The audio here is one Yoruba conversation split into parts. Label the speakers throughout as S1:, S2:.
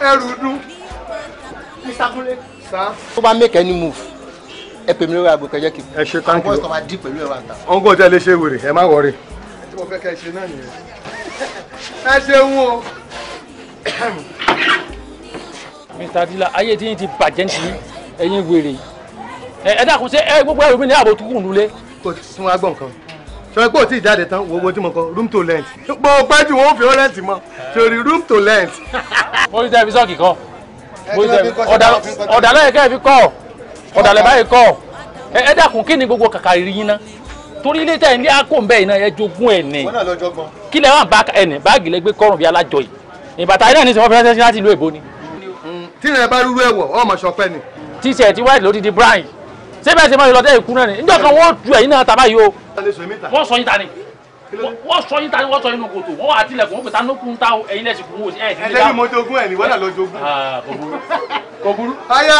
S1: ẹrù dún ìsàkúnlé. tó bá make any move ẹ pè mí lórí aago kẹjẹ kí. ẹ ṣe thank you àwọn ìtọ́ba dí pẹ̀lú ẹ̀rọ àtà. ọ̀ngọ̀ tẹ́ lè ṣe wèrè ẹ má wọrí.
S2: tí mo fẹ́ kẹ́ ẹ ṣe náà nìyẹn.
S1: ẹ ṣeun o. Mr. Dila ayé tí yín ti bàjẹ́ ní tiyín ẹ̀yin wèrè ẹ dákun ṣe ẹ gbogbo ẹrù mi ní ààbò tó kù nulẹ̀. kò tún wá gbọ̀ǹkan sọ pé o ti jáde tán wo owó tí mo kọ room to lent bó o pẹ́ jù wọ́n fi ó lẹ́ǹtì mọ́ sórí room to lent. mo ti tẹ́bi sọ́ọ̀kì kan ọ̀dàlẹ́ yẹn kẹ́ẹ̀ fi kọ́ ọ̀dàlẹ́ báyìí kọ́ ẹ dákun kí ni gbogbo kàkà rí yín ná torí ilé tẹ̀ ní àkó nbẹ yìí náà ẹ jogún ẹ̀ ní kí lẹ́ wà bá ẹnì báàgì lẹ́gbẹ́ kọ́rùn bí alájọ yìí ìbàtà iná ní sọ fẹ́ fẹ́ sí láti ìlú èbó ni. Mm, tí ìrìn bá rúrú ẹ̀wọ̀ ọmọ ṣọpẹ́ ni. tíṣẹ̀tì white ló ti di brown yìí se síbẹ̀ lọ dé ìkú náà ni níjọ́ kan wọ́n ju ẹ̀yin náà tàbá yìí o wọ́n sọ yín ta ni wọ́n sọ yín ta ni wọ́n sọ yín nu kòtò wọ́n wà á tilẹ̀kùn wọ́n pè ta ní kun ta ẹ̀yin lẹ̀ sì kún wò sí ẹ̀ sí ní ẹ̀ ní wọ́n lọ jogún. Ah, kò burú. aya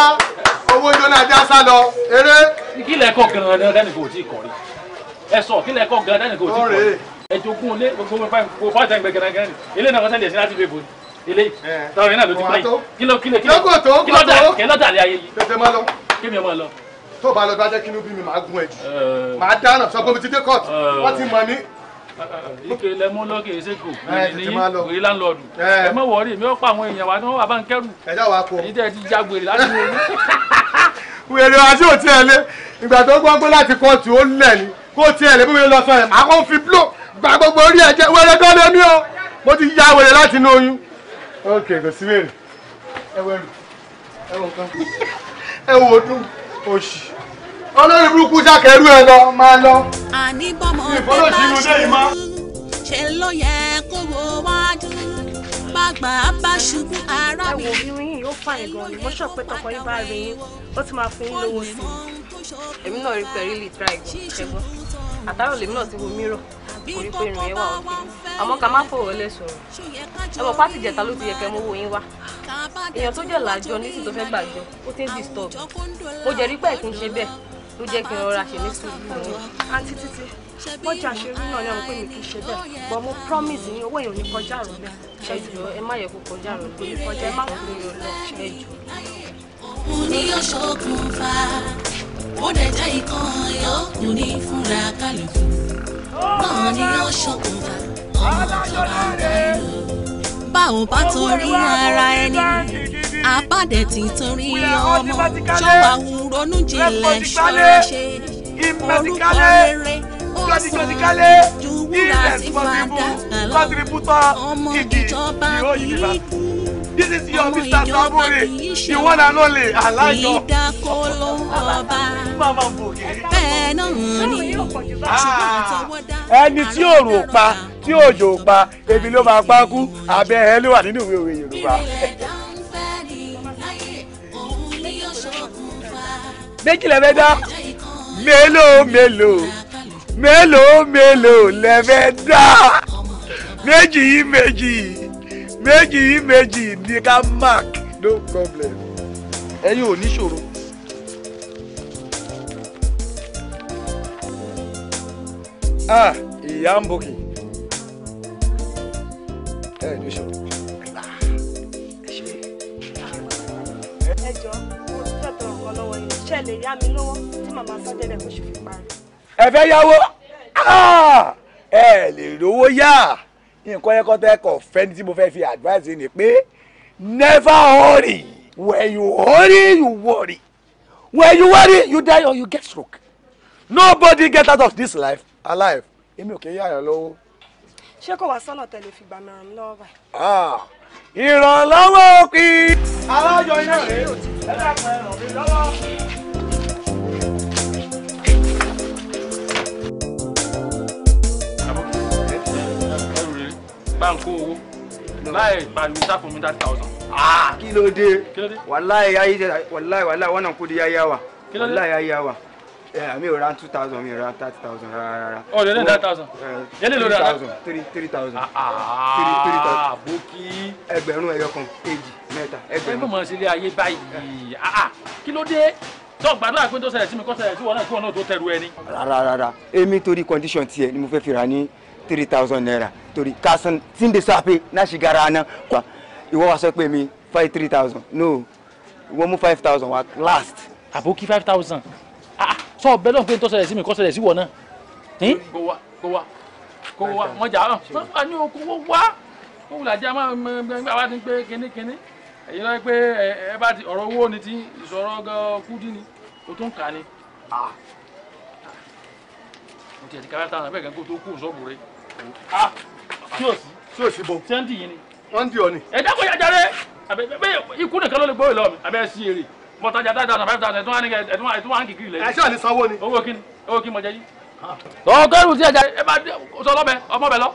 S1: owó jóná ajá sá lọ eré. kí lẹ kọ gan-an dẹ́nì kò tí ì kọrí ẹ sọ kí lẹ kọ gan-an kò tí ì kọrí ẹ jogún ilé gbogbo fáìtẹ́ gbẹgẹdẹgẹdẹ ilé náà kọ́sẹ́ lẹ́sìn láti fi bò
S2: ilé tọ́wọ́ yẹn náà ló ti báyìí kí ló kí ló kí ló kí ló dà kí ló dà lé ayé yìí tètè má lọ kí mi ò má lọ tó bá lọ bá jẹ́ kínú bí mi máa gun ẹ̀jù eh. máa dáná sọ pé mo ti dé court eh. wọ́n
S3: ti mọ̀ mí.
S4: Eh,
S3: ike lẹmú lọkè ezeko ní wèé láńlọọdù
S1: ẹ mọ wọrí mi ó pa àwọn èèyàn wa ni wọn wà bá ń kẹrù èyí tẹ ti já gbèrè láti wọlé. wèrè àti òtí ẹ lé ìgbà tó gbọ́ pé láti kóòtù ó lẹ̀ ni kóòtù ẹ lé bí mi lọ máa kó fi bló gba gbogbo orí ẹ jẹ wẹrẹ o mo ok kò sí wèrè ẹ wẹrù ẹ wọ
S2: oṣì olórí burúkú jákèrú ẹ lọ máa lọ
S5: ìfọlọ́sí inú ṣe ló yẹ kó wo wájú bàgbà bá ṣubú ara mi. ẹ wo irun yìí ó fàyè gan ni mo sọ pé tọkọ yín bá rí yín ó ti máa fún yín lówó sí i èmi náà rí pẹ̀lú lè ẹ̀gbọ́n àtàrò lèmi náà ti wo mírọ̀ torí pé irun yẹn wà òkè àmọ́ ká má fòrò lẹ̀ sọ̀rọ̀ ẹ mọ̀ pátì jẹ̀ta ló ti yẹ kẹ́ mówó yín wá èèyàn tó jẹ̀ làjọ nísìn tó fẹ́ gbàjọ ó ti ń disturb mo jẹ̀ rí pé ẹ̀kún ṣe bẹ́ẹ̀ ló jẹ́ kí n rọra ṣe ní sùúrù fún
S1: àǹtí títí wọ́n jà ṣe náà ní àwọn pé mi kì í ṣe bẹ́ẹ̀ but mo promise ní owó èèyàn ní kọjá rọ̀ bẹ́ẹ̀ ṣe jù ẹ má yẹ kó
S5: kọjá rọ̀ kó ní kọjá ẹ má kó yọ lọ ṣe jù. òun ni yóò ṣokùnfà ó dẹ̀ jẹ́ ìkan yóò fúnra kálukú náà ni ó ṣokùnfà ọmọ tó bá ń ta ẹni. bá ò bá torí ara ẹni àbádẹ ti torí ọmọ ṣọ́wà ń ronú jinlẹ̀ ṣọ́ra ṣe orúkọ rere
S4: ó sàn ju wúrà sí
S5: fàdákà ọmọ ìjọba kìí kú this is your mr sabore the one and only alájọ. ìdákọ́ ló ń rọba bẹ́ẹ̀ náà ni ah. ṣùgbọ́n àtọwọ́dá.
S1: ẹni tí òòrùn ò pa tí òjò ò pa ebi ló máa pa kú abẹ́ ẹ ló wà nínú ìwé òwe yorùbá. méjì lẹ́fẹ́ dá mélòó mélòó mélòó mélòó lẹ́fẹ́ dá méjì yìí méjì yìí méjì yìí méjì ní ká mark no problem ẹ̀yin ò ní ṣòro. ah ìyá ń bòkì ẹ ní ṣòro. ẹ jọ mo fẹ́ yáwó ah! ẹ lè rówó yá nǹkan yẹn kọ́ tẹ́ kọ̀ fẹ́ ni tí mo fẹ́ fi advice ni pé never worry. when you worry, you worry when you worry you die or you get stroke nobody get out of this life alive èmi ò kì í yàyàn lọ́wọ́. ṣé kò wá sọ́nà tẹ̀lé fi gbà mìíràn lọ́wọ́ báyìí. Ah, ìrànlọ́wọ́ òkè. alájọ iná rèé ẹ dàpọ̀ ẹ̀rọ mi lọ́wọ́. bá ń kó owó láì pariwo sá fún mi thirty thousand. Ah, kí ló dé wàláì wàláì wàláì wọn náà kó di yáyá wa wàláì yáyá wa mi ò ra two thousand mi ò ra thirty thousand rárá. Oh, ọ eh, lè ní thirty thousand. yẹlẹ lórí ara three three thousand. àbókí. Ah, ah, ẹgbẹ̀rún ẹyọ kan èjì mẹ́ta ẹgbẹ̀rún. ẹgbẹ́ mọ̀ sí ilé ayé báyìí kí ló dé tó gbàdúrà pé tó ṣẹlẹ̀ sí mi kó ṣẹlẹ̀ sí wọn náà kí wọn náà tó tẹ̀rù ẹni. rárá rárá èmi torí condition tiẹ̀ ni mo fẹ́ fi ra ní Three thousand naira torí kasan tí n de sọ àpè náà ṣì gara aná kwa ìwọ wa sọ pé mi five three thousand no ìwọ mú five thousand wa last. àbókí five thousand ah, ah sọ bẹ́ẹ̀ lọ́n pé n tó ṣẹlẹ̀ sí mi kó ṣẹlẹ̀ sí wọ náà. kó wa kó wa kó wa wọn jà án wọn fà ní okòwò wá kó wùlàjà ah, máa gbẹ wá ní pé kínní kínní èyí lọ́ọ́ pé ẹ bá ti ọ̀rọ̀ owó ni ti ìṣòro kúdí ni o tún kà ni. Ah. mo tiẹ̀ ti ká five thousand bẹ́ẹ̀ gan kó tó kú ìṣọ́bù rẹ̀. Ah, o sí tí o sí bọ tí wọ́n dì yín ni. wọ́n dì ọ ni. ẹ dákun yàjà rẹ ikú nìkan ló lè gbóyè lọ mi àbẹ sí èrè mọtajà dáadáa tàbí ẹtùwà ẹtùwà ẹtùwà ẹtùwà ń kìkiri lẹ. ẹ ṣáà ní sanwó ni. owó kíni owó kíni mo jẹ yìí. tọ́ kẹ́rù sí ẹja ẹ bá dé sọlọ bẹ ọmọ bẹ lọ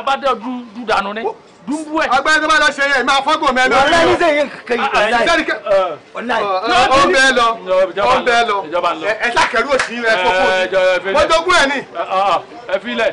S1: ọba dé du du dànù ni dùnbù ẹ. ọgbẹ́ni tó bá lọ ṣe yẹn máa fọ́gbọ̀n mẹ́ lọ. ọ̀la ní sẹ́yìn kẹ́yìn ọ̀la ah, ah, yìí.
S2: Eh, eh. ọ̀n bẹ́ẹ̀ lọ
S1: ọ̀n bẹ́ẹ̀ lọ ẹ̀ ṣàkẹ́rù òsì rẹ̀ eh, fọ́fọ́ ni. mọ́tò gún ẹ̀ ni. ẹ fi lẹ̀.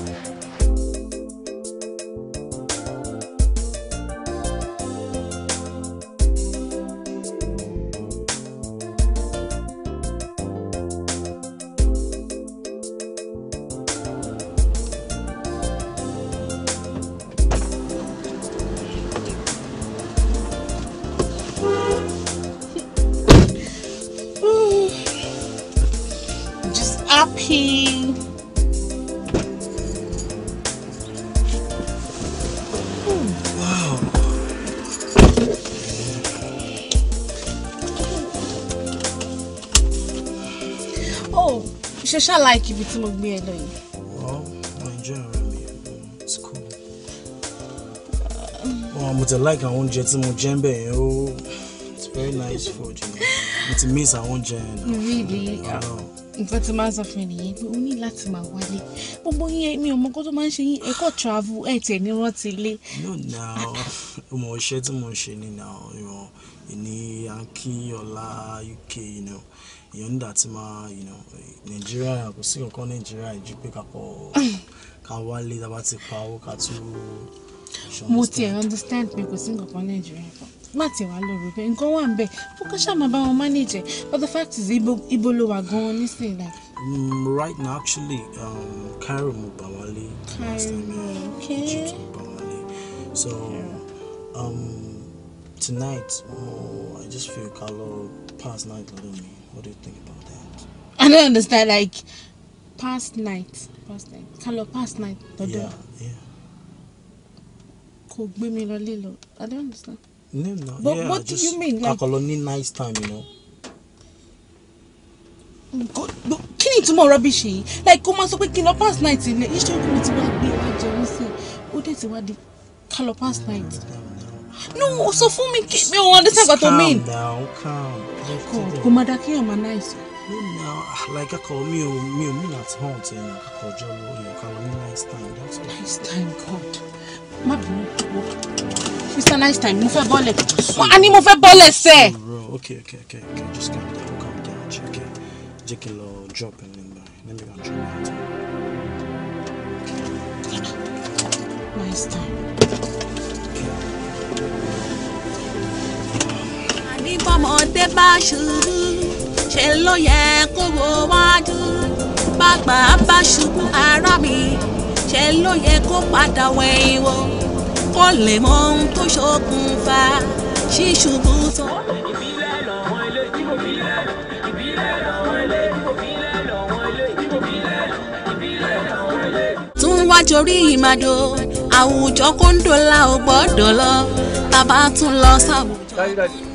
S5: ṣáà láìkí ibi tí mo gbé ẹ lọ yìí.
S6: well i enjoy ara mi it's cool. wọn mo tẹ like àwọn oúnjẹ tí mo jẹ ń bẹ yẹn o it's very nice food mo ti miss àwọn oúnjẹ yẹn.
S5: really nǹkan tí máa ń sọ fún ènìyàn pé o ní láti máa wálé gbogbo yín mi ò mọ kó tó máa ń ṣe yín ẹ kò travel ẹ tẹ̀ ní rántí ilé. no
S6: na ọmọ iṣẹ́ tí mo ń ṣe ni na ìran ìní akínyọ̀lá uk you know èèyàn nígbà tí máa nàìjíríà kò sí kankan nàìjíríà ìjú pé kakọ ká wálé tá a bá ti pa owó ká tún.
S5: mo tiẹ̀ understand pé kò sí kankan nàìjíríà kan má tiẹ̀ wá lórí bẹ́ẹ̀ nǹkan wà ń bẹ̀ ó kàn ṣáà máa bá wọn manage ẹ̀ but the fact is ibo ló wà gan-an nísìnyí like.
S6: Um, mm, right now actually um, mo gbà wálé last time
S5: okay. gbà wálé
S6: so um, tonight I just feel ká lọ night lọ́dọ̀ mi. What do you think about that?
S5: I don't understand. Like past night, past night, kálọ past night. Yeah, yeah. Kò gbé mi I don't understand.
S6: No, no. But yeah, what do you mean? Like akọlọ nice time, you know.
S1: Kí ni ìtumọ̀ rubbish yìí? Like kó máa sọ pé kí n past night you Iṣẹ́ òkú mi ti wá gbé wá jẹun sí i. Ó dẹ̀ ti wá di
S5: past night. Mm -hmm no so for me, kí mi ò understand what you mean. calm down
S6: calm. kò má
S5: dá kéèyàn máa náìsì. no now,
S6: ah, like I call me, me, me. mean haunting. I call ẹnu you call lórí nice time that's all. nice time god
S5: má bínú wọ
S4: mr nice time move mo fẹ́ What a ní mo fẹ́ bọ́lẹ̀ sẹ́.
S6: okay okay okay okay just calm down calm down okay. kí jẹ́ kí n lọ drop ẹ̀ nígbà let me go and drop it. nice time.
S5: Okay. ní bọ́mọdé bá ṣubú ṣe ló yẹ kó wo wájú bàgbà bá ṣubú ara mi ṣe ló yẹ kó padà wẹ̀yìn wò kó lè mọ ohun tó ṣokùnfà ṣíṣubú tó. tún wá jorí ìmàdò àwùjọ kóńdó la ò gbọ́dọ̀ lọ tá tún lọ
S4: sáwùjọ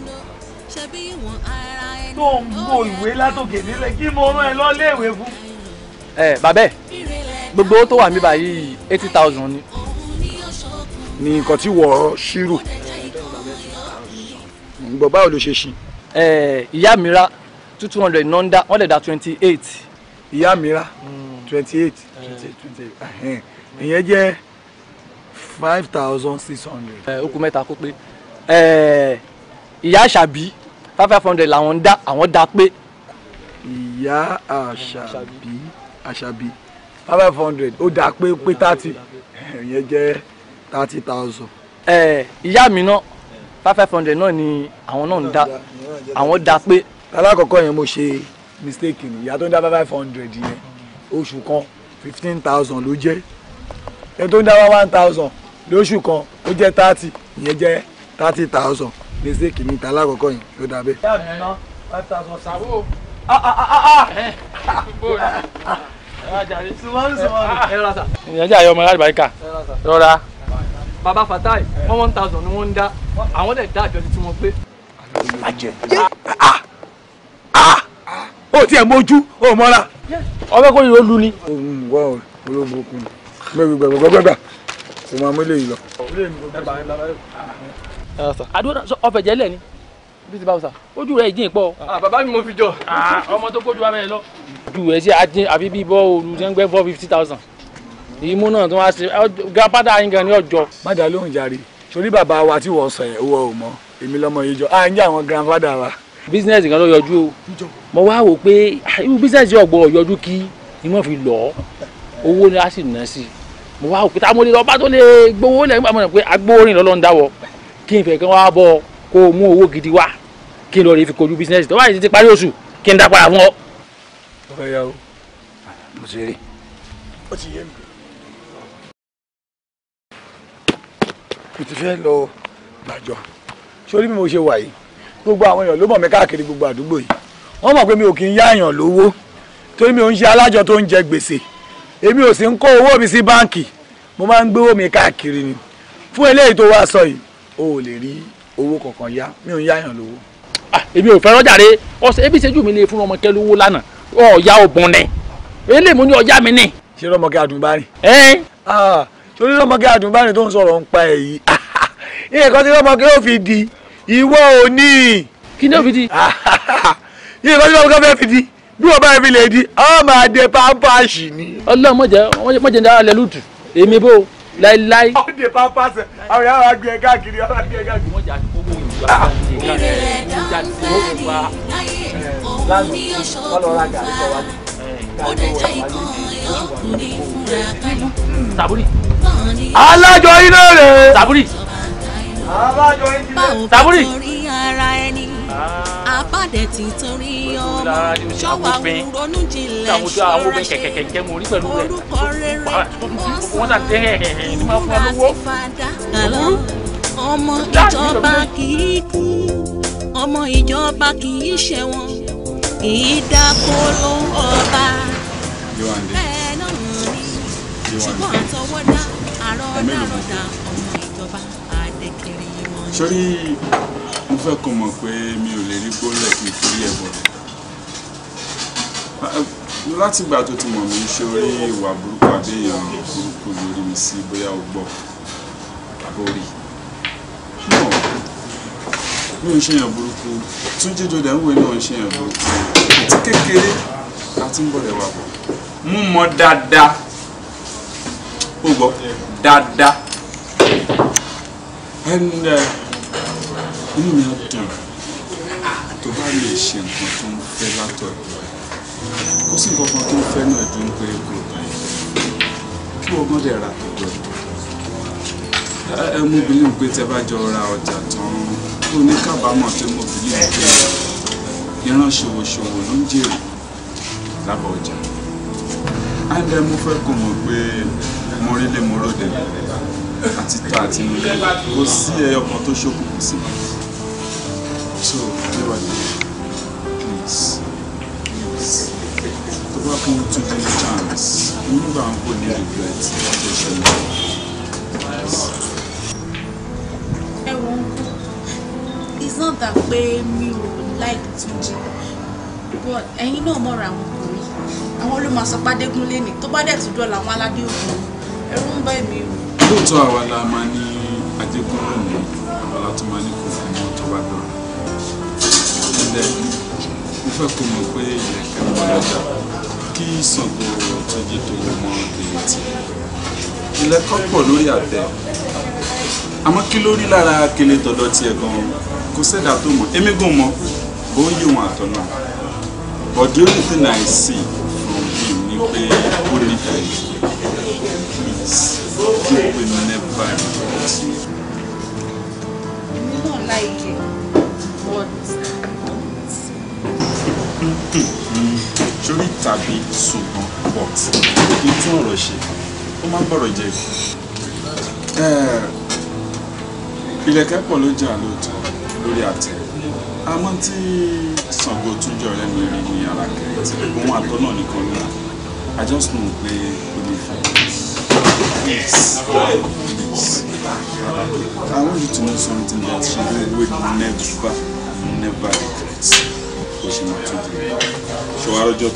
S4: tó
S5: ń bo ìwé látòkè nílẹ̀ kí mo rán ẹ lọ léèwé fún.
S1: ẹ bàbẹ́ gbogbo tó wà níbà yìí eighty thousand ni. ni nǹkan tí wọ́ọ́ ṣírò gbọ̀ báwo ló ṣe ṣí. ìyá mi two two hundred nọ́ńdà wọ́n lè da twenty eight. ìyá mi ra twenty eight ìyẹn jẹ́ five thousand six hundred. ó kù mẹ́ta kó pé ìyá ṣàbí five hundred làwọn ń dá àwọn dá pé. ìyá àṣàbí àṣàbí five five hundred ó dá pé pé thirty ìyẹn jẹ́ thirty thousand. ẹ ìyá mi náà five hundred náà ni àwọn náà ń dá àwọn dá pé. alákọ̀ọ́kọ́ yẹn mo ṣe mistake ni ìyá tó ń dá five hundred yẹn oṣù kan fifteen thousand ló jẹ́ ẹni tó ń dá one thousand lóṣù kan ó jẹ́ thirty ìyẹn jẹ́ thirty thousand mistake mi ta alákọ̀ọ́kọ́ yìí ló dà bẹ́ẹ̀. yàrá
S2: mi ná five thousand sàbò. ìyájà ayọ̀ ọmọ alábàáríkà rọra. baba fatai wọn one thousand ni wọn ń dá àwọn lè dá àjọ tí wọn pé. àjẹ ó ah,
S1: ah. ah. tiẹ̀ mójú ó mọ́ra. ọbẹ̀ kò yóò lu ni. wọ́n olóògùn okùn gbẹ̀gbẹ̀gbẹ̀gbẹ̀gbẹ̀ kò máa mú eléyìí lọ àdúrà ọbẹ̀ jẹ́ lẹ́ni bí ti bá wùsà ojú rẹ̀ ìjìn pọ̀.
S2: Ah, bàbá mi mo fi jọ. Ah, ọmọ tó kójú abẹ́rẹ́ lọ.
S1: ju ẹ sí adín àfi bíi bọ́ olú ṣe ń gbẹ́ four fifty thousand. ìmú náà tó wá ṣe gápádà yín gan ni ọjọ́. má dàá lóhùn jàre torí bàbá wa tí wọ́n sọ yẹn wọ́n ò mọ èmi lọ́mọ yìí jọ à ń jẹ́ àwọn grandfather wa. bísíǹnẹ̀sì kan ló yọjú o mo wá wò pé ah, irú bísíǹnẹ̀sì ọ̀gbọ́n yọjú kí ni wọ́n fi lọ owó ni a sì ná sí mo wá wò pé táwọn olè lọ bá tó lè gbowó lẹ́yìn pàmò kí n fẹ́ kí wọ́n á bọ̀ kó o mú owó gidi wá kí n lọ rí fi kojú bísínẹ́sì tó bá yìí parí oṣù kí n dá padà fún ọ.
S2: ọ̀rẹ́ yà ó mo ṣe
S1: rí ó ti yé mi. kò ti fẹ́ lọ gbàjọ sórí bí mo ṣe wà yìí gbogbo àwọn èèyàn ló mọ̀ mí káàkiri gbogbo àdúgbò yìí wọ́n mọ̀ pé mi ò kì í yáàyàn lówó torí mi ò ń ṣe alájọ tó ń jẹ gbèsè èmi ò sì ń kó owó mi sí báǹkì mo máa ń gbówó mi káàkiri ni fún eléyìí tó wá sọ yìí o ò lè rí owó kankan yá mi ò ń yáyàn lówó. Ah, èmi ò fẹ́ràn jàre ọ̀sẹ̀ ebi ṣẹ́jú mi lè fún ọmọkẹ́ lówó lánàá ọ̀ọ́yá ọ̀bùn ni èlé mo ní ọjà mi ni. ṣé rọmọkẹ́ àdùnbárìn. ẹ ẹ. Ah, torí rọmọkẹ́ àdùnbárìn tó ń sọ̀rọ̀ ń pa ẹ̀ yìí iye ah, kan tí rọmọkẹ́ yóò fi di ìwọ ò ní. kí ni ó fi di. iye kan tí rọmọkẹ́ fẹ́ fi di bí wọ́n bá yẹ fi lè di ọmọ adé pampasì ni. ọlọ́run mọ̀jẹ̀ mọ̀jẹ̀ ní alẹ́ lùtù èmi bó láíláí. ọ̀dẹ̀ pápá sẹ̀ àwọn yàrá wa gbé ẹ̀ka kiri ọ̀la gbé ẹ̀ka kiri. wọ́n jà sí owó ìjọba ìjà sí owó ìjọba láàrín ọlọ́ra gàrí kọ́ wa.
S2: Saburi.
S5: alájọ iná rẹ̀. Saburi. alájọ iná rẹ̀. Saburi dẹ̀ ti torí ọmọ ṣọ́wà ronú jinlẹ̀ ṣọ́ra
S1: ṣe orúkọ rere ah, ah, wọ́n sàn
S5: múra sí fàdákàlà ọmọ ìjọba kì kú ọmọ ìjọba kì ṣẹ̀wọ̀n kì ọba bẹ́ẹ̀ náà rí ṣùgbọ́n àtọwọ́dá àrọ́dá rọ̀dà ọmọ ìjọba àdẹ̀kẹ̀rẹ̀
S3: wọn fẹ́ kó mọ̀ pé mi ò lè rí gbólẹ̀ kí n torí ẹ̀ bọ̀dẹ̀ ah, láti ìgbà tó ti mọ̀ mí ṣe orí ìwà burúkú àbẹ́yàn burúkú lórí mi sí bóyá o gbọ́ àbórí mi ò ṣèyàn burúkú túnjí dòdà ń wé náà ń ṣèyàn burúkú àti kékeré àti ń bọ̀rẹ̀ wà bọ̀ mú mọ dáadáa ó gbọ́ dáadáa. Uh, inú mi á dùn tó bá lè ṣe nǹkan tó ń fẹ́ látọ̀ ìlú ẹ̀ kó sì nǹkan tó ń fẹ́ náà dùn pé kò báyìí kí ọgbọ́n dẹ̀ ra tó dọ̀ ẹ mú bílíù pé tẹ bá jọ ra ọjà tán tó ní kábàámọ̀ tó mú bílíù pé ìran ṣòwòṣòwò ló ń jèrè lábọ̀ ọjà àìdẹ mo fẹ́ kó mọ̀ pé mo rí lé mo ròde àti tá àti nílé kò sí ẹyọ kan tó ṣókùnkùn sí i so everybody, please please tó bá fún two three chance nígbà ń kó ní regret láti ṣẹlẹ̀
S5: ẹ wo it's not that pé mi ò like Túnjí but ẹ̀yin náà mọ̀ra àwọn ọkùnrin àwọn ló máa sọ pàdégúnlé ni tó bá dẹ̀ tún dọ̀la àwọn aládé òkun ẹ̀rù ń bá èmi o.
S3: lóòótọ́ àwa la máa ní adégúnlé ni àwa la tún máa ní kò fún mọ́ tó bá dọ̀la ṣe mo fẹ́ kó mọ̀ pé ilẹ̀ kẹwàá lọ́jà kí Ṣàngó tó tó mọ èrè tì ilẹ̀ kan lórí àtẹ àmọ́ kí ló lára kele tọ̀dọ̀ tiẹ̀ gan kò sẹ́dá tó mọ̀ èmi gùn mọ́ ó yí wọn àtọ̀nà but the only thing I see from him ni pé ó ní ẹ̀rí please people never report you. èmi náà sórí tàbí ṣùgbọ́n but kí n tún ọ̀rọ̀ ṣe ó máa ń bọ̀rọ̀ jẹ. ìlẹ̀kẹ̀ eh, pọ̀ ló jà lóòótọ́ lórí àtẹ àmọ́ tí Ṣàngó túnjọ rẹ̀ mi rí ní alákẹ́ tí gbogbo àtọ́ náà nìkan ló rà I just know pé o lè fẹ́. Yes. I want you to know something that she will never, never regret. So tó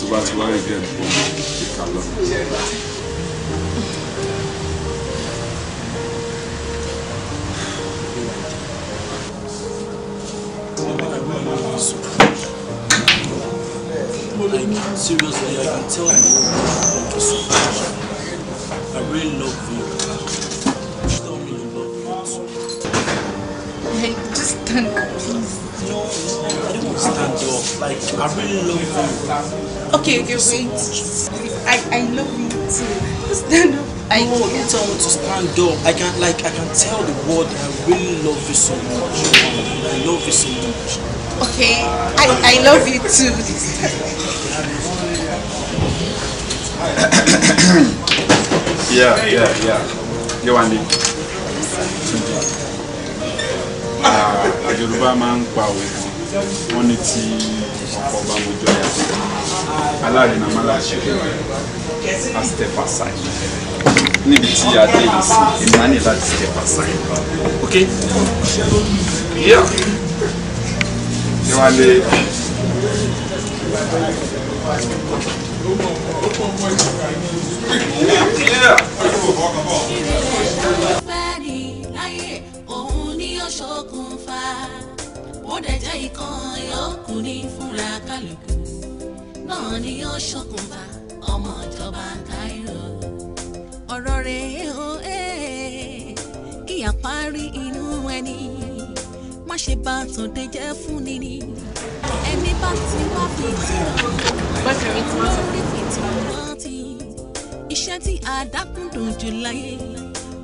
S4: Like seriously, I can tell you to so much. I really love you. Tell me you love me too. Hey, just thank please. know, I don't understand
S6: you. Like, I really love you.
S5: Okay, okay, wait. I, I love you too. Stand up.
S6: I no, can't. don't tell me to stand up. I can like I can tell the world that I really love you so much. I love you so much.
S5: Okay, I, I love
S4: you too.
S3: yeah, yeah, yeah. Yo, Andy. Yorùbá máa ń pa òwe kan wọ́n ní ọkọ̀ bá mojú aya sí alárinà má láṣẹ níbi tí a dé yìí sí emmanuel láti step ok yeah ṣé wàá Yeah.
S5: kan yọkùnrin fúnra kálukú náà ni ó ṣokùnfà ọmọ ìjọba Cairo. ọ̀rọ̀ rẹ̀ ó ẹ́ eh, kí àparí inú ẹni má ṣe bá tòde jẹ́ fún ni ni ẹni bá ti wá fi tí wọ́n fi fi tí wọ́n rántí iṣẹ́ tí àdákùndùn jù láyé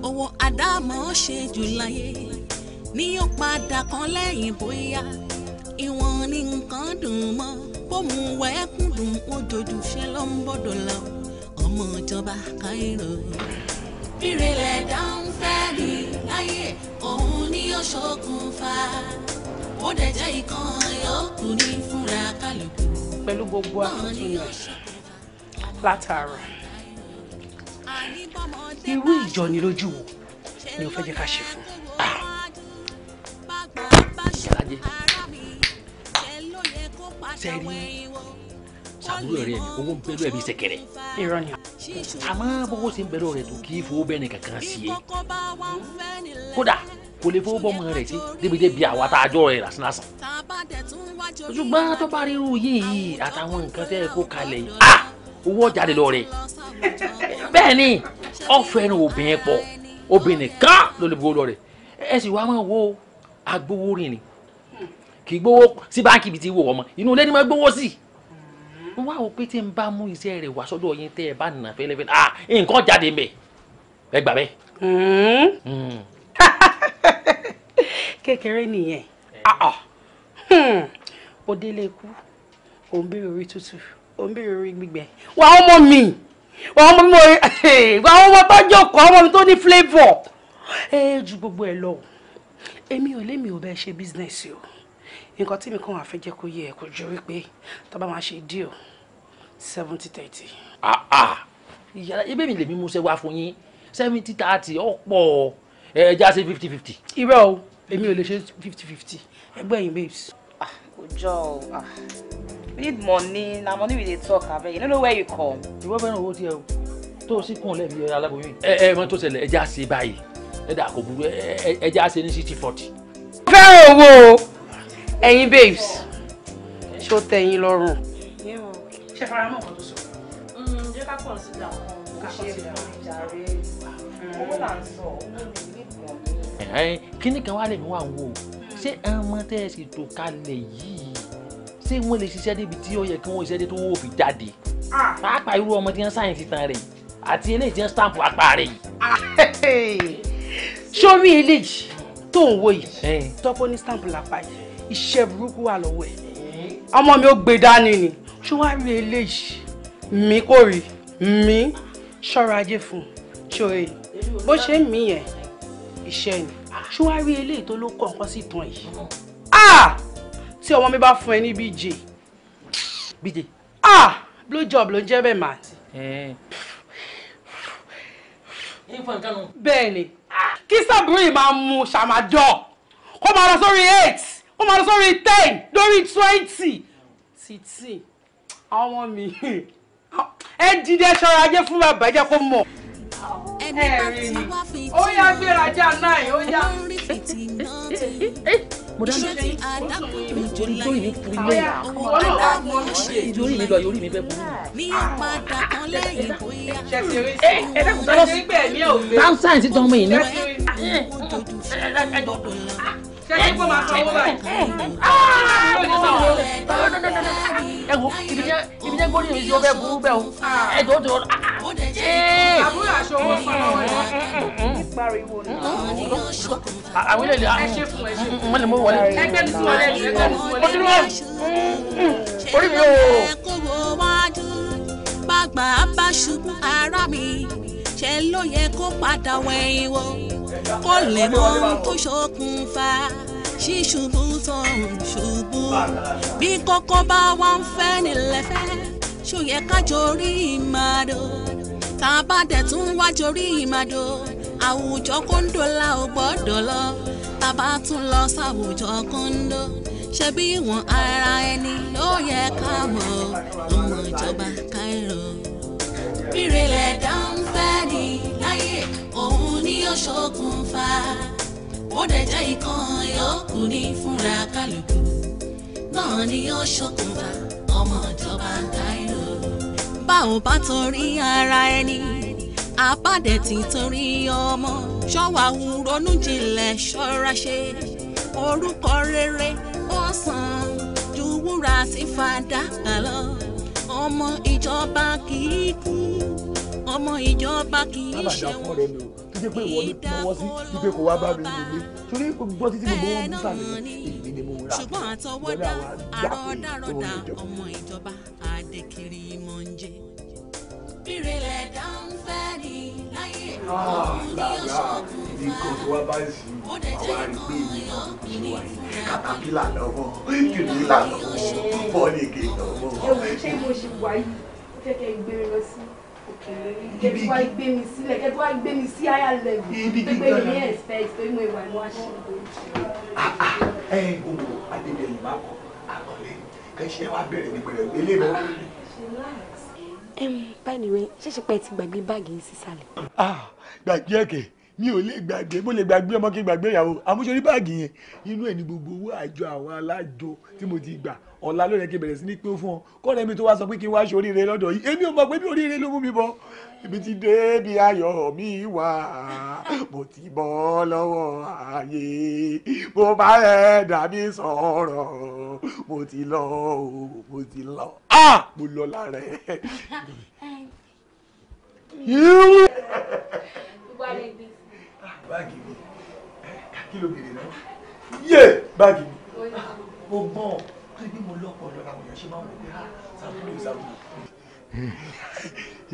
S5: owó àdámọ́ ṣe jù láyé ní ó padà kan lẹ́yìn bóyá ìwọ̀n ní nǹkan dùn mọ́ bóun wà ẹkún dùn ó jojú ṣe ló ń bọ̀dọ̀ lọ ọmọ ìjọba Cairo. ìrẹ̀lẹ̀ dáhùn fẹ́ mi láyé òun ni ó ṣokùnfà ó dẹ̀ jẹ́ ìkan yòókù ní fúnra kálukú. pẹ̀lú gbogbo àtúntúnyàn látara
S1: irú ìjọnilójú wo ni o fẹ́ jẹ́ ká ṣe fún un
S5: sẹ́rí sàbúrò rẹ ni
S1: owó ń bẹ̀rù ẹ̀ bí sẹ̀kẹ̀rẹ̀. irọ́ ni àmọ́ bówó ṣe ń bẹ̀rù rẹ̀ tó kì í fowó bẹ́ẹ̀ ni kankan sí i. kódà kò lè fowó bọ́mọ rẹ̀ sí débi débi àwa tá a jọ rẹ̀ lásán lásán. ṣùgbọ́n tó bá rí irú yìí àtàwọn nǹkan tẹ́ ẹ kó kalẹ̀ yìí ah! owó ọjà lè lọ rẹ̀. bẹ́ẹ̀ ni ọ̀fẹ́ ni obìnrin pọ̀ obìnrin kan ló lè bọ́ lọ rẹ̀ ẹ sì wá máa wo agbowó rìn kì í gbowó sí báńkì ibi tí wò ọmọ inú ilé ni mo gbowó sí. n wá wò pé tí n bá mú iṣẹ́ rẹ̀ wá sọ́dọ̀ yín tẹ́ ẹ bá nà fẹ́lẹ́fẹ́lẹ́ ah nǹkan jáde mbẹ̀ ẹ gbà bẹ́ẹ̀.
S4: Hmm. Hmm.
S1: kékeré nìyẹn ó ah, ah. hmm. délé ikú ó ń béèrè orí tútù ó ń béèrè orí gbígbẹ wà ọmọ mi wà ọmọ mi wà ọmọ tó jókòó ọmọ mi tó ní flavour ẹ ju gbogbo ẹ lọ èmi ò lémi ò bẹ ṣe business o nǹkan tí mi kàn wá fẹ́ jẹ́ kó yé ẹ kò ju wípé tá a bá máa ṣe díò seventy thirty. Ah, ah. ìyára ebí mi lèmi mú ṣe wá fún yín seventy thirty ọ̀pọ̀ ẹ já sí fifty fifty. irọ́ o èmi ò lè ṣe fifty fifty ẹgbẹ́ yín babes. Ah,
S4: kò jọ o
S1: we need money na money we dey talk abeg you no know where you come. ìwọ fẹ́ràn owó tiẹ̀ o tó o sì kún lẹ́bi aláboyún. ẹ ẹ mọ tó ṣẹlẹ̀ ẹ já sí báyìí ẹ dà kó burú ẹ ẹ já sí ní sixty forty. fẹ́ràn owó o ẹ̀yin babes
S4: ṣé ó tẹ́ yín lọ́rùn.
S1: ṣe fara mọ́ nǹkan tó sọ. Mm, jẹ́ ká kàn sí ìdààmú ká kàn sí ìdààmú ìjàre
S4: owó là ń sọ owó mi nìkan.
S1: kíní kan wá lè mú àwọn o ṣé ọmọ tẹ́ ẹ sì tó kalẹ̀ yìí ṣé wọ́n lè ṣiṣẹ́ débi tí ó yẹ kí wọ́n ṣiṣẹ́ dé tó wọ́n fi jáde pàápàá irú ọmọ tí wọ́n sáyẹ̀nsì tán rẹ̀ àti eléyìí tí stamp apá rẹ̀ yìí. sórí eléyìí tó ń wo yìí tọ́pọ̀ ní stamp lápá yìí iṣẹ́ burúkú wà lọ́wọ́ ẹ̀ ọmọ mi ó gbé dání ni ṣé wàá rí eléyìí mi kò rí mi ṣọ́ra ajé fún ṣòro yìí bó ṣe ń mí yẹn iṣẹ́ ni ṣé wàá rí eléyìí tó ló kọ̀ nǹkan sí tán yìí tí ọmọ mi bá fún ẹ ní bj bj blow job ló ń jẹ́ bẹ́ẹ̀ màá ti. bẹ́ẹ̀ ni kí sábúrò yìí máa mu ṣàmàjọ kó máa lọ sórí eight ó máa lọ sórí ten lórí twenty títí àwọn mi ẹ dìde ṣọ́ra ajé fún bàbá jẹ́ kó mọ̀
S5: ó yá gbérajà náà ó yá. mo dáná ṣe orí tó yìí mi bẹ́ẹ̀ burú. ṣẹ̀ṣẹ̀ rí sí i. yìí ní
S1: ṣẹ́yìn kó máa sanwó báyìí. ẹ wo ibi jẹ́ ibi jẹ́ gbóríyìn sí ọbẹ̀ burú bẹ́ẹ̀ o ah. ẹ jọ jọ. Ah, ah. àbúrò aṣọ wọn fara wọn náà.
S4: àwọn ilé ìlú ẹ ṣe fún ẹ ṣe mm, mm, fún mm, ẹ wọlé. ẹgbẹ́ mi sí wọlé ẹgbẹ́ mi sí wọlé. ojú mi
S5: orí mi o. ẹ kó wo wájú bàgbà bá ṣubú ara mi ṣe ló yẹ kó padà wẹ̀yìn wò kó lè mọ ohun tó ṣokùnfà ṣíṣubú tó ń ṣubú bí kókó bá wà ń fẹ́ nílẹ̀ fẹ́ ṣó yẹ ká jorí ìmàdó tá a bá dẹ̀ tún wá jorí ìmàdó àwùjọ kóńdó la ò gbọ́dọ̀ lọ tá a bá tún lọ sáwùjọ kóńdó ṣebí ìwọ̀n ara ẹni ló yẹ ká mọ̀
S4: ọmọ ìjọba Cairo
S5: ìrẹ̀lẹ̀ dá fẹ́ ni láyé òun ni ó ṣokùnfà ó dẹ̀ jẹ́ ìkan yòókù ní fúnra kálukú náà ni ó ṣokùnfà ọmọ ìjọba ń ta ìlú. bá ò bá torí ara ẹni àbádẹ tí torí ọmọ ṣọ́wà ń ronú jinlẹ̀ ṣọ́ra ṣe orúkọ rere ó sàn ju sí fàdákà lọ ọmọ ìjọba kì í kú ọmọ ìjọba kì í ṣe wọn tó jẹ́ pé ìwọ ni fọwọ́ sí wípé kò wá bá mi nílé torí gbọ́ títí gbogbo wọn ń sàlẹ̀ èmi ni mo rà ṣùgbọ́n àtọwọ́dá àrọ́dárọ́dá ọmọ ìjọba àdèkiri mọ̀ ń jẹ. ìrẹ̀lẹ̀ dáhùn fẹ́ ni láyé ah, ọ̀hún ní ọ̀ṣọ́gun ní nǹkan tó wá bá sí
S1: àwa rí pé èmi náà tó ti wà yìí katapila lọ́wọ́ kìnìún là lọ́wọ́ bọ́ọ̀lì
S4: gé lọ́wọ́. ẹ wò ṣé
S1: mo ṣe wà yìí kẹ́kẹ́ gbé e lọ sí kẹtù wá gbé mi sílẹ̀ kẹtù wá gbé mi sí àyà lẹ́wù pépé mi ní expect pé mo ìwà ìwà ṣe é. ẹ ẹ gbogbo adébẹ̀yìn máa kọ àkọlé kẹsì ẹ wá bẹ̀rẹ̀ ní pẹ̀lẹ́ ilé ìbọn wọn
S5: lè. by the way ṣẹ̀ṣẹ̀ pé ẹ ti gbàgbé báàgì yín sísàlẹ̀.
S1: Ah, gbàgbé ẹ̀kẹ́ mi ò lè gbàgbé mo lè gbàgbé ọmọ kí n gbàgbé ìyàwó àmúṣe orí báàgì yẹn inú ẹ̀ ní gbogbo owó àjọ àwọn alájọ tí mo ti gbà ọ̀la ló yẹ kí bẹ̀rẹ̀ sí ní pé fún ọ kọ́ra ẹbí tó wá sọ pé kí n wá ṣe oríire lọ́dọ̀ yìí èmi ò mọ̀ pé bí oríire ló mú mi bọ̀ ibi tí dé bí ayọ̀ mi wà mo ti bọ́ lọ́wọ́ ààyè mo bá ẹ dàbí sọ̀rọ̀ mo ti lọ o mo ti lọ mo lọ lára ẹ. báàgì mi kí ló bèrè náà yé báàgì mi mo gbọ́n torí bí mo lọ́pọ̀ lọ́la àwọn èèyàn ṣe máa ń wò pé ah sàbúrò ìsàbúrò.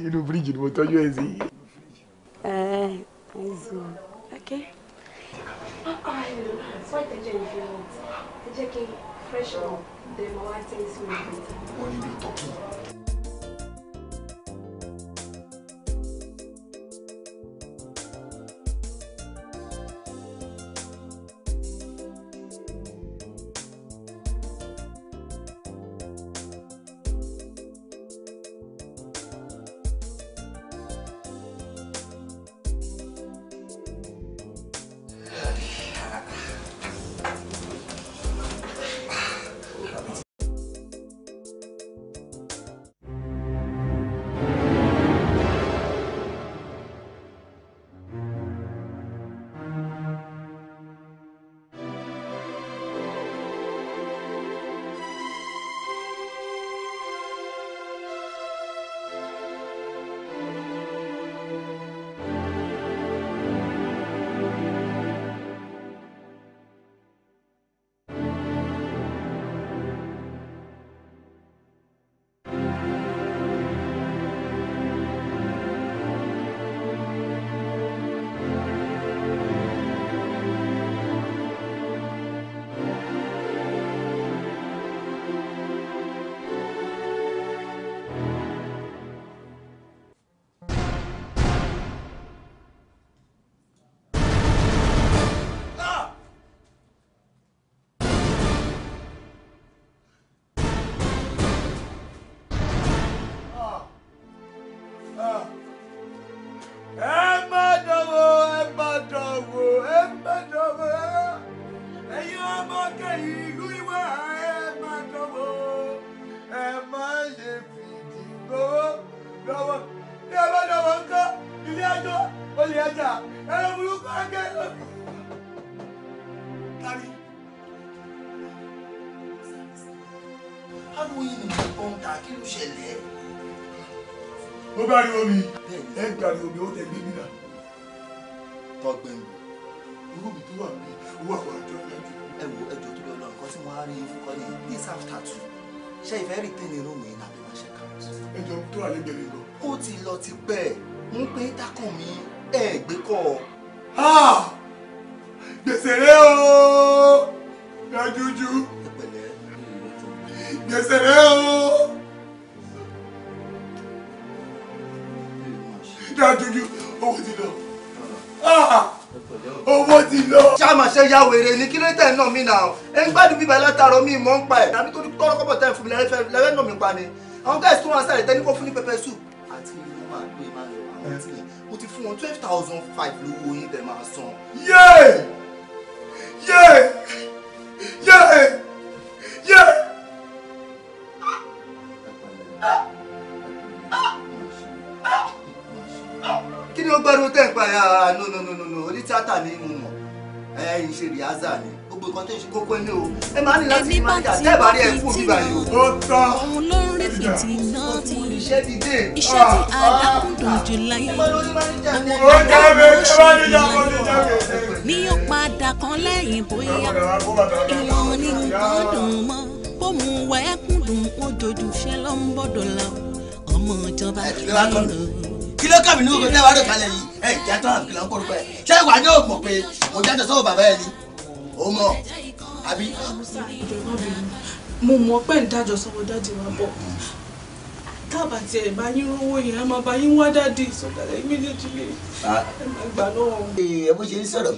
S1: inú bíríìjì ni mo tọ́jú ẹ̀ sí.
S5: fresh one dem ọwá tẹ́
S4: sí
S1: ló tẹ gbé nígbà. tọgbìn mi. irú mi tó wà mí owó àwọn àjọ ìdájọ. ẹ wo ẹjọ tó lọ lọ nǹkan tí wọn á rí fún kọ ní this after two ṣé ìfẹ́ rí tẹ́lẹ̀ lóhùn yìí nàbí wọ́n ṣe count. ẹjọ tó wà lẹ́gbẹ̀rẹ̀ lọ. ó ti lọ ti pẹ́ ń pé dákàn mi ẹ̀ gbé kọ́ ọ. gbèsè rẹ o dájújú gbèsè rẹ o. dájúdú owó ti lọ ah, owó ti lọ. ṣáàmà ṣe ya wèrè ni kí ló tẹ̀ náà mi nà ọ́ ẹ ń gbádùn bíbá látàrọ mi mọ́ ń pa ẹ̀ tàbí tó tọ́rọ kọ́bọ̀ tẹ̀ fún mi lẹ́fẹ́ náà mi pa ni àwọn gáàsì tó wọn sáré tẹ́ ní kó fún ní pẹpẹ soup àti ìlú máa gbé máa lọ àwọn tí mo ti fún wọn twelve thousand five lówó yín tẹ́ máa san. yéè yéè yéè yéè. Ah! kí ni ó gbẹ́rú tẹ̀ ń pa ẹ̀ ah, no no no no orí tíátà ni mo mọ̀ ẹ̀ ń ṣe rìhásà ni gbogbo nǹkan tó ń ṣe kókó ní o ẹ máa ní láti máa jà tẹ́ bá rí ẹ fún mi báyìí o. ó tọ́
S5: òun ló ń rí fìtì náà ti yàn iṣẹ́ ti dé iṣẹ́ ti àdákùndùn ah, ah. jù láyé òun dábẹ́ ó ṣe ìyàwó mi yóò padà kan lẹ́yìn bóyá ìwọ̀n ní nǹkan dùn mọ́ bóun wà ẹ́kùndùn ó dojú ṣẹ́ lọ́ ń bọ́dọ̀ lọ ọmọ ìjọba kìlọ̀ kí ló
S1: kàn mí nínú ìgbésẹ̀ wàá rò kalẹ̀ yìí ẹ jẹ́ tán àbíkí lọ́n kórúkọ ẹ̀ ṣé ìwà ni ó mọ̀ pé mo jáde sọ́wọ́ bàbá ẹ ni ó mọ̀ àbí. mo mọ̀ pé ń dájọ́ sọ́wọ́ dáàdì wa bọ̀ tábà tí ẹ bá yín rówó yẹn a máa bá yín wá dáàdì sọ̀kalẹ̀ méjèèjì lè ẹ máa gbà lọ́wọ́. ẹ bó ṣe ń sọ̀rọ̀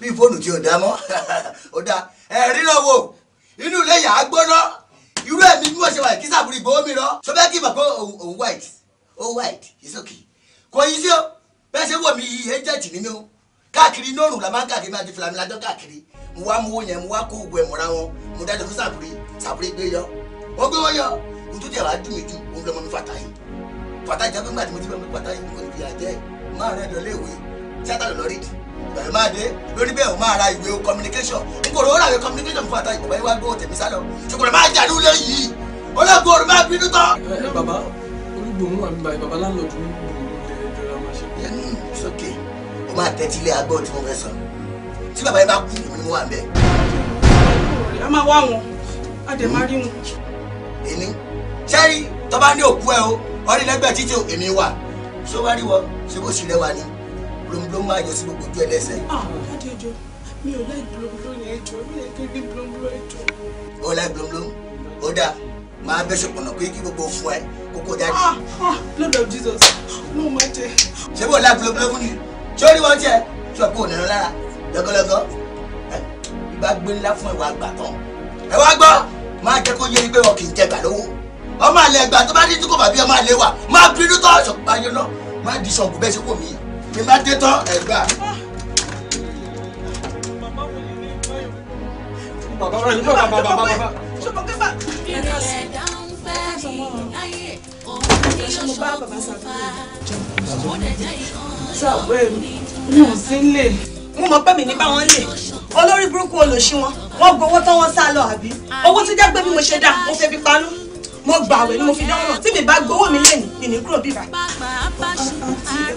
S1: bí fóònù tí ò dá mọ́ ó dá ẹ ríran wo inú ilé yàá gbóná irú ẹ̀mí bí wọ́n ṣe wà kí sàbúrì gbòó mi rọ sọ fẹ́ kí bàbá òun white ó white it's okay kò yí sí o bẹ́ẹ̀ ṣe wò mí yí agent ni mí o káàkiri nóòrùn la máa ń káàkiri máa di fìlà mi lájọ́ káàkiri mo wá mú owó yẹn mo wá kó oògùn ẹ̀ mọ́ra wọn mo dájọ́ fún sàbúrí sàbúrí gbé yọ wọ́n gbé wọ́n yọ n tó jẹ́ wàá dùn mí ju òun lọ́mọ mi fàtà yìí fàtà ìjà fún gbàdúmọ̀ tí mo fàtà yìí mo fi àjẹ́ máa rẹ̀ lọ léèwé sátà lọ rí bẹ̀rẹ̀ máa dé lórí bẹ́ẹ̀ o máa ra ìwé communication n kò rówó ìwé communication fún fàtà ìgbà yìí wá gbé òtẹ̀mí sálọ ṣùgbọ́n máa jà lóore yìí olóògùn máa bínú tán. bàbá
S2: dùn wà nígbà bàbá láńlọ́ọ̀dù ní dùn
S1: ilé ẹjọ́ máa ṣe. yanni sókè o máa tẹ́tí ilé agbọ́ tí mo fẹ́ sọ tí bàbá yẹn bá kú èmi ni mo a máa wá wọn a dẹ̀ máa rí wọn. èmi sẹ́rí tó ní òkú ẹ o ọ̀rẹ́ lẹ́gbẹ̀ẹ́ títí èmi wà ṣó wá rí wọ ṣé bó ṣì rẹwà ni blomblom máa yọ sí gbogbo ojú ẹlẹ́sẹ̀.
S4: Ah, mi ò láì blomblom yẹn jọ mi ò láì blomblom yẹn jọ.
S1: o láì blomblom ó dáa máa bẹ́ ṣọ̀pọ̀nà pé kí gbogbo fún ẹ kókó jáde. Ah, ah, blood of jesus no matter. jẹ. ṣé bò láì gbólógbólógún ni ṣé ó rí wọn tiẹ tí wọn kò nínú lára lọgọlọgọ ìbá gbé ńlá fún ìwà àgbà tán ẹ wá gbọ́ máa jẹ́ kó yé igbe wọn kì í jẹ gbà lówó ọmọ àlẹ ẹgbà tó bá ní tí kò bàbí ọmọ àlẹ wà máa bínú tó ṣọ̀kú bá yọ náà máa di ṣọ̀kú bẹ́ẹ̀ ṣe kò mí mi máa dé tán ẹgbà. Ah.
S2: bàbá rẹ̀ nígbà bàbá bàbá bàbá. ṣùgbọ́n
S5: kí bá. ìrẹ̀lẹ̀ dáhùn fẹ́ mi láyé ṣé mo bá bàbá sàbúrò
S1: sàbúrò mi ò sí lè. mo mọ̀ pé mi ní báwọn lè olórí burúkú olòṣì wọn wọ́n gbowó tán wọ́n sá lọ àbí owó tó jẹ́ pé bí mo ṣe dá mo fẹ́ fi panú mo gbà àwẹ̀ ni mo fi dánwò tí mi bá gbowó mi lẹ́nu mi ní kúrò bíbá.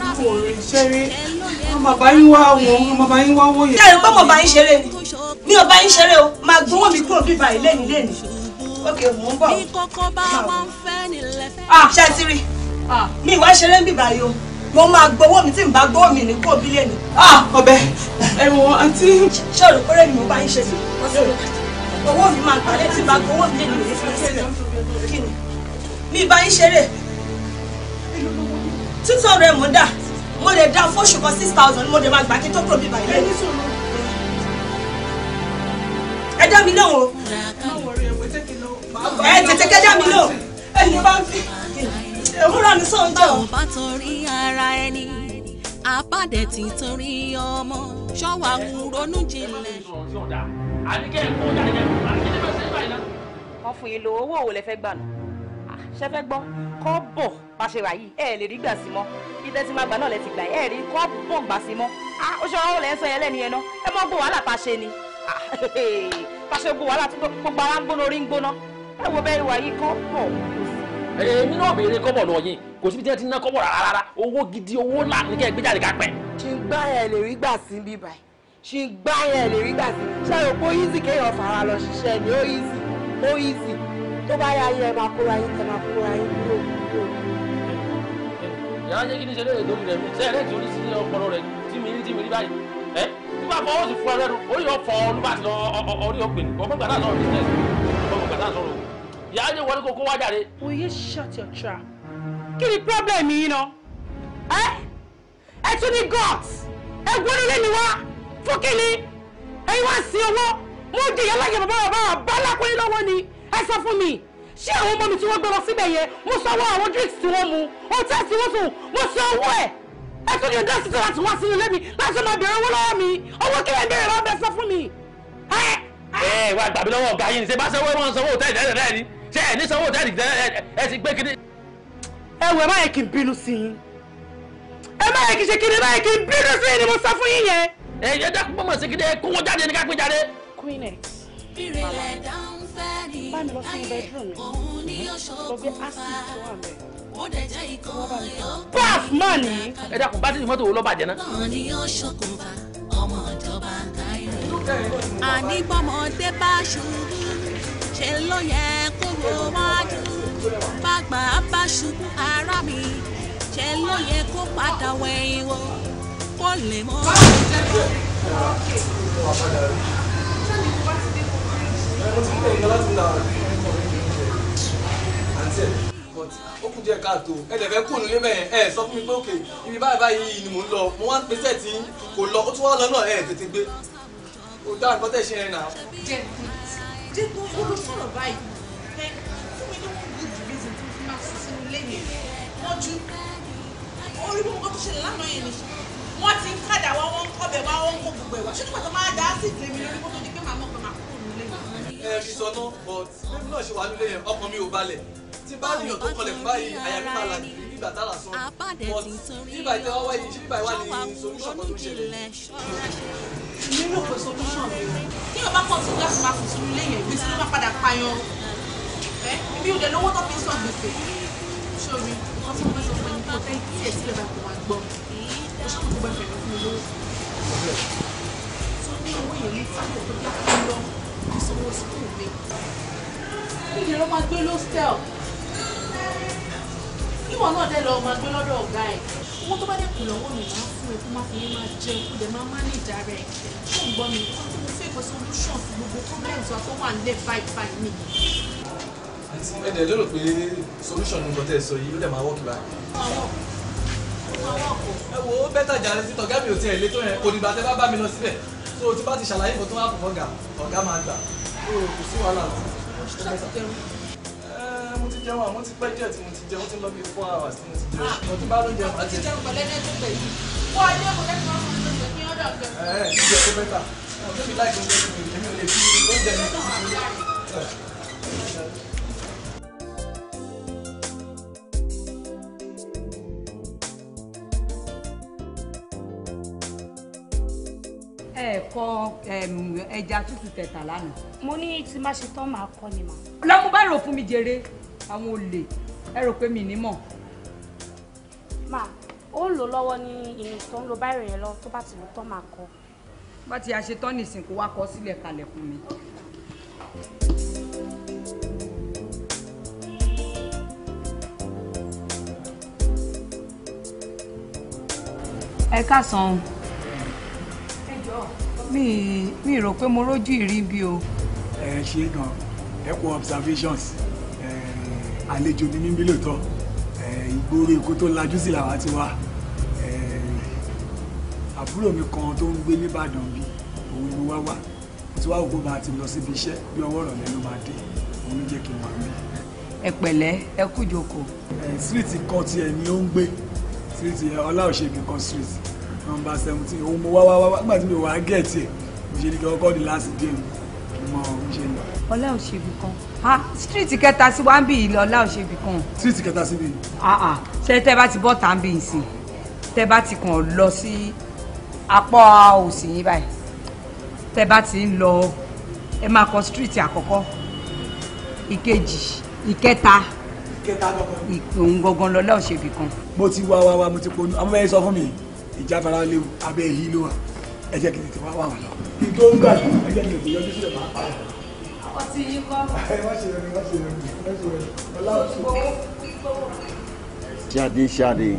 S1: àti ọkùnrin ṣeré ọmọ bá yín wá wọn ọmọ bá yín wá wòye. kẹrin pé mo bá yín ṣeré ni mi ò bá yín ṣeré o máa gbowó mi kúrò bíbá ìlẹ́yìn lẹ́yìn òkè mò ń bọ̀. bí
S4: kókó bá wọn fẹ́ nílẹ̀ fẹ́. Ah, ṣé ti rí ah.
S1: mi ìwà ṣeré ń bì báyìí o mo máa gbowó mi tí n bá gbowó mi ní kó bílẹ̀ ni. Ah, ọbẹ̀ ẹ̀wọ̀n àǹtí. ṣé olùkọ́rẹ́ ni mo bá yín ṣe sí owó mi máa gbàlẹ́ tí n bá gbowó mi lè lè fi mi bá yín ṣeré títọ́ rẹ̀ mo dà mo lè dá fóṣù kan six thousand mo lè máa gbà kí tó kúrò bíbá ilé
S5: ẹ dá mi lóhùn
S4: o. ẹ tètè kẹ́ dá mi lóhùn. ẹni bá ń fi èwúrọ̀ ní sọ́njọ́. báwo
S5: bá torí ara ẹni àpàdé ti torí ọmọ ṣọ́wà ń ronú jinlẹ̀. wọ́n fún lo owó òwò lẹ fẹ́ gbà nù ah, ṣe fẹ́ gbọ́ kọ́ bọ̀ bá ṣe wà yìí ẹ lè rí gbà sí mọ́ ìtẹ́ tí máa gbà náà lẹ ti gbà ẹ rí kọ́ bọ̀ gbà sí mọ́ ah, ó ṣe ọ́ lẹ́ sọ yẹn lẹ́nu yẹn náà ẹ mọ́ gbọ́ wàhálà tá ṣe ni. Ah, pàṣẹ gbogbo wàhálà tí gbogbo ara ń gbóná orí ń gbóná ẹ wo bẹ́ẹ̀
S1: wà yìí kọ́ pọ̀. èmi náà béèrè kọ́bọ̀ lọ yín kò síbi tí wọ́n ti ná kọ́bọ̀ rárá rárá owó gidi owó ńlá ní kẹ́ ẹ gbé jáde ká pẹ́. ṣì ń gbá yẹn lè rí gbà sí bí báyìí ṣì ń gbá yẹn lè rí gbà sí ṣé o kó easy kéèyàn fara lọ ṣiṣẹ́ ni ó easy ó easy tó bá
S5: yá yẹ máa kóra yín tẹ máa kóra yín kúrò kúrò.
S4: ìyá jẹ́ kí ní ṣe
S1: lè dómi rẹ̀ mi sẹ́ẹ̀rẹ́ tí orí sí ọpọlọ rẹ̀ tí mi rí tí mi rí báyìí tí bá fọwọ́ sí fún ẹ lẹ́nu orí ọ̀fọ̀ olúbàdàn orí ọ̀pẹ̀ ọmọgbà náà sọ̀rọ̀ business ọmọgbà náà sọ̀rọ̀ ìyá ayé wọlé kókó wá jàre. Will you shut your trap? kí ni problem yìí ná ẹ ẹ tún ní guts ẹ gbọ́dọ̀lẹ́ ni wá fún kí ni ẹ̀yin wá sí owó mo jẹ ìyá láyé bàbá bàbá bálákùnrin lọ́wọ́ ni ẹ sọ fún mi ṣé àwọn ọmọ mi tí wọ́n gbọ́ lọ síbẹ̀ yẹn mo sanwó àwọn drinks tí wọ́n mu ọtí àti wọ́n sùn mo sanwó ẹ̀ ẹ tún ní dá sísè láti wá sí ilé mi láti máa béèrè owó lọ́wọ́ mi owó kí lẹ́ẹ̀ béèrè lọ́bẹ̀ sọ fún mi. ẹ wá gbàgbé lọ́wọ́ ọ̀gá yín ni ṣe bá sanwó wọn sanwó òtẹ́ẹ̀lì tẹ́lẹ̀ náà ni ṣé ẹ ní sanwó òtẹ́ẹ̀lì tẹ́lẹ̀ ẹ ti gbé kiri. ẹ wẹ má yẹ kí n bínú sí yín ẹ má yẹ kí ṣe kiri má yẹ kí bínú sí yín ni mo sọ fún yín yẹn. ẹ yẹ dákun mọ̀ sí kí
S5: bá mi lọ sí bedroom mi lọ bí acid tó wà mẹ́rin. Pass dẹ̀ jẹ́ ìkan yọ.
S1: paf náà ni. ẹ dákun bá tẹ̀sí mọ́tò wo ló bàjẹ́ náà.
S5: àní bọ́mọdé bá ṣubú ṣe ló yẹ kó wájú bàgbà bá ṣubú ara mi ṣe ló yẹ kó padà wẹ̀yìn wò kó lè mọ́.
S2: Thank you but ó kù díẹ̀ káàtó ẹ dẹ̀ fẹ́ kó nílé mẹ́ẹ̀ ẹ sọ fún mi pé òkè
S1: ibi báyìí báyìí ni mò ń lọ mo wá ń pe sẹ́ẹ̀tì kò lọ ó tún wá lọ náà ẹ tètè gbé
S2: ó dá nǹkan tẹ̀ ṣe ẹ nà.
S4: jẹ́ jẹ́ kó olùsọ̀rọ̀ báyìí
S5: fún mi ní one good reason tó fi máa sọ sínú ilé mi wọ́n ju orí mú nǹkan tó ṣẹlẹ̀ lánàá yẹn ni wọ́n ti ń kádà wá wọ́n ń kọ́bẹ̀ wá wọ́n ń kó gbogbo ẹ̀ wá ṣé nígbà tó máa dá sí ìdílé mi lórí kó tó di pé màá mọ̀ pé màá kúrò nílé mi. ẹ ẹ ṣe sọ
S2: náà but bébí náà ṣe wà nílé yẹn ọkàn mi ò balẹ̀ tí bá yàn tó kọlẹ̀ báyìí àyàmí máa là nígbà tá a là sọ
S5: but nígbà ìtẹ́ wá wáyé ṣé nígbà ìwà solution kan tó ṣẹlẹ̀.
S1: mi rò solution
S4: mi tí yóò bá pọ̀ sí láti máa sùn lẹ́yìn ẹ̀gbẹ́ sí
S5: ló bá padà payan ẹ ibi ò dẹ̀ lówó tó fi ń sọ gbèsè sórí wọ́n fún mi sọ pé ní kò tẹ́ tí sílẹ̀ bá kò máa gbọ́ mo ṣàkóso gbogbo ẹ̀fẹ̀ ló fún mi lówó tó ní owó yẹn ní sábẹ̀ tó dé kí lọ ìsanwó sukùl kíwọ náà dẹ́ lọ máa gbé lọ́dọ̀ ọ̀gá ẹ̀ owó tó bá dẹ̀ kù lọ́wọ́ mi máa fún ẹ kó má fi máa jẹ kó dẹ̀ máa má ní ìdá rẹ̀ tó ń gbọ́ mi kó tó mo fẹ́ pé solution sí gbogbo problems wa tó wà nílẹ̀ báyìí báyìí mi.
S2: ẹ dẹ̀ lérò pé solution ní nǹkan tẹ́ ẹ sọ yìí ó dẹ̀ máa wọ́ọ̀kì báyìí. ẹ wo bẹ́tà jàre sí tọ̀gá mi ò tiẹ̀ lé tó yẹn kò dìgbà tẹ́ bá bá mi lọ síbẹ̀ tó o ti bá ti ṣàlàyé nǹkan tó wà fún ọ̀gá ọ̀gá máa gbà
S5: o kò sí wàhálà ọ̀gá
S2: jẹun àmọ́ ti pẹ́ díẹ̀ tí mo ti jẹun tí ń lọ bí four hours tí mo ti jẹun mo bá ló jẹun. ó ti jẹun
S5: pẹ̀lú ẹni tó yìí wọ́n ajé kò lẹ́nu wọn fún mi ní ọ̀dọ̀ ọ̀gá. ẹ
S2: ẹ jíjẹ tó bẹ́tà mo tó fi láìpẹ́ oúnjẹ mi èmi ò lè fi oúnjẹ mi tó
S1: ẹja tútù tẹ̀tà lánàá.
S5: mo ní tí má ṣe tán máa kọ ni mà.
S1: lọ́mú bá rò fún mi jèrè àwọn olè ẹ rò pé mi ní mọ̀.
S5: mà ó ń lò lọ́wọ́ ní ìlú tó ń lo báyìí rẹ̀ lọ tó bá ti lò tán máa kọ.
S1: bá ti a ṣe tán nìsín kó wá kọ sílẹ̀ kalẹ̀ fún mi.
S5: ẹ káàsán mi
S4: mi rò pé mo rójú ìrí bí o.
S1: ẹ ṣe gan ẹ kú observations àlejò ní níbí lóòótọ́ ìgboro èkó tó lajú sí làwa ti wá àbúrò mi kan tó ń gbé nìbàdàn bí òun ló wá wà tí wàá òkú bá ti lọ síbi iṣẹ́ bí ọwọ́ ìrọ̀lẹ́ ló máa dé òun jẹ́ kí n wà mí. ẹ pẹ̀lẹ́ ẹ kú jókòó. síríìtì kan tiẹ̀ ni ó ń gbé síríìtì ọláòṣègbè kan street nọmba seventeen òun mo wá wá wá nígbà tí mi wàá gẹ̀ẹ́tì ẹ̀ mo ṣe ní kí ọkọ́ di láti dé mi kí n mọ ohun ṣe lọ. ọláòṣègbè kan stíríìtì kẹta sí wa ń bì í lọ́lá òṣèbí kan. stíríìtì kẹta sí bí. Ah, ah. ṣé tẹ́ bá ti bọ́ tá à ń bì í sí tẹ́ bá ti kàn lọ sí apá òsì yín báyìí tẹ́ bá ti ń lọ ẹ máa kọ stíríìtì àkọ́kọ́ ìkejì ìkẹta ìkòhun gangan lọ́lá òṣèbí kan. mo ti wá wá wá mo ti ponú àmọ́ ẹ sọ fún mi ìjáfara léwu abẹ́ èyí ló wà ẹ jẹ́ kí n tètè wá wà wọn lọ. ìgbóhùn gbà ẹ jẹ́ kí n tètè yọjú sílẹ̀ máa
S2: pa ẹ̀ ọtí yìí kọ́. ẹ má ṣe rẹ má ṣe rẹ má ṣe rẹ ọláwùsùn.
S1: ṣáde ṣáde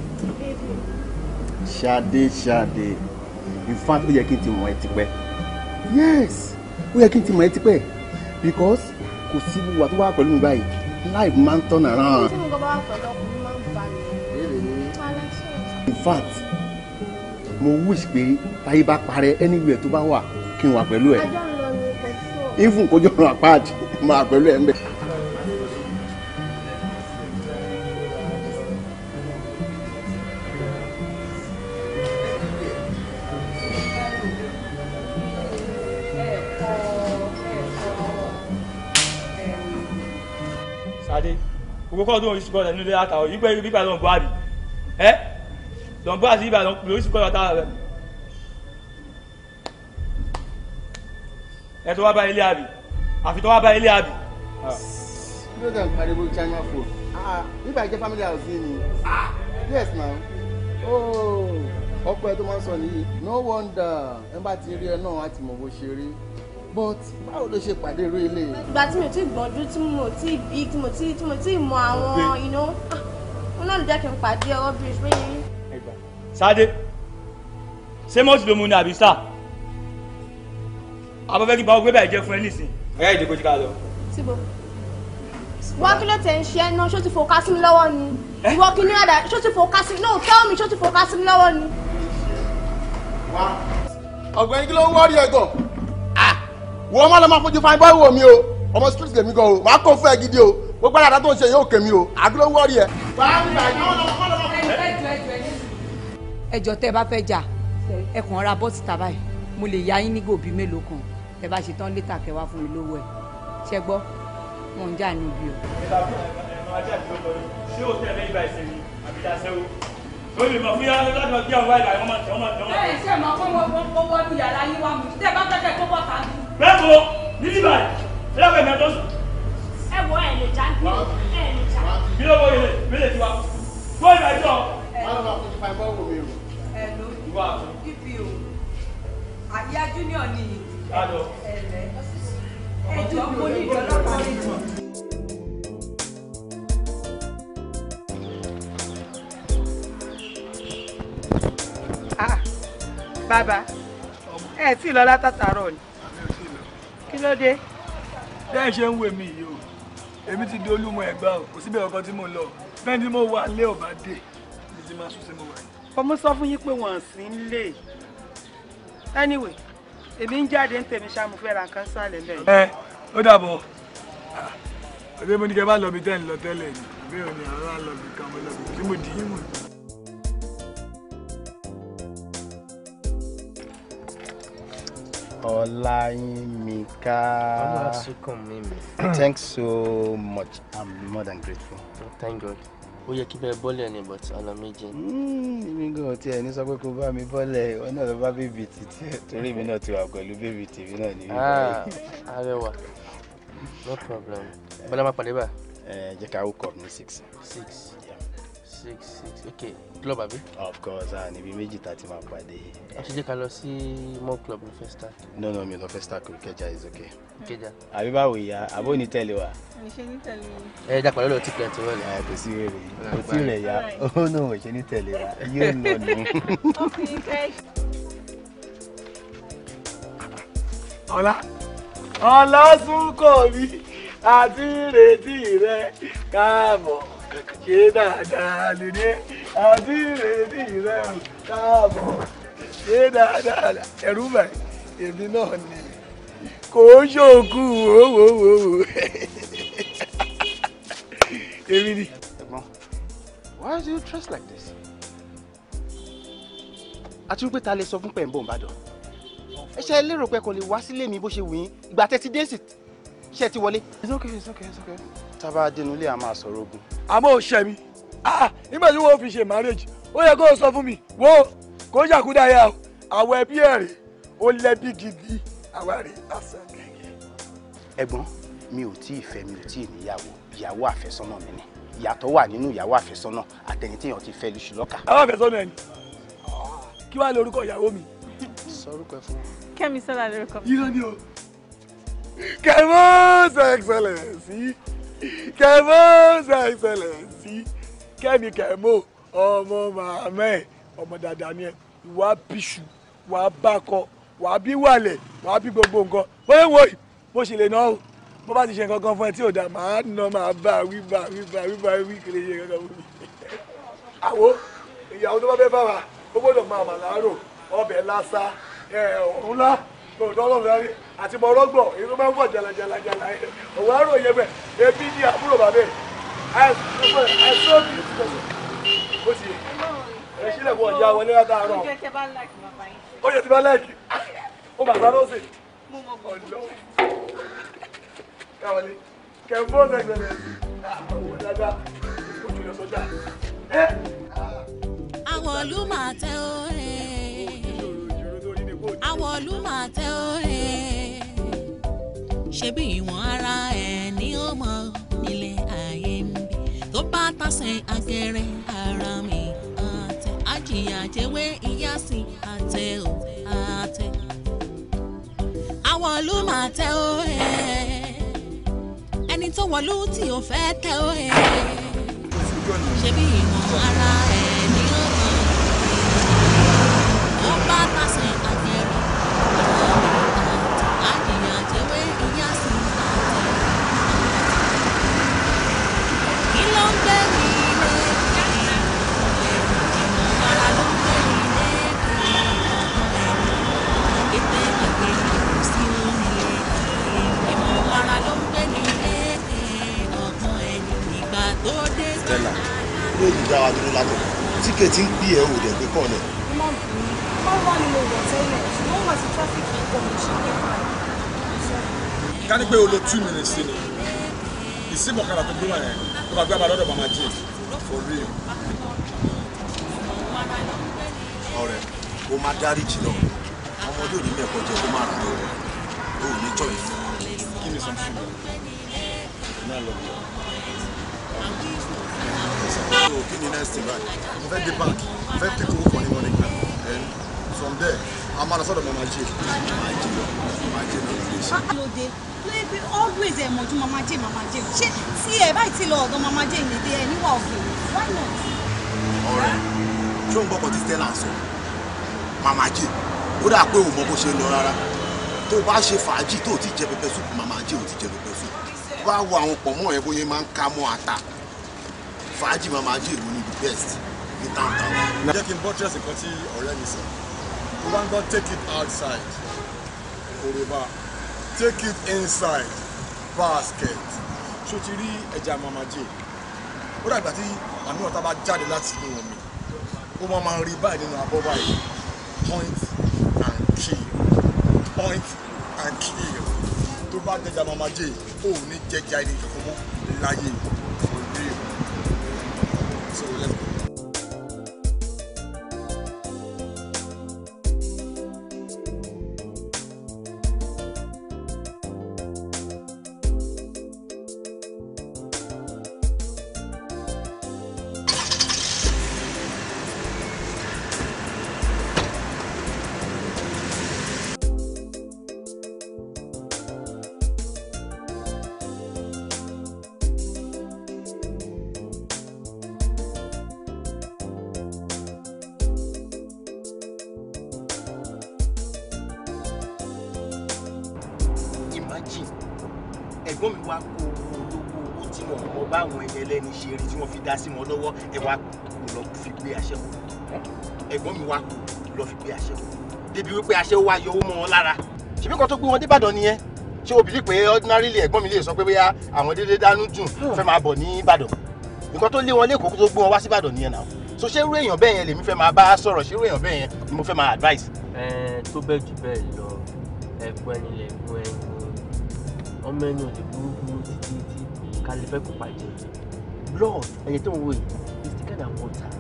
S1: ṣáde ṣáde in fact ó yẹ kí n ti mọ̀ ẹ́ tipẹ́ yes ó yẹ kí n ti mọ̀ ẹ́ tipẹ́ because kò sí wà tó wà pẹ̀lú mi báyìí life máa ń tọ́nà rán. in fact mo wish pé táyé bá parẹ́ anywhere tó bá wà kí n wà pẹ̀lú ẹ̀ even kójú ọ̀run àpáàdì máa pẹ̀lú ẹ̀ ń bẹ̀. gbogbo kọ́ tó ń sùkọ́ lẹ́nu ilé àtàwọn yìí pé bíbá ló ń bọ́ àbí ẹ́ lọ́n bọ́ àti bíbá ló sùkọ́ lọ́tà rẹ̀. ẹ tó wá bá ilé àbí àfi tó wá bá ilé àbí.
S5: Ah. kí ló dé ń
S1: pariwo china food ah, nígbà jẹ́ family house ni ah. yes na ọkọ ẹ tó máa ń sọ nìyí no wonder ẹ bá ti rí ẹ náà á ti mọ bó ṣe rí but báwo ló ṣe pàdé irú ilé.
S5: ìgbà tí mi ò tí ì gbọ́njú tí mo tí ì bí tí mo tí tí mo tí ì mọ àwọn iná wọn náà ló jẹ́ kí n pàdé ọ̀rọ̀ bí ìṣúná yìí.
S1: Ṣadé ṣé mọ́tò ló mu ní àbí sáà abọ́fẹ́ kí báwo gbé bàjẹ́ fún ẹ nísìn. ọ̀yá ìdíkò jí ká lọ. síbo wá kí ló tẹ̀ ń ṣe ẹnu ṣó ti fò ká sí mi lọ́wọ́ ni ìwọ kí ní àdá ṣó ti fò ká sí mi no tell me ṣó ti fò ká sí mi lọ́wọ́ ni. ọ̀gbẹ́ni kí ló ń wárí ẹ̀gàn ah! wọ́n má lọ máa fojú fáin báyìí wò mí o ọmọ street lèmi gan o máa kó fún ẹ gidi o gbogbo àdá tó ń ṣe yóò kèmí o àdúró ah, ń wọ́ọ̀rì ẹ. ẹjọ́ tẹ́ ẹ bá fẹ́ jà ẹ kàn ra bọ́ọ̀sì tàbáyé mo lè yá yín ní gòbí mélòó kan tẹ bá ṣe tán létà kẹwàá fún mi lówó ẹ ṣẹ gbọ́ mọ ń jà níbi o. ṣé o tẹ̀lé ibà ìsìn ni àbí dáṣẹ́wó? lórí ìmọ̀ fúyà láti máa gbé àwọn wáyà àwọn máa tẹ̀wọ́n máa tẹ̀wọ́n. bẹ́ẹ̀
S5: ṣe mọ fún wọn fún owó ní yàrá yín wá mi tẹ́ bá tẹ́tẹ́ kó bọ́ tàbí.
S1: bẹ́ẹ̀ mo ní níbà ẹ lọ́kọ̀ ìgbà tó sùn.
S5: ẹ wọ ẹ lè já ní ẹ lè já.
S1: bí ló wọ ilé mi lè tiwa wọ ìgbà jọ.
S5: wọn lọ máa kojú pa ẹgbẹ́ wo
S1: mi o. ẹ ló ibi o àyà junior nìyí ẹjọ́ mo ní ìjọ lọ́pàá méjì. bàbá ẹ tí lọ látàtàrọ ni kí ló dé. bẹ́ẹ̀ ṣe ń wo èmi yìí o èmi ti di olúmọ ẹ̀gbá o kò síbẹ̀ ọkọ tí mo lo, bẹ́ẹ̀ ni mo wà lé ọ̀bá dé ní ti máa sún sí mo wà yìí. ọmọ sọ fún yín pé wọ́n sì ń anyway èmi ń jáde ń tèmi ṣá mo fẹ́ ra nǹkan sálẹ̀ lẹ̀. ẹ ó dàbọ̀ ọdẹ mo ní kẹ bá lọ bí tẹ́ ń lọ tẹ́lẹ̀ ni bẹ́ẹ̀ ni àwọn á lọ bí kan mo lọ bí tí mo dì í mọ̀. Ọláyínmíká. Ọlá Sukùnmí mi. Thanks so much. I'm more than grateful.
S2: Thank God ó yẹ kí bẹ́ẹ̀ bọ́lẹ̀ ni but ọ̀nà méjì.
S4: Hmm, èmi
S3: gan ti ẹni sọ pé kó bá mi bọ́lẹ̀ ìwọ náà lọ bá bèbí títí ẹ torí mi náà ti wà pẹ̀lú bèbí tèmi náà ní bíbá yìí. Ah, arẹwà no problem bọ́lá máa pàdé bá. ẹ
S6: eh, jẹ́ ká hook up ní six. six six six Okay club àbí. of course
S1: ah níbi méjì tá a ti máa pàdé.
S6: a ṣe jẹ́ ká lọ sí mall club ní first start.
S1: no no mi ò lọ first start kò Ìkẹjà is okay. Ìkẹjà. àbí báwo ìyá àbó ní tẹ̀lé wa.
S4: mi ṣe ní tẹ̀lé wa.
S1: ẹ dàpọ̀ lọ́dọ̀ tí
S6: kìlẹ̀ tó wọlé. ẹ kò sí rere kò sí rẹ̀ ya
S1: ó nà ò ṣe ní tẹ̀lé wa yóò lọ nù.
S4: ọkùnrin fẹ́.
S1: sún kò mí àti ìrètí rẹ káàbọ̀ ṣe dáadáa lóde àti ìrètí rẹ káàbọ̀ ṣe dáadáa ẹ̀rú báyìí èmi náà ni kò ṣòkù wòwòwò èmi ni.
S3: why do you dress like this?
S1: àti wípé ta lè sọ fún pẹ̀mbọ̀n ìbàdàn ẹ ṣe lérò pé kò lè wá sílé mi bó ṣe wù yín ìgbà tẹ́tí dé sí ṣe ti wọlé. it's okay it's okay it's okay
S3: tábà dénúlé a máa sọ̀rọ̀ ogun.
S1: àmọ́ ò ṣẹ́ mi nígbà tí wọ́n fi ṣe marriage ó yẹ kó o sọ fún mi wo kó ṣàkúdà yà o àwọn ẹbí ẹ̀ rè ó lẹ́bí gidi àwa rè
S4: àṣà gẹ́gẹ́.
S1: ẹ̀gbọ́n mi ò tí ì fẹ́ mi ò tí ì níyàwó ìyàwó àfẹ́sọ́nà mi ni ìyàtọ̀ wà nínú ìyàwó àfẹ́sọ́nà àtẹ̀yìn tí ti fẹ́ lóṣù lọ́kà. àwọn àfẹ́sọ́nà ẹ̀ ni kí wàá lórúkọ ìyàwó mi. sọ orúkọ ẹ fún wọn.
S5: Kẹ́mi Sọ́lá o.
S1: Kẹ́mi Sọ́lá sí kẹmọ ṣe Excellency kẹni kẹmọ ọmọ màmá ẹ ọmọ dada ni ẹ wàá bíṣu wàá bákọ wàá bí wàlẹ wàá bí gbogbo nǹkan wọ́n wò ó mo sì lè ná o bó bá ti ṣe nǹkan kan fún ẹ tí ò dá màá ná màá bá wí bá wí bá wí bá wí kiri ṣe nǹkan kan fún mi. àwo ìyàwó tó bá fẹ́ bá wa ó gbọ́dọ̀ máa mà ọbẹ̀ lásà ẹ̀ ọ̀rúnlá lọ́dọ̀ ọlọ́run lárí àti mọ ọlọ́gbọ̀n èyí tó máa ń wọ̀ jàlàjàlàjàlà òun á ròyìn ẹgbẹ́ ebi ní àbúrò bàbá ẹ̀ àìsóòdì ìtúkọ̀sọ̀ ó ti
S5: ẹ̀ sílẹ̀ wọ̀ ọ̀yà wọlé látàárọ̀ oúnjẹ
S1: tí bá láìkì ó bàbá ló sè
S5: ọ̀dọ́
S1: káwọlé kẹfọ́ sẹ́gbẹ̀rẹ̀ àwọn dáadáa ojú lọ sọ́jà
S5: àwọn ìlú máa tẹ àwọn ìlú máa tẹ ṣebí ìwọ̀n ara ẹni ọmọ nílé ayé ń bí tó bá tàṣẹ agẹrẹ ara mi àtẹ àjìyà jẹwé ìyá sí àtẹ ò àtẹ àwọn ìlú máa tẹ ó ẹ ẹni tó wọlú tí ò fẹ́ tẹ ó ẹ ṣebí ìwọ̀n ara ẹni ọmọ ó bá tàṣẹ.
S1: Stella yóò yí dúró látọ̀ tíkẹ́ẹ̀tì ń bí ẹ̀ ò dẹ̀ gbé kọ́ọ̀lẹ̀.
S4: má ká
S2: ní pé o lo two minutes sí ni ìsìnkú ọ̀kadà tó gbé wà yẹn
S1: tó bá gbé àbá lọ́dọ̀ mama jane for real. ọ̀rẹ́ kó má dárí jì lọ ọmọdé òní mẹ́kọ̀ọ́ jẹ kó má rà lọ́wọ́ òní tọ́ ìfún. kí ni sọ́n fún mi? náà lọ́wọ́ so kí ni next thing báyìí mo fẹ́ dé bank mo fẹ́ pick owó kan ní morning then from there a máa lọ sọ́dọ̀ mama jay mama jay mama jay
S3: ló lè
S5: ṣe. kí ah, ló dé lóye pé always ẹ̀ mọ̀jú mama jay mama jay ṣé tí ẹ báyìí ti lọ ọ̀dọ̀ mama jay níbi ẹ níwà òkè why not.
S3: ọ̀rẹ́ ṣé òun gbọ́kọ̀ tí stella
S1: sọ mama jay ó dà pé òun mọ bó ṣe lọ rárá tó bá ṣe fàájì tó ti jẹ pẹpẹ súpù mama jay ò ti jẹ pẹpẹ súpù bá wo àwọn pọ̀ mọ́ ẹ bóyá máa ń ká mọ́ ata fàájì máa máa jẹ èwo ni the best ní táǹtà. jẹ́ kí n buttress nǹkan
S2: tí ọ̀rẹ́ mi sọ tó bá ń gbọ́ take it outside kòrèbà take it inside basket ṣó ti rí ẹja mamaje
S1: ó dàgbà tí àmì ọ̀tá bá jáde láti inú omi ó máa máa rí báyìí nínú abọ́ báyìí point and kill point and kill tó bá jẹjà mamaje ó ní jẹjà ẹni kankan mọ́ láyé yìí. So kú lọ fi gbé aṣẹ́wó ẹ̀gbọ́n mi wá kú lọ fi gbé aṣẹ́wó débi wípé aṣẹ́wó wá yọ owó mọ́ wọn lára ṣèbí kan tó gbé wọn débàdàn nìyẹn ṣé o bìlí pé ordinarily ẹ̀gbọ́n mi lè sọ pé bóyá àwọn déédéé dánú dùn hmm. fẹ́ máa bọ̀ ní Ìbàdàn nǹkan tó lé wọn lẹ́kọ̀ọ́ tó gbé wọn wá sí Ìbàdàn nìyẹn náà so ṣé irú èèyàn bẹ́ẹ̀ yẹn lèmi fẹ́ máa bá sọ̀rọ̀ ṣé irú èèyàn bẹ́ẹ̀ yẹn ni mo fẹ́ máa advice.
S3: ẹ tó bẹ́ẹ̀ jù bẹ́ẹ̀ lọ ẹ̀gbọ́n ẹni lẹ̀gbọ́n
S1: ẹni ọmọ ẹni ò lè burú burú títí tí kálífẹ́ kò bàjẹ́ blood ẹ̀yẹ tó ń wo yìí food and water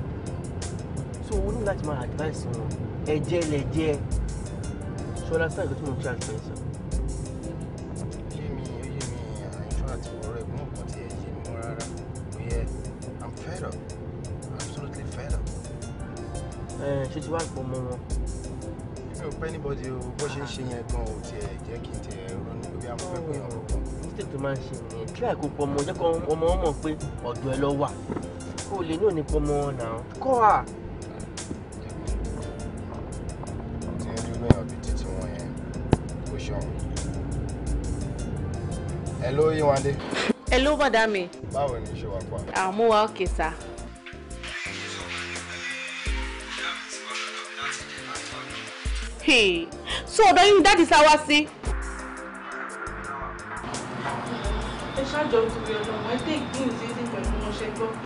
S1: so wọ́n ní láti máa advice wọn ẹ̀jẹ̀ lẹ̀jẹ̀ so understand ìgbésí
S6: i'm fed up absolutely fed up. ẹ ṣe ti wá pọ̀ mọ́ wọn. mi ò pẹ́ anybody o bó ṣe ń ṣe yẹn gan-an ò tiẹ̀ jẹ́ kí n tiẹ̀ ronú bí àwọn fẹ́ pé ọ̀rọ̀ kan. Oh, mistake tó máa ń ṣe nìyẹn try kó pọ̀ ọmọ jẹ́ kó ọmọ ọmọ pé
S1: ọ̀dọ̀ ẹ lọ wà o lè náà ní pọmọ ọ̀nà
S3: kọ́ à. ti ń dúró èèyàn bíi títí wọn yẹn kò ṣọrun. ẹ ló yí wọn dé.
S5: ẹ ló bọ̀dá mi.
S3: báwo ni iṣẹ́ wa
S5: pa. àmúwa òkè sá. so ọ̀dọ̀ yín dáàdì sá wá sí. ẹ ṣáàjọ nítorí ọlọ́mọ ẹ tẹ́ ìgbín ìṣẹ́yìn
S4: pẹ̀lú ọmọ ṣẹgbọ́n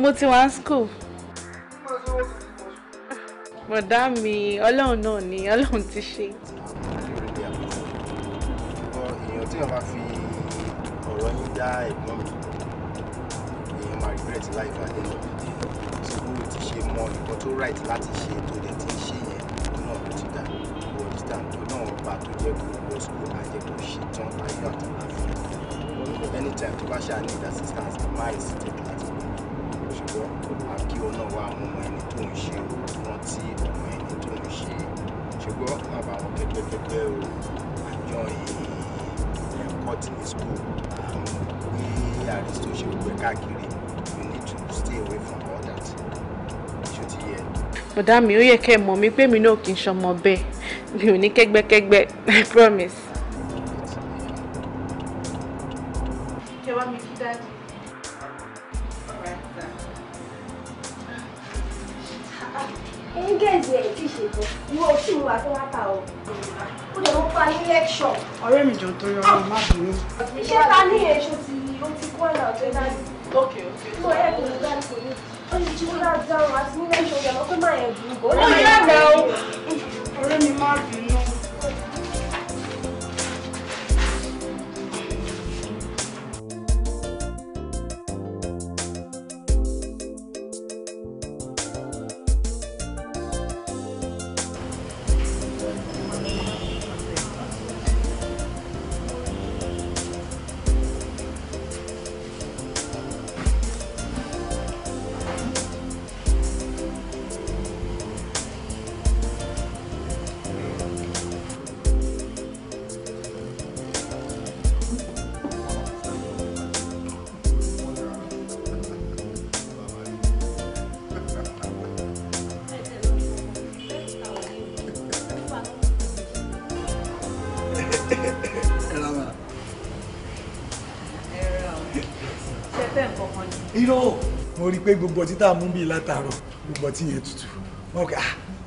S5: mo ti wá school bọ̀dá mi ọlọ́run náà ni ọlọ́run ti ṣe. èèyàn
S6: tí wọ́n máa fi ọ̀rọ̀ yín dá ẹ̀gbọ́n mi èèyàn máa regret life àdéhùn ìdílé tí
S1: ó ti ṣe mọ nǹkan tó right láti ṣe. anytime tó bá ṣáà need assistance má hesitate láti pè ṣùgbọ́n àkí o náà wá ọmọ ẹni tó ń ṣe o rántí ọmọ ẹni tó ń ṣe ṣùgbọ́n àbàwọn kẹ́kẹ́kẹ́kẹ́ o àjọ ẹ̀kọ́ ti ní school àwọn àrísítò ṣe gbogbo káàkiri you need to stay away from all that
S5: ṣó ti yẹ. ọ̀dà mi ò yẹ kẹ́ ẹ mọ̀ mi pé mi náà kì í ṣọmọ bẹ́ẹ̀ mi ò ní kẹ́gbẹ́kẹ́gbẹ́ I promise.
S1: pé gbogbo ọtí tá a mú bíi látàárọ̀ gbogbo ọtí yẹn tutù wọn kà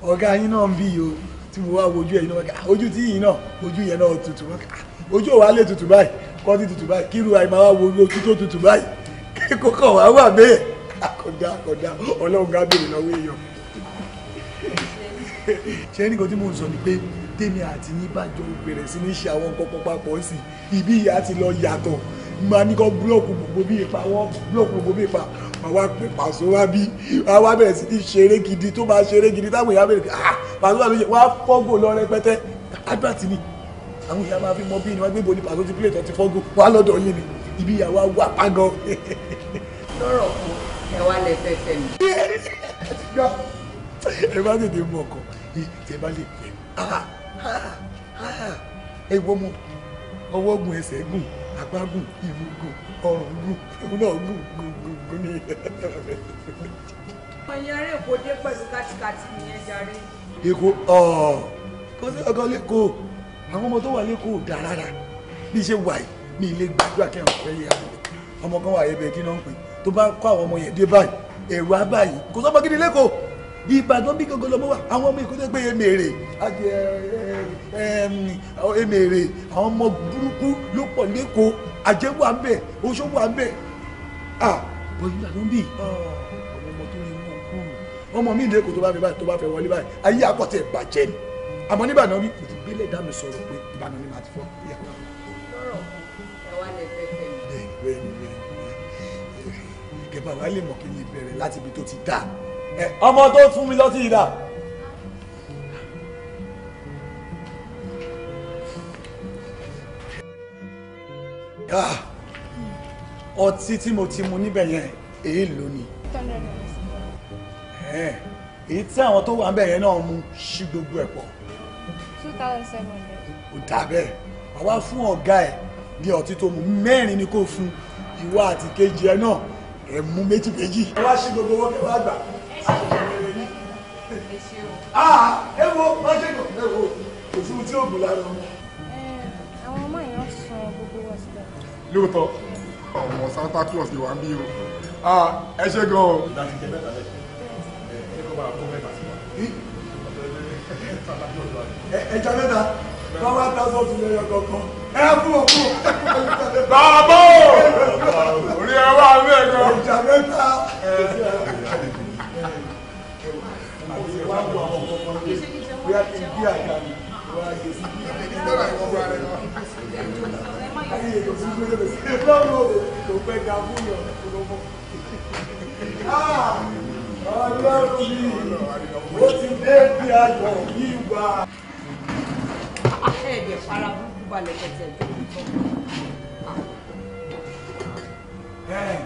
S1: ọ̀gá yín náà ń bí yìí o tí mo wá wojú ẹ̀yin náà ojú tí yìí náà ojú yẹn náà tutù wọn kà ojú ò lè tutù báyìí kọ́ọ̀tì tutù báyìí kírú àìmọ́ wá wo ojú tó tutù báyìí kíkó kàn wá wà bẹ́ẹ̀ àkọ́dá àkọ́dá ọlọ́run ká béèrè lọ́wọ́ èèyàn. ṣé nìkan tí mò ń sọ ni pé tèmi àti yín bá jọ bẹ̀rẹ̀ sí ní ṣe àwọn nǹkan papọ̀ sí ibi ìyá ti lọ yàtọ̀ máa ní kọ́ búlọ̀kù gbogbo bí ipa wọ́n búlọ̀kù gbogbo bí ipa àwa pé pàṣọ wá bí àwa bẹ̀rẹ̀ sí ti ṣeré gidi tó máa ṣeré gidi táwọn èèyàn bẹ̀rẹ̀ ah pàṣọ wà lóye wá fọ́gò lọ rẹpẹtẹ advert ni àwọn èèyàn máa fi mọ bí ni wọ́n gbé bo ni pàṣọ ti plate ti fọ́gò wá lọ́dọ̀ yìí ni ibi ìyàwó àwọ̀ apá gan. lọ́rọ̀ kan ẹ lẹ fẹ́ mi. ẹ bá tètè mú ọkọ ẹ bá lè pẹ́ ah,
S4: ah, ah,
S1: ẹ wọ́n mú ọwọ́ gun ẹsẹ̀ gùn agbágùn ìmúgùn ọrùn gùn òun náà gùn gùn gùn gùn ní ilẹ̀. ọ̀yìn ará èkó dé pẹ̀lú kátikáti nìyẹn jàre. èkó kò sí ọkọ lẹ́kọ̀ọ́ àwọn ọmọ tó wà lẹ́kọ̀ọ́ dà rárá bí ṣe wà yìí mi ilé gbàdúrà kí àwọn ọ̀rẹ́ yẹ àwọn ọmọ kan wà yẹ bẹ́ẹ̀ kí náà ń pè tó bá kó àwọn ọmọ yẹn dé báyìí ẹ̀rù abáyìí kò sọ́mọ gidi lẹ́kọ̀ọ́ ìbàdàn bí gangan lọmọ wa àwọn ọmọ èkó tó gbé emèrè emèrè àwọn ọmọ burúkú ló pọ̀ lẹ́kọ̀ọ́ àjẹ́ wà ń bẹ̀ oṣó wà ń ah bọ̀dé ìbàdàn bí ọmọ tó ní mọ̀ kúrò ọmọ mi lẹ́kọ̀ọ́ tó bá fẹ́ báyìí tó bá fẹ́ wọlé báyìí ayé àpọ̀tẹ̀ bàjẹ́ ni àmọ́ níbàdàn bí kò ti gbélé dá mi sọ̀rọ̀ pé ìbàdàn ni màá ti fọ́ ìyàwó. lọ́rọ̀
S4: ẹ̀ wá fẹ́ fẹ́ mi.
S1: bẹ́ẹ̀ ni bẹ́ẹ̀ ni kẹ ọmọ tó fún mi lọ́tí ìdá. Ah, ọtí tí mo ti mu níbẹ̀ yẹn èyí lónìí. èyí tí àwọn tó wà ń bẹ̀ yẹn náà mu ṣí gbogbo ẹ̀ pọ̀.
S4: two thousand seven hundred.
S1: ó dà bẹ́ẹ̀ àwa fún ọ̀gá ẹ̀ ní ọtí tó mu mẹ́rin ni kò fún ìwọ àti kejì ẹ náà ẹ̀ mú méjì méjì. ẹ wá ṣí gbogbo owó kẹfà gbà. Ah, ẹ wo májèkọ̀ ẹ wo òfin tí ó gùn lára wọn.
S4: àwọn ọmọ èèyàn sọ gbogbo
S1: lóòótọ́ ọmọ Santa Claus ni wà ń bí o
S2: ah, ẹ ṣe gan o. ìdájí jẹ mẹ́ta lẹ ẹ kó bá kó mẹ́ta sí wa. ẹja mẹ́ta
S1: bàbá tásọ tún lè yọ kankan ẹ fún ọ fún ọ. bàbá o
S4: orí ẹ wá mẹ́ẹ̀kan. ìjà mẹ́ta
S1: máa ń lo àwọn ọkọ̀ kan lé bóyá kí n bí àga mi wọ́n á gbé sí
S5: bí ẹni lọ́la ìwọ̀n rẹ̀ lọ. ayé
S1: ètò fún mi lọ́dọ̀ sí lọ́rùn òde tó fẹ́ ga fún yọ̀ lọ́mọ. Ah, ọlọ́run mi ó ti dé bí àjọ yìí wá. ẹ̀ẹ́dẹ̀ para búburú balẹ̀ kẹsẹ̀ tó ń tọ́. ẹ̀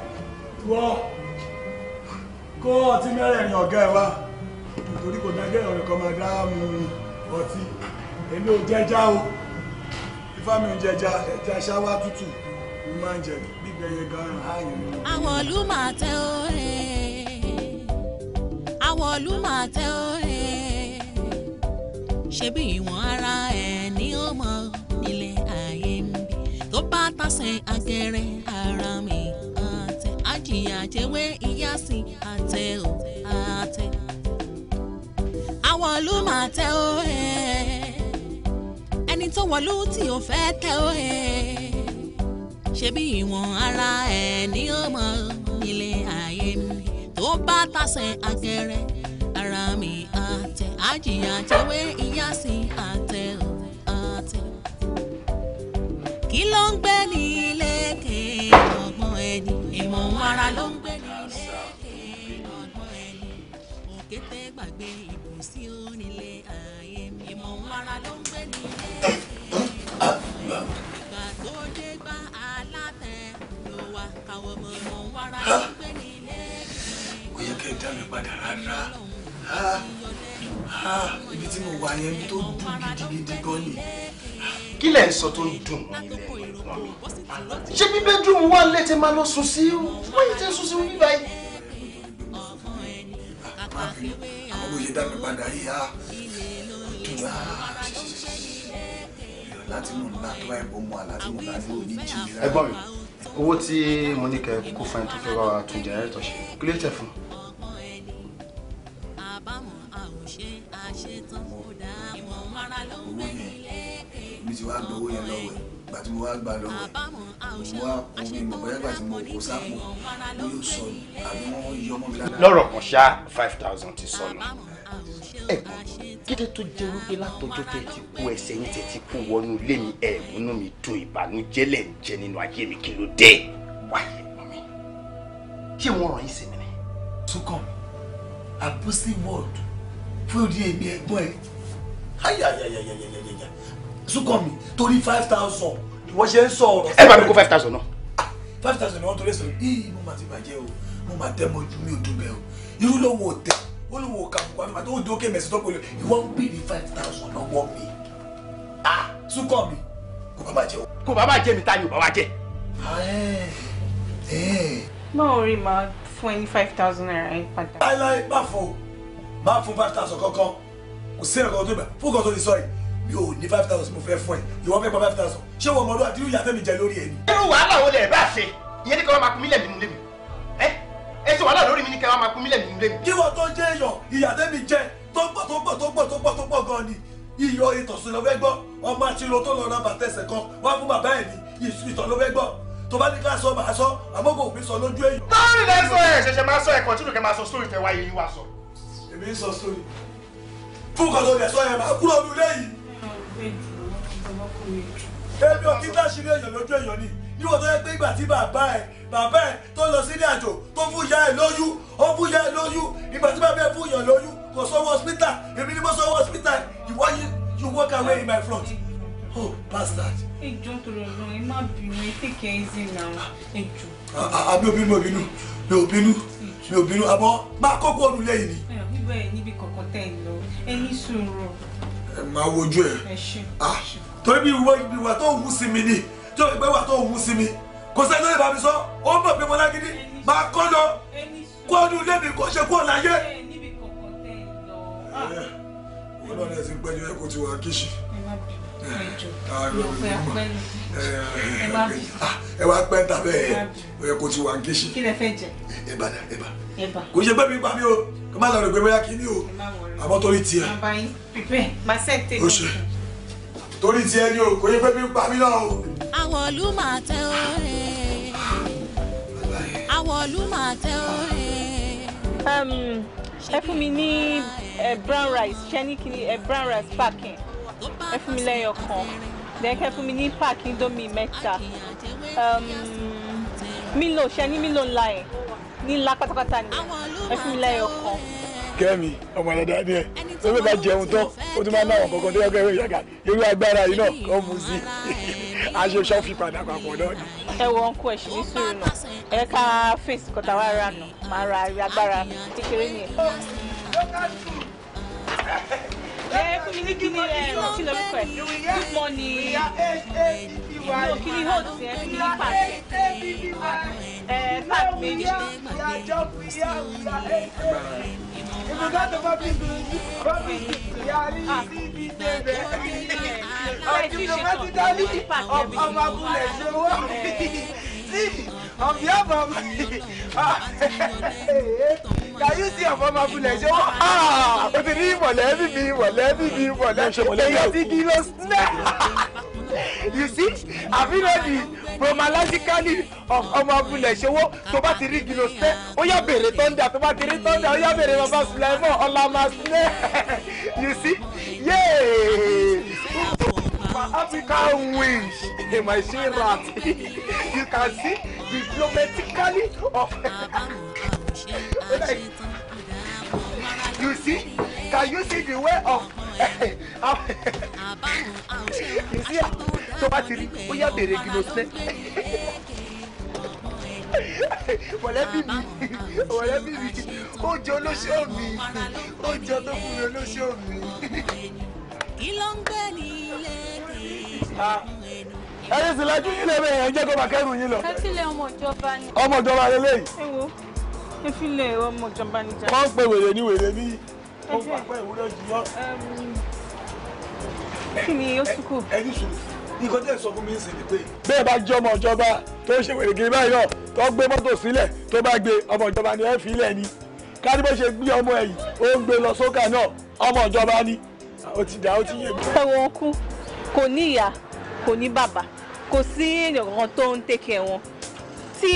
S1: wọ́n kó ọtí mẹ́rẹ̀ẹ̀rin ọ̀gá ẹ̀ wá torí kò dájọ́ ìrọ̀lẹ́ kan máa dá mu ọtí èmi ò jẹja o ifá mi ò jẹja ẹja ṣáwá tútù mo máa ń jẹ gbígbẹ yẹn gan-an ààyè mi.
S5: àwọn ìlú máa tẹ oore àwọn ìlú máa tẹ oore ṣebí ìwọ̀n ara ẹ̀ ní ọmọ nílé ayé ń tó bá tàsé agẹrẹ ara mi àtẹ àjìyà jẹwé ìyá sí àtẹ o wọ̀lú máa tẹ́ ó eh. ẹni tó wọ̀lú tí ò fẹ́ tẹ́ ó eh. ṣebí ìwọ̀n ara ẹ̀ ní ọmọ ilé ayé mi tó bá tàsẹ̀ agẹrẹ ara mi àtẹ àjìyà tẹwé ìyá sí àtẹ àtẹ kí ló ń gbé ní ilé kéèyàn ọgbọ́n ẹni ìmọ̀ ara ló ń gbé ní ilé kéèyàn ọgbọ́n ẹni òkété gbàgbé ìgbà sí onílé ayé mi
S1: ah, ah, ibi tí mo wà yẹn tó dùn gidigidi gan ni kí lẹ̀ ń sọ tó ń dùn mọ́ ilẹ̀ ìwọ̀n mi ṣé bí bedroom wà lẹ́tẹ̀ máa lọ sùn sí wọ́n yìí ti sùn sí wíwá yìí bó ṣe dá mi padà yìí á dùn á láti mú ńlá tó báyìí bó mú àlá tí láti mú ní jìnnì rárá. ẹ̀gbọ́n mi
S3: owó tí mo kó fún ẹ tó fẹ́ bá wa tún jẹnẹrétọ̀ ṣe kí ló tẹ fún. owó
S5: yẹn mi
S1: ti wá gbowó yẹn lọ́wọ́ ẹ̀ ìgbà tí mo wá gbà lọ́wọ́
S5: ẹ̀ mo
S1: wá
S3: kó mi bóyá ìgbà tí mo kó sápò mo yóò àbí wọ́n yọ ọmọ mi lára. lọ́rọ̀ kan ṣá five thousand ti sọnù
S1: ẹ̀gbọ́n kílé tó jẹ́ wípé látọjọ́ tẹ ti kú ẹsẹ̀ yín tẹ ti kú wọnú ilé mi ẹ̀ múnú mi dùn ìbànújẹ́ lẹ̀ nínú ayé mi kí ló dé wáyé ẹ̀gbọ́n mi ṣé wọ́n ràn yín sí mi ni. tukàn àbúsí word fún èmi ẹ̀gbọ́n ẹ ayayayayayaya tukàn mi torí five thousand ìwọ ṣe ń sọ ọ̀rọ̀. ẹ bá mi kó five thousand náà. five thousand ni wọ́n torí sọ̀rọ̀ yìí mo máa ti bàjẹ́ o mo máa tẹ́ mọ ju mi ò dùn bẹ́ẹ̀ o irú lówó ò tẹ ó lówó kàbùkù àmì àti òde òkè mẹ̀sì tọ́pọ̀ ìwọ ń bèrè five thousand lọ́wọ́ mi ah súnkàn mi kò bá bàjẹ́ o. kò bá bàjẹ́ mi ta ni ò bá bàjẹ́.
S5: báwo rí màá fún ẹni five thousand naira yín padà.
S1: láíláí má fún má fún five thousand kankan kò sí ẹ̀rọ kan tó gbà fún kan tó ti sọ yìí mi ní five thousand mo fẹ́ fún ẹ ìwọ fẹ́ gba five thousand ṣé wọn mọdún àti ìyá fẹ́mi jẹ lórí ẹ ni. irú wàhálà wo lẹ bá ṣe ìyẹn ní kí wọn máa kún mílẹ̀ nínú lé mi ẹ ẹ ṣe wàhálà lórí mi ní kí wọn máa kún mílẹ̀ nínú lé mi. kí wọn tó jẹ èèyàn ìyá fẹ́mi jẹ tó pọ̀ tó pọ̀ tó pọ̀ tó pọ̀ tó pọ̀ gan ni iyọ̀ ìtọ̀sùn ló fẹ́ gbọ́ ọmọ àti irun tó lọ ra bàtẹ́sẹ̀ kan wá fún bàbá ẹ̀ ní ìtọ̀ ló fẹ́ gbọ́ tó bá ní ká sọ màá sọ àmọ́ kò fi sọ lójú èyí. báwo lè sọ ẹ ṣẹ̀ṣẹ̀ máa sọ ẹ kọtínú kẹ máa sọ sórí tẹ wáyé yín wá sọ. èmi ń sọ sórí fún kan tó lè sọ ẹ máa kúrò nílé yìí èmi ò kí bá ṣeré èèyàn lójú èèyàn ni níwọ̀n tó yẹ pé ìgbà tí bàbá ẹ bàbá ẹ tó lọ sílé àjò tó fún ìyá ẹ lóyún ó fún ìyá ẹ lóyún ìgbà tí bàbá ẹ fún ìyàn lóyún kò sọ́wọ́ hospital èmi ni mo sọ́wọ́ hospital ìwọ yìí you walk away in my front oh bastard.
S4: ìjọ tòrò lọ ẹ má bínú ẹ tèkẹ ẹsẹ
S5: náà ẹ jù.
S1: àbí obìnrin mi ò bínú mi ò bínú mi ò bínú àbọ̀ máa kókó òrùlé yìí ni. ẹ ò ní bẹ́ẹ̀ níbi
S5: kọ̀ọ̀kan tẹ̀ ń lọ
S1: ẹ máa wojú ẹ ah torí bí ìwà tó ń wú sí mi ni tí o gbé ìwà tó ń wú sí mi kò sẹ́ni tó lè bá mi sọ ó ń bọ̀ pé mo lágídí máa kọ́ lọ kó ọdún lẹ́bi kó ṣe kúrò láyé. wọ́n lọ rẹ̀ sí gbẹ́jọ́ ẹ kó ti wà kíṣì. Eh, eh, eh, ah, ẹ wá pẹ́ ta bẹ́ẹ̀ ó yẹ kó ti kíṣì. kí
S4: lẹ fẹ́ jẹ. ẹ̀bà ẹ̀bà
S1: kò ṣe pé mi pa mi o kò má lọ rẹ̀ pé kí ni o àmọ́ torí tiẹ̀. bàbá
S4: yín prepare máa ṣe tèmi. o ṣe
S1: torí tiẹ̀ ni o kò yẹ pé mi ń pa mí náà o.
S5: àwọn ìlú máa tẹ oore àwọn ìlú máa tẹ oore. ẹ fún mi ní eh, brown rice ṣe ní kí ni eh, brown rice packing ẹ fún mi lẹ́yọ̀ kan then kẹ́ fún mi ní pack indomie mẹ́ta milo ṣe milo ńlá ẹ̀ ní ńlá pátápátá ni ẹ fún mi lẹ́yọ̀
S1: kẹ́mi ọmọ ẹ̀dá díẹ̀ tó fẹ́ bá jẹun tán ó tún máa ń náwọn kankan tó yẹ kó ìyàgà irú agbára yìí náà kọ́ mu sí aṣọ ṣọ́ọ̀fì padà papọ̀ náà ni.
S5: ẹ wọ ọkọ ẹṣin ní sùúrù náà ẹ ká fèsì kọta wá ra nù máa ra agbára kékeré nìyẹn. ẹ kúmi ní kí ni ẹ kí
S4: lórúkọ ẹ good morning no kini hold ti ẹ kini pass ẹ pass méjì.
S3: Ibùdó tó bá bí bìbí bá bí yàrá ìdíbi bẹ̀rẹ̀.
S4: Ọ̀dùnkùn bá ti
S1: dálé ọmọ abúlé ṣe wọ́n
S3: mi
S1: on behalf of can you see ọ̀fọ̀ máa bulẹ̀ ṣe wọ́n o ti ní mọ̀lẹ́bí mi mọ̀lẹ́bí mi mọ̀lẹ́bí mi èyí ti kí ló snap you see àfi náà ni bromalagically ọmọ abúlé ṣòwò tó bá ti rí gilo sẹ ó yá bèrè tọ́ndà tó bá ti rí tọ́ndà ó yá bèrè bàbá sùlẹ̀mọ́ ọ̀làmàsílẹ̀ you see yéé my African wish in my share rat you can see diplomatically of like you see can you see the way of. ìsí à tó bá ti rí ó yá bèrè kí ló sẹ́ mọ̀lẹ́bí mi mọ̀lẹ́bí mi ó jẹ olóṣèlú mi ó jẹ tó fún mi olóṣèlú mi. kí ló ń gbé
S5: ní ilé
S6: kìí
S1: ẹyẹ sì lajú yín lẹ́mẹ̀ yẹn jẹ́ kó máa kẹ́rù yín lọ.
S5: sẹ́tílẹ̀ ọmọ ni. ọmọ ìjọba rẹ ẹ wo ìfilẹ̀ ọmọ ìjọba ni jà. wọ́n pe wèrè ní wèrè ní. ó pàpẹ́ ìwúrọ̀ jù lọ
S1: kí ni yóò sùkù. ẹni sùn nǹkan tẹ́ ẹ sọ fún mi ń sìn ní pé. bẹ́ẹ̀ bá jẹ́ ọmọ ìjọba tó ṣe wèrègèrè báyìí náà tó gbé mọ́tò sílẹ̀ tó bá gbé ọmọ ìjọba ni ẹ fi ilẹ̀ ni kárí bó ṣe gbé ọmọ ẹ̀yìn ó ń gbé lọ sókà náà ọmọ ìjọba ni ó ti dà ó ti yé mi. ẹ̀wọ̀n
S5: kú kò ní ìyá kò ní bàbá kò sí èèyàn kankan tó ń tẹ̀kẹ̀ wọn tí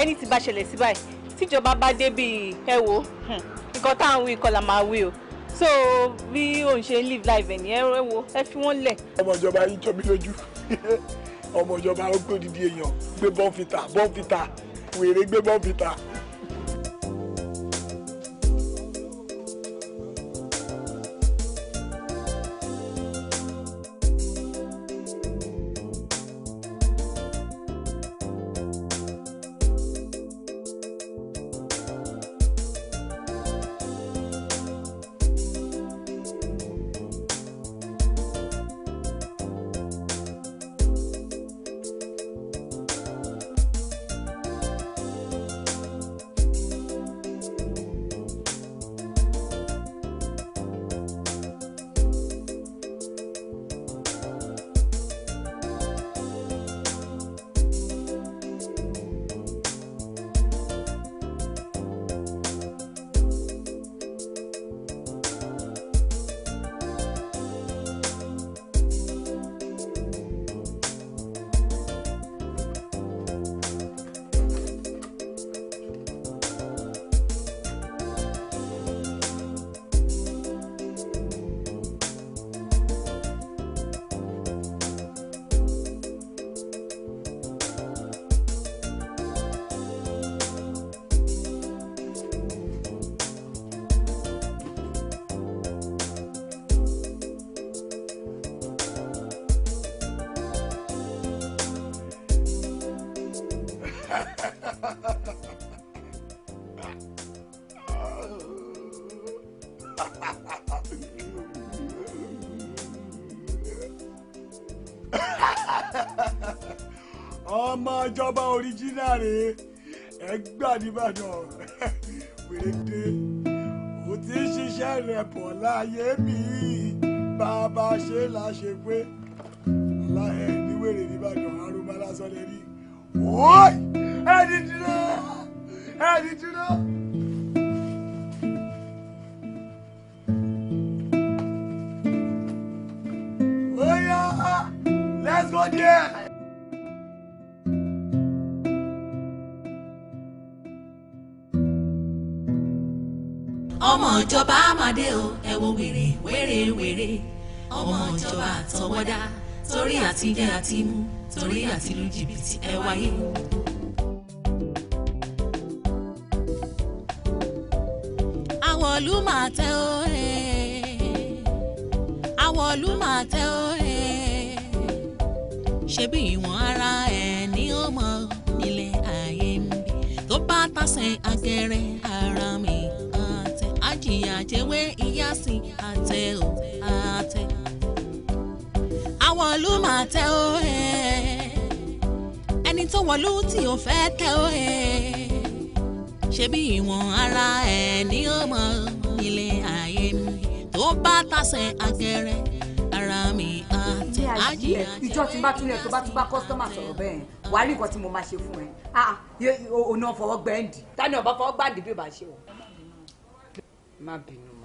S5: ẹni tí bá ṣẹlẹ̀ sí báyìí tíjọba bá dé bíi ẹ wo hmm, nǹkan táwọn wí kọ́ máa wí o so bí òun ṣe live live ẹ̀ ní ẹ
S1: wo ẹ fi wọ́n lẹ̀. ọmọ ìjọba yín jọ mí lójú ọmọ ìjọba ó gbé odidi èèyàn gbé bọ́ǹfìtà bọ́ǹfìtà wèrè gbé bọ́ǹfìtà
S5: ìjọba àtọwọ́dá torí àti jẹ àti mú torí àti lu jìbìtì ẹ wáyé wò. àwọ̀lú máa tẹ́ ó àwọ̀lú máa tẹ́ ó ṣebí ìwọ̀n ara ẹ̀ ní ọmọ ilẹ̀ ayé mi tó bá tàsẹ̀ agẹrẹ ara mi àtẹ àjìyàjẹwé ìyá sí àtẹ òkú wọ̀lú máa tẹ́ ó ẹni tó wọ̀lú tí ò fẹ́ tẹ́ ó ṣebí ìwọ̀n ara ẹ̀ ní ọmọ ilé ayé mi tó bá tasẹ̀ agẹrẹ ara mi àti ajé àjẹ. ìjọ tí n bá túlẹ̀ tó bá tún bá kọ́sítọ́mà sọ̀rọ̀ bẹ́ẹ̀ wàá rí nǹkan tí mo
S1: máa ṣe fún ẹ òun náà fọwọ́ gbẹ́ǹdì táni fọwọ́ gbàǹdì bí ó bá ṣe o má bínú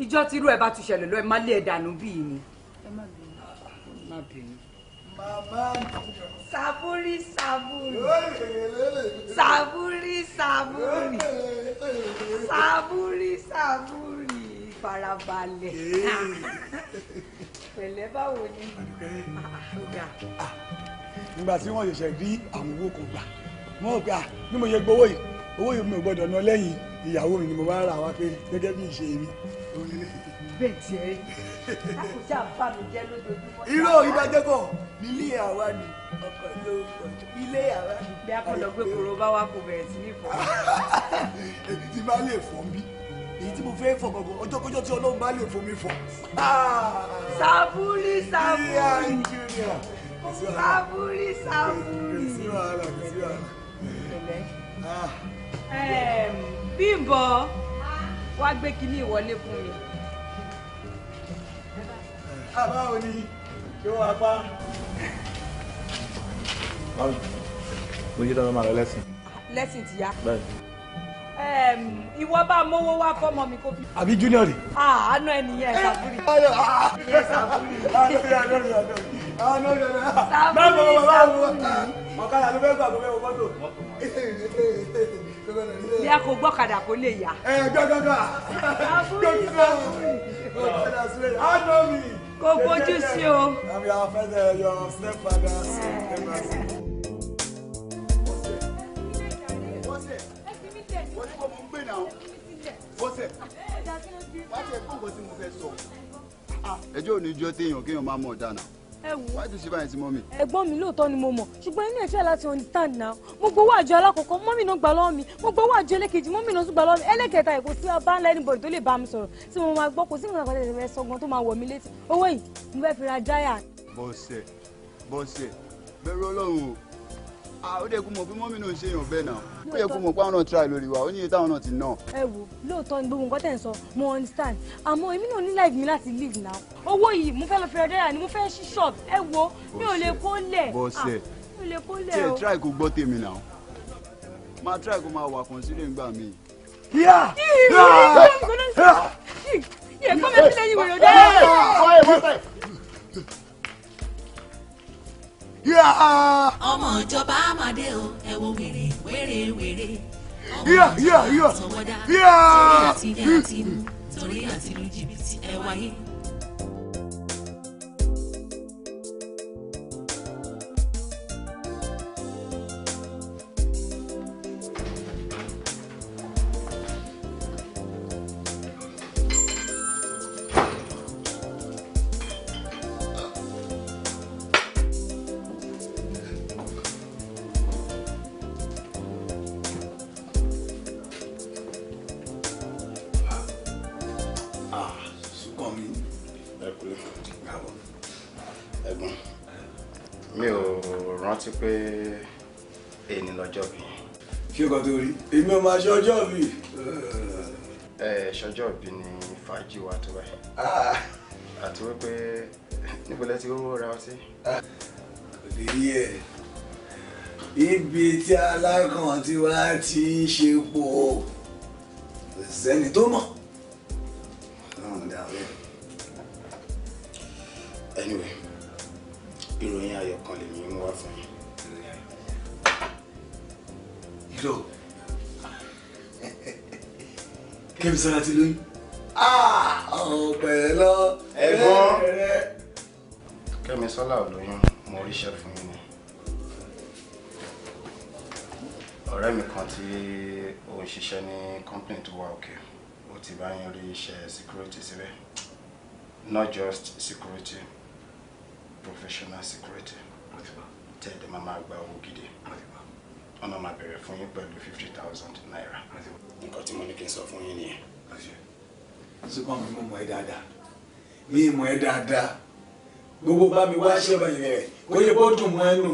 S1: ìjọ tí irú ẹ bá tún ṣẹlẹ̀ lọ ẹ má lé ẹ dànù bíi ni. ẹ má bínú. má bínú. màmá
S4: sàbúrí sàbúrí sàbúrí sàbúrí sàbúrí sàbúrí farabalẹ̀ pẹ̀lẹ́ báwo ni ọ̀gá. Ah,
S1: nígbà tí wọ́n ṣẹ̀ṣẹ̀ rí àwọn owó kan gbà wọ́n gbà ah, bí mo yẹ gbowó yìí owó yìí mi ò gbọ́dọ̀ ná lẹ́yìn ìyàwó mi ni mo bá ra wá pé gẹ́gẹ́ bí ìṣe mi bẹ́ẹ̀ tiẹ̀ rí lákòókò àbá mi jẹ́ lójoojúmọ́. irọ́ ìdájọ́kọ̀ nílé àwa ni ọkọ̀ ló pọ̀ ilé àwa ni. bí akọ̀dọ̀ gbé koro bá wá kó bẹ̀rẹ̀ sí ní fọ́. èmi ti máa lè fọ́ bí èyí tí mo fẹ́ fọ gbọ̀ngàn ọjọ́kọ́jọ́ tí ọlọ́run bá lè fomi fọ. sàbúrì sàbúrì sàbúrì sàbúrì. Ah. Bímbọ́ wá gbé kinní ìwọlé fún mi. àbáwo ah, ni yóò wá pa.
S4: báwo
S3: ló yí dáná máa lọ lẹ́sìn.
S1: lẹ́sìn ti ya. ìwọ bá mówó wá fọmọ mi kó fi. àbí junior. àánú ẹ nìyẹn sàbúrì. Eh, ah, ah. ìyẹn sàbúrì. sàbúrì sàbúrì. ọ̀kadà ló fẹ́ gbàgbọ́ mẹ́wọ́ mọ́tò. bí a kò gbọ́kadà kó lè yá. ẹ gbẹgbẹgbà gbẹgbẹgbà gbẹgbẹgbà sílẹ̀ nọ mi. kò fojú sí o. àmì àwọn yọ step padà sí ẹjọ́ ò ní jọ́ téèyàn kéèyàn máa mọ̀ dáná. Why wù. wájú ṣe báyìí mommy? mọ́mì. ẹ̀gbọ́n mi lóòótọ́ ni mo mọ̀ ṣùgbọ́n inú ẹ̀ṣẹ́ láti understand now mo gbowó àjọ alákọ̀ọ́kọ́ mọ́mì náà gbà lọ́wọ́ mi mo gbowó àjọ ẹlẹ́kejì mọ́mì náà tún gbà lọ́wọ́ mi ẹlẹ́kẹta kò sí ọba ńlá anybody tó lè bá mi sọ̀rọ̀ tí mo máa gbọ́ kò sí nǹkan kan tẹ̀sẹ̀ sọ́gbọ́n tó máa wọ̀ mí létí owó yìí mo fẹ́
S3: fi ra ó dẹ̀ kú mọ̀ pé mọ́mí náà ṣe èèyàn bẹ́ẹ̀ náà ó yẹ kó mọ̀ pé àwọn náà try lórí wa ó ní iye táwọn náà ti ná.
S1: ẹ wo lóòótọ́ ni gbogbo nǹkan tẹ̀ ń sọ mo understand àmọ́ èmi náà ní life mi láti live now owó yìí mo fẹ́ lọ fi ọ̀dẹ́rà ni mo fẹ́ ṣí shop ẹ wo mi ò lè kó lẹ̀ bọ́sẹ̀
S4: mi ò lè kó try
S3: kó gbọ́ tèmi náà máa try kó máa wà considering nígbà míì. yíyá
S4: yíyá yíyá
S5: ọmọ ìjọba amade o ẹ wo wèrè wèrè wèrè ọmọ ìjọba sọwọ́dá torí àti àti torí jìbìtì ẹ wáyé.
S1: máa ṣọjọ́ bí. ẹ ṣọjọ́ bí ni fàájì wa tó báyìí ah.
S3: àti wípé níbo lẹ ti rówó ra ọtí.
S1: kò lè yẹ ibi tí alákàn tí wá ti ń ṣe po kò sẹ́ni tó mọ̀. anyway ìròyìn ayọ̀ kan lèmi mú wá fún yín. ìlò. Kẹ́mi Sọ́lá ti lóyún. Ah, ọ̀pẹ̀ lọ. ẹ̀gbọ́n
S3: Kẹ́mi Sọ́lá ò lóyún mo ríṣẹ́ fún yín ni. ọ̀rẹ́ mi kan tí ó ń
S1: ṣiṣẹ́ ní company tó wà òkè ó ti bá yín rí iṣẹ́ security síbẹ̀ not just security professional security tẹ̀lé máa máa gba owó gidi wọn náà máa bẹ̀rẹ̀ fún yín pẹ̀lú fifty thousand naira. nǹkan tí mo ní kí n sọ fún yín nìyẹn. ṣùgbọ́n mi mọ̀ ẹ́ dáadáa mi mọ̀ ẹ́ dáadáa gbogbo bá mi wá ṣẹ́ báyìí rẹ̀ kó yẹ kó dùn mọ́ ẹnu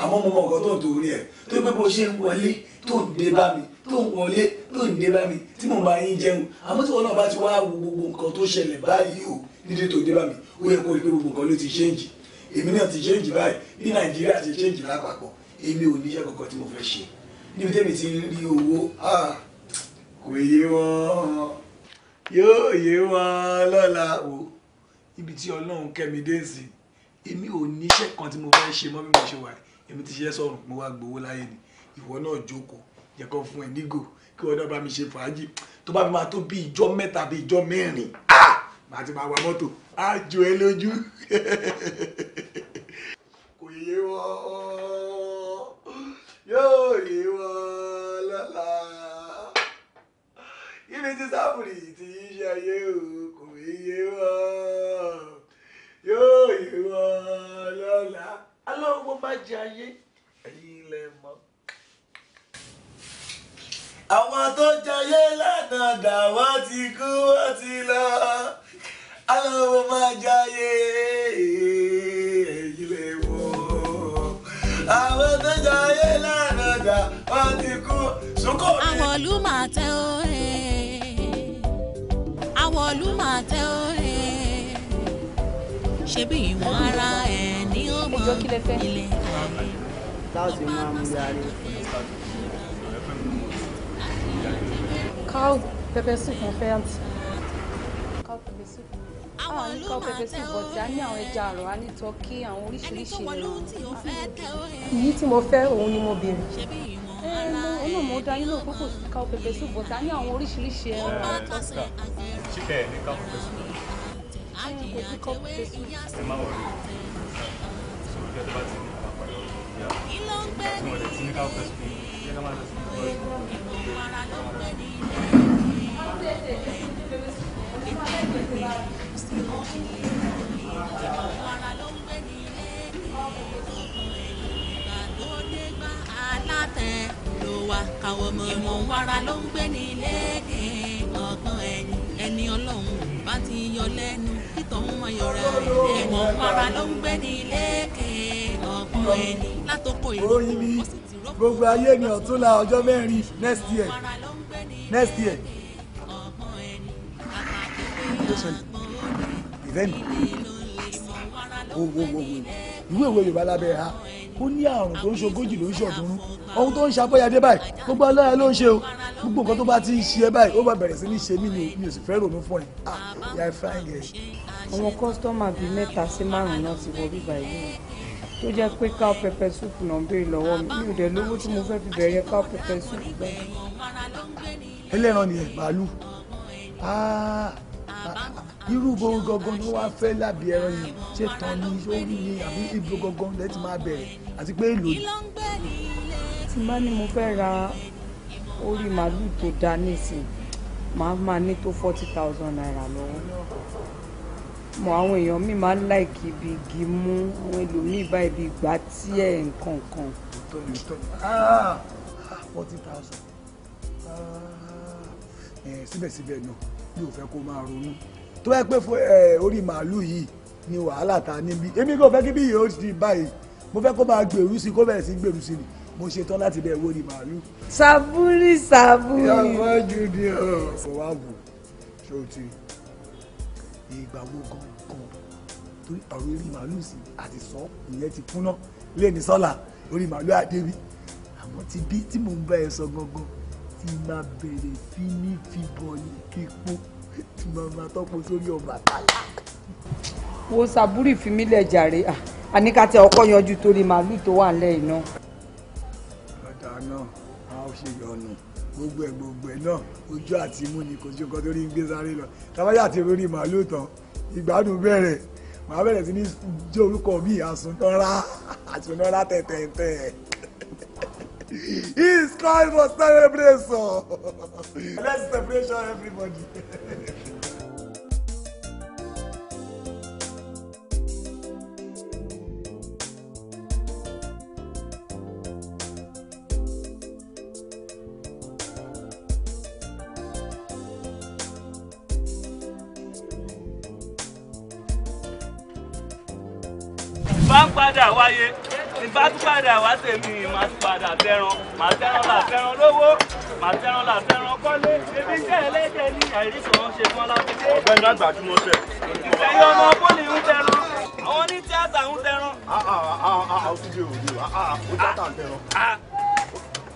S1: àmọ́ mo mọ nǹkan tó ń torí ẹ̀ tó pé bó ṣe ń wọlé tó ń dé bá mi tó ń wọlé tó ń dé bá mi tí mo bá yín jẹun àmọ́ tí wọn náà bá ti wá wo gbogbo nǹkan tó ṣẹlẹ̀ báyìí o dídé tó dé bá mi ó yẹ kó rí pé gbogbo nǹkan ló ti ṣéǹjì èmi náà ti ṣéǹjì báyìí bí nàìjíríà ti ṣéǹjì lápapọ̀ èmi ò níṣẹ́ kankan tí mo fẹ́ ṣe níbi tẹ́mi ti rí owó kò yé wọn yóò yé wọn lọ́la o ibi tí ọlọ́run kẹ́mi dé sí èmi ò níṣẹ́ kan tí mo fẹ́ ṣe mọ́ bí mo ṣe wà èmi ti ṣiṣẹ́ sọ̀rùn mo wá gbowó láyé ni ìwọ náà jókòó jẹ́ kó fún ẹ nígò kí wọ́n náà bá mi ṣe fàájì tó bá mi máa tó bí ìjọ mẹ́ta bí ìjọ mẹ́rin màá ti máa wa mọ́tò á jó ẹ lójú kò yé wọn. Yo, rí wọn lọ́la ibi tí sáfùrì ti ń ṣe ayé o kò rí yé wọn yóò rí wọn lọ́la alọ́wọ́ bá jẹ ayé
S2: ẹ̀yin lẹ mọ̀.
S1: àwọn tó jayé lánàá dà wá ti kú wá ti lọ alọ́wọ́ bá jayé ẹ̀yin lẹ mọ̀ àwọn tó jẹ ayé lánàá gà wọ́n ti kú
S5: sùkò mi. àwọn ìlú máa tẹ ó he eh. àwọn ìlú máa tẹ ó he eh. ṣebí ìwọ̀n ara ẹ̀ ní ọmọ ilé ayé.
S4: Cow, pepper soup and fancy
S5: àwọn ìlú máa tẹ orí ẹ ní àwọn ẹja àrọ á ní tọkí àwọn oríṣiríṣi ìlú
S4: èyí tí mo fẹ́ òun ni mo béèrè.
S5: ẹ mo ọlọ́run mo dá náà kókò sí káwọ́ pẹpẹ sí bọ̀tà ní àwọn oríṣiríṣi ẹran.
S4: ṣíkẹ́ ẹ̀ ní káwọ́ pẹpẹ sí bọ̀tà.
S5: kò sí káwọ́ pẹpẹ sí bọ̀tà.
S4: ẹ má wọlé sọ̀rọ̀ jẹ́ tó bá ti ní àpapọ̀ ẹ̀rọ ìyá àti wọlé tí ní káwọ́ pẹpẹ sí bọ̀tà. ṣé ká má lọ sí bọ̀tà
S5: káwọn ọmọ ọmọ wàrà ló ń gbé ní ilé èdè ọgbọ́n ẹni ẹni ọlọ́run bá ti yọ
S1: gbogbo ayé ni ọ̀túnla ọjọ́ mẹ́rin next year next year ọ̀rẹ́ mi ìwé ìwé yorùbá lábẹ́ ha ó ní àrùn tó ń ṣogójì ló ń ṣọ̀dúnrún ohun tó ń ṣàbọ̀yàdé báyìí gbogbo aláya ló ń ṣe o gbogbo nǹkan tó bá ti ń ṣe báyìí ó bá bẹ̀rẹ̀ sí ní ṣe mí mi ò sì fẹ́ rònú fún ẹ ah yà á fáyín
S4: àwọn kọ́sítọ́mà bíi mẹ́ta sí márùn-ún náà ti wọ bíbá yìí tó jẹ́ pé cow pepper soup náà ń béèrè lọ́wọ́ mi mi ò dẹ̀ lówó tí mo fẹ́ fi bẹ̀rẹ̀ cow pepper soup gbẹ́.
S1: ẹlẹ́ran ni ẹ̀ màálù ah, irú bo gangan ni wàá fẹ́ lábì ẹran yìí ṣé tán ni orí ni àbí ibo gangan lẹ́ ti máa bẹ̀rẹ̀ àti pé èlò yìí. tí bá ní mo fẹ́ ra orí màálùú
S4: tó da nísìn màá máa ní tó forty thousand naira lọ́wọ́ mọ àwọn èèyàn mi máa ń láìkí ibi igi mú àwọn ẹlòmíì bá ibi ìgbà tí ẹ
S1: nǹkan kan. Ah, forty thousand ah, eh, síbẹ̀síbẹ̀ náà mi ò fẹ́ kó máa ronú tó bá pẹ́ orí màálù yìí ni wàhálà ta níbi èmi kò fẹ́ kí bí yìí ó báyìí mo fẹ́ kó máa gbèrú sí kó bẹ̀rẹ̀ sí gbèrú sí ni mo ṣe tán láti bẹ̀ wó ni màálù. sàbúrì sàbúrì. ìyàwó ju ni ọ. sọ wá wò ṣó ti ìgbà wo gangan torí ọ̀rọ̀ orí màálù sí àti sọ ìyẹn ti kúnná lé ní sọ́là orí màálù àdébí àmọ́ ti bí tí mò ń bá ẹ sọ gangan tí máa bẹ̀rẹ̀ sí ní fìbọn yìí képo tí máa máa tọ́pọ̀ sórí Ọbàtálá. wo sàbúrì fi mí lẹ̀ jàre àníkàtẹ ah, ọkọ yanjú torí màálùú tó wà nílẹ̀ iná. bàtà náà a ó ṣe yọnu gbogbo ẹ gbogbo ẹ náà ojú àti imú ni kò ṣe nǹkan tó rí gbé sáré lọ tábàjá àti orí màálùú tán ìgbádùn bẹ̀rẹ̀ màá bẹ̀rẹ̀ sí ní jẹ́ orúkọ bíi àsùntánra àsùntánra tẹ̀tẹ̀tẹ̀. His cry for celebration. Let's celebration everybody. Bang ń padà wáyé bá tún padà wá tèmi máa tún padà tẹran máa tẹran là tẹran lówó máa tẹran là tẹran kọ́lé ebi jẹ́
S2: ẹlẹ́dẹ̀ ní àìrísàn ṣe fún ọlápẹ́dé.
S1: ọ̀gbẹ́ni àgbàjúmọ̀ sẹ̀. ìfẹ̀yìn ọmọ pọ́lì ń tẹran àwọn ní tíátà ń tẹran. ó ti di òde o ó tíátà ń tẹran.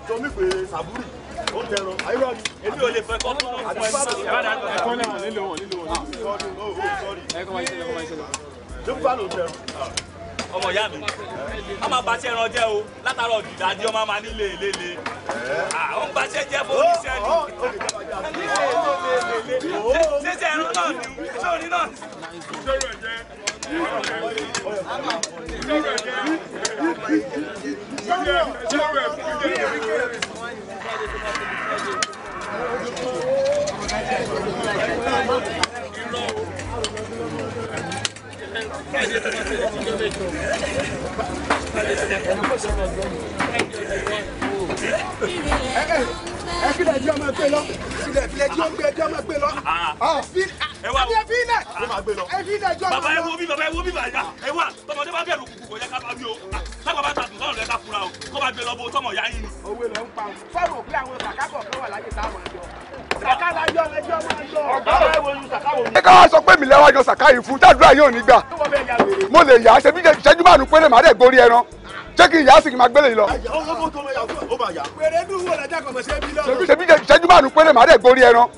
S1: sọ mi pé sàbúrì ó tẹran àyíwá ni. èmi ò lè fẹ́ kọ́ tó ń fọ ẹ̀kọ́ lẹ́wọ̀n nílò
S3: wọn nílò wọn. ẹ̀kọ́ máa ń ṣe lọ́kọ́ máa
S1: ọmọ ìyá mi a máa bá ṣẹ́ran jẹ́ o látara ọ̀dìdà ni ọmọ máa nílé lélẹ̀ àwọn ń bá ṣẹ́ jẹ́ fún oníṣẹ́
S4: ni ṣíṣe ẹran náà ni sórí náà ni.
S1: Thank you ẹ fi lẹjọ máa gbé lọ lẹjọ ń gbẹjọ máa gbé lọ ẹ fi lẹ ẹ fi lẹjọ máa lọ. bàbá ẹ wo bí bàbá ẹ wo bí bàbá ẹ wà tọmọdé bá bẹ̀rù kùkù kò yẹ ká bá o sábà ah, bá ta dùn sọ̀rọ̀ lẹ́ka fura o kọ́ bá gbé lọ bó tọmọ yá yín ni. òwe ló ń pa
S6: fọ́ọ̀mù pé àwọn kàkà bọ̀ kọ́ wà láyé táwọn àjọ
S1: ẹ ká wá sọ pé mi lẹ́wọ́ àjọ sàká fún tàdúrà yóò ní gbà mo lè yà á ṣe bí ìṣẹ́jú márùn péré màá dẹ̀ gorí ẹran ṣé kí ìyá sì kí máa gbélé lọ. ṣe bí ìṣẹ́jú márùn péré màá dẹ̀ gorí ẹran.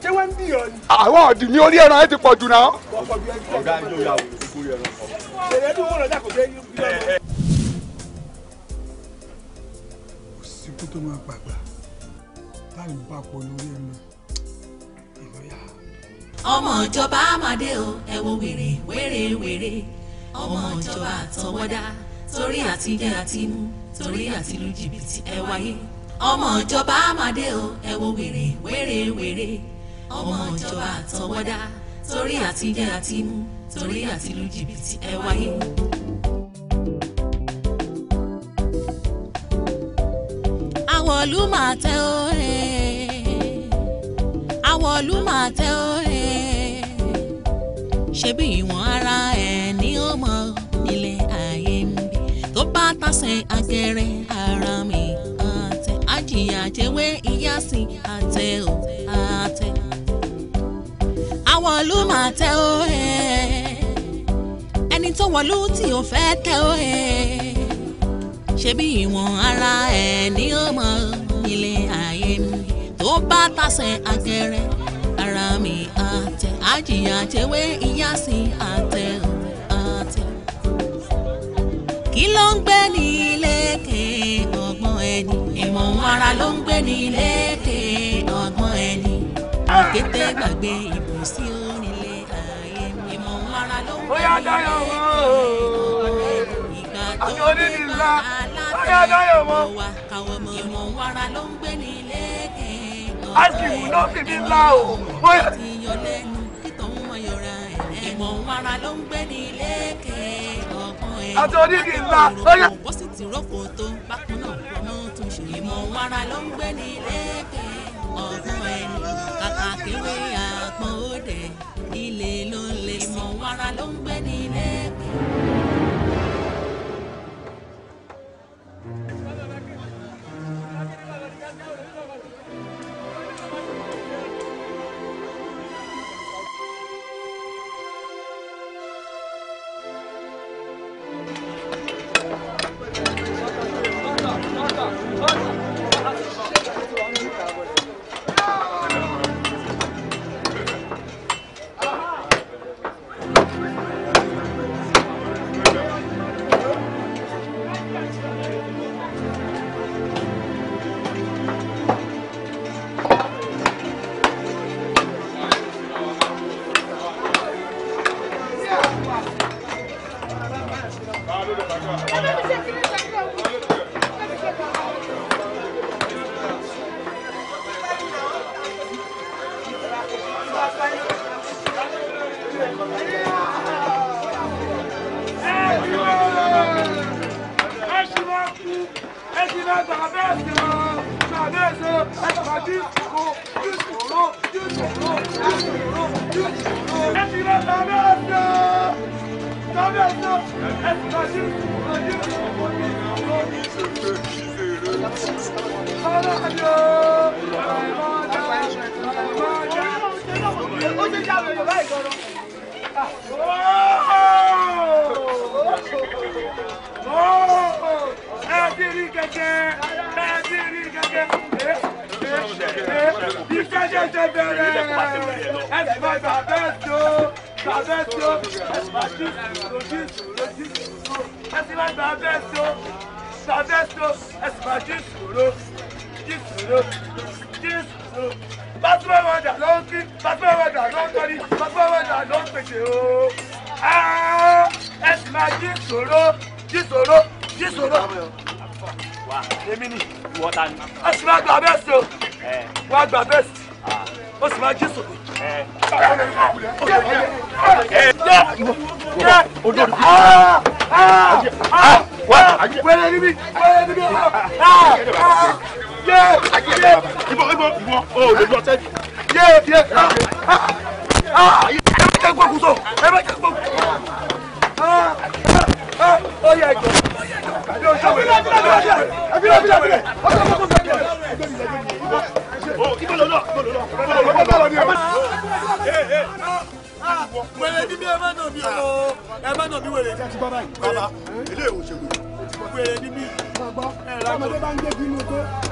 S1: àwọn ọ̀dì ní orí ẹran ẹ ti pọ̀ náà. kò
S3: sí kó tó máa gbàgbà táyì ń bá pọ̀ lórí ẹran
S5: ọmọ ìjọba àmàdé o ẹ wo wèrè wèrè wèrè ọmọ ìjọba àtọwọ́dá torí àti jẹ àti mú torí àti lu jìbìtì ẹ wáyé ọmọ ìjọba àmàdé o ẹ wo wèrè wèrè wèrè ọmọ ìjọba àtọwọ́dá torí àti jẹ àti mú torí àti lu jìbìtì ẹ wáyé. àwọ̀lú máa tẹ ó ẹ̀ eh. àwọ̀lú máa tẹ ó ẹ̀. Eh ṣebí ìwọ̀n ara ẹni ọmọ nílé ayé ń bí tó bá tàsẹ̀ agẹrẹ ara mi àtẹ àjìyà jẹwé ìyá sí àtẹ ò àtẹ àwọn ìlú máa tẹ ó ẹ ẹni tó wọlú tí ò fẹ́ tẹ ó ẹ ṣebí ìwọ̀n ara ẹni ọmọ nílé ayé ń bí tó bá tàsẹ̀ agẹrẹ ara mi àtẹ àjìyà àtẹwé ìyá sí àtẹ àtẹ. kí ló ń gbé ní ìlẹ̀kẹ̀ ọgbọ́n ẹni ìmọ̀ ohun ara ló ń gbé ní ìlẹ̀kẹ̀ ọgbọ́n ẹni òkété gbàgbé ìbò sí onílé ayé ìmọ̀ ohun ara ló ń gbé ní ìlẹ̀kẹ̀ ọgbọ́n ẹni ìgbà tó gbé bá aláàbẹ̀ ìwà káwọn ọmọ ìmọ̀ ohun ara ló ń gbé ní ìlẹ̀kẹ̀
S1: ọgbọ́n ẹni àti ìwúlọ́sìn
S5: ńlá o ìmọ̀ òun ara ló ń gbé ní ilé kẹ́ ọ̀kan ẹ̀ àti oníkì ńlá ọ̀yà. ó sì ti rọ́pò tó bákan náà ọmọ tó ṣe ìmọ̀ òun ara ló ń gbé ní ilé kẹ́ ọ̀kan ẹ̀ kàkà kéwé àgbọn ó dẹ̀ ilé ló ń lè ìmọ̀ òun ara ló ń gbé ní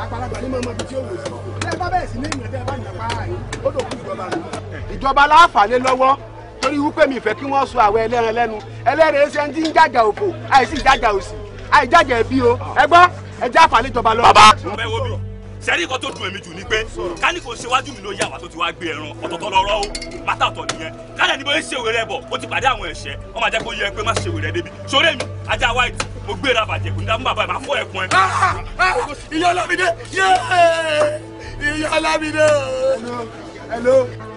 S1: àgbàlagbà ní mọ́mọ́ ibi tí ó wò sí tẹ́ ẹ bá bẹ̀rẹ̀ sí ní ìmọ̀ tẹ́ ẹ bá yàn pa ààyè ó dòkú ìjọba rẹ̀. ìjọba láǹfààní lọ́wọ́ torí wípé mi fẹ́ kí wọ́n sọ àwọn ẹlẹ́ran lẹ́nu ẹlẹ́rìí ṣe ń dín jájà òfò àìsí ìjájà òsì àìjájà ẹbí o ẹ gbọ́ ẹ já àǹfààní ìjọba lọ. bàbá mo wo bí sẹ́rí nǹkan tó dùn èmi jù ni pé kánìkò ṣèwájú mi ló yà wá tó ti wá gbé ẹran ọ̀tọ̀tọ̀ lọ́rọ́ o mátà ọ̀tọ̀ nìyẹn kálẹ̀ níbo ń ṣèwé rẹ bọ̀ ó ti pàdé àwọn ẹ̀ṣẹ̀ wọ́n máa yẹ pé má ṣèwé rẹ débi ṣoré mi ajá white mo gbéra bàjẹ́ kò dá bàbá ẹ̀ máa ẹ̀kún ẹ̀. Ah, ah, ah, ìyá ọlámídé ìyá ọlámídé.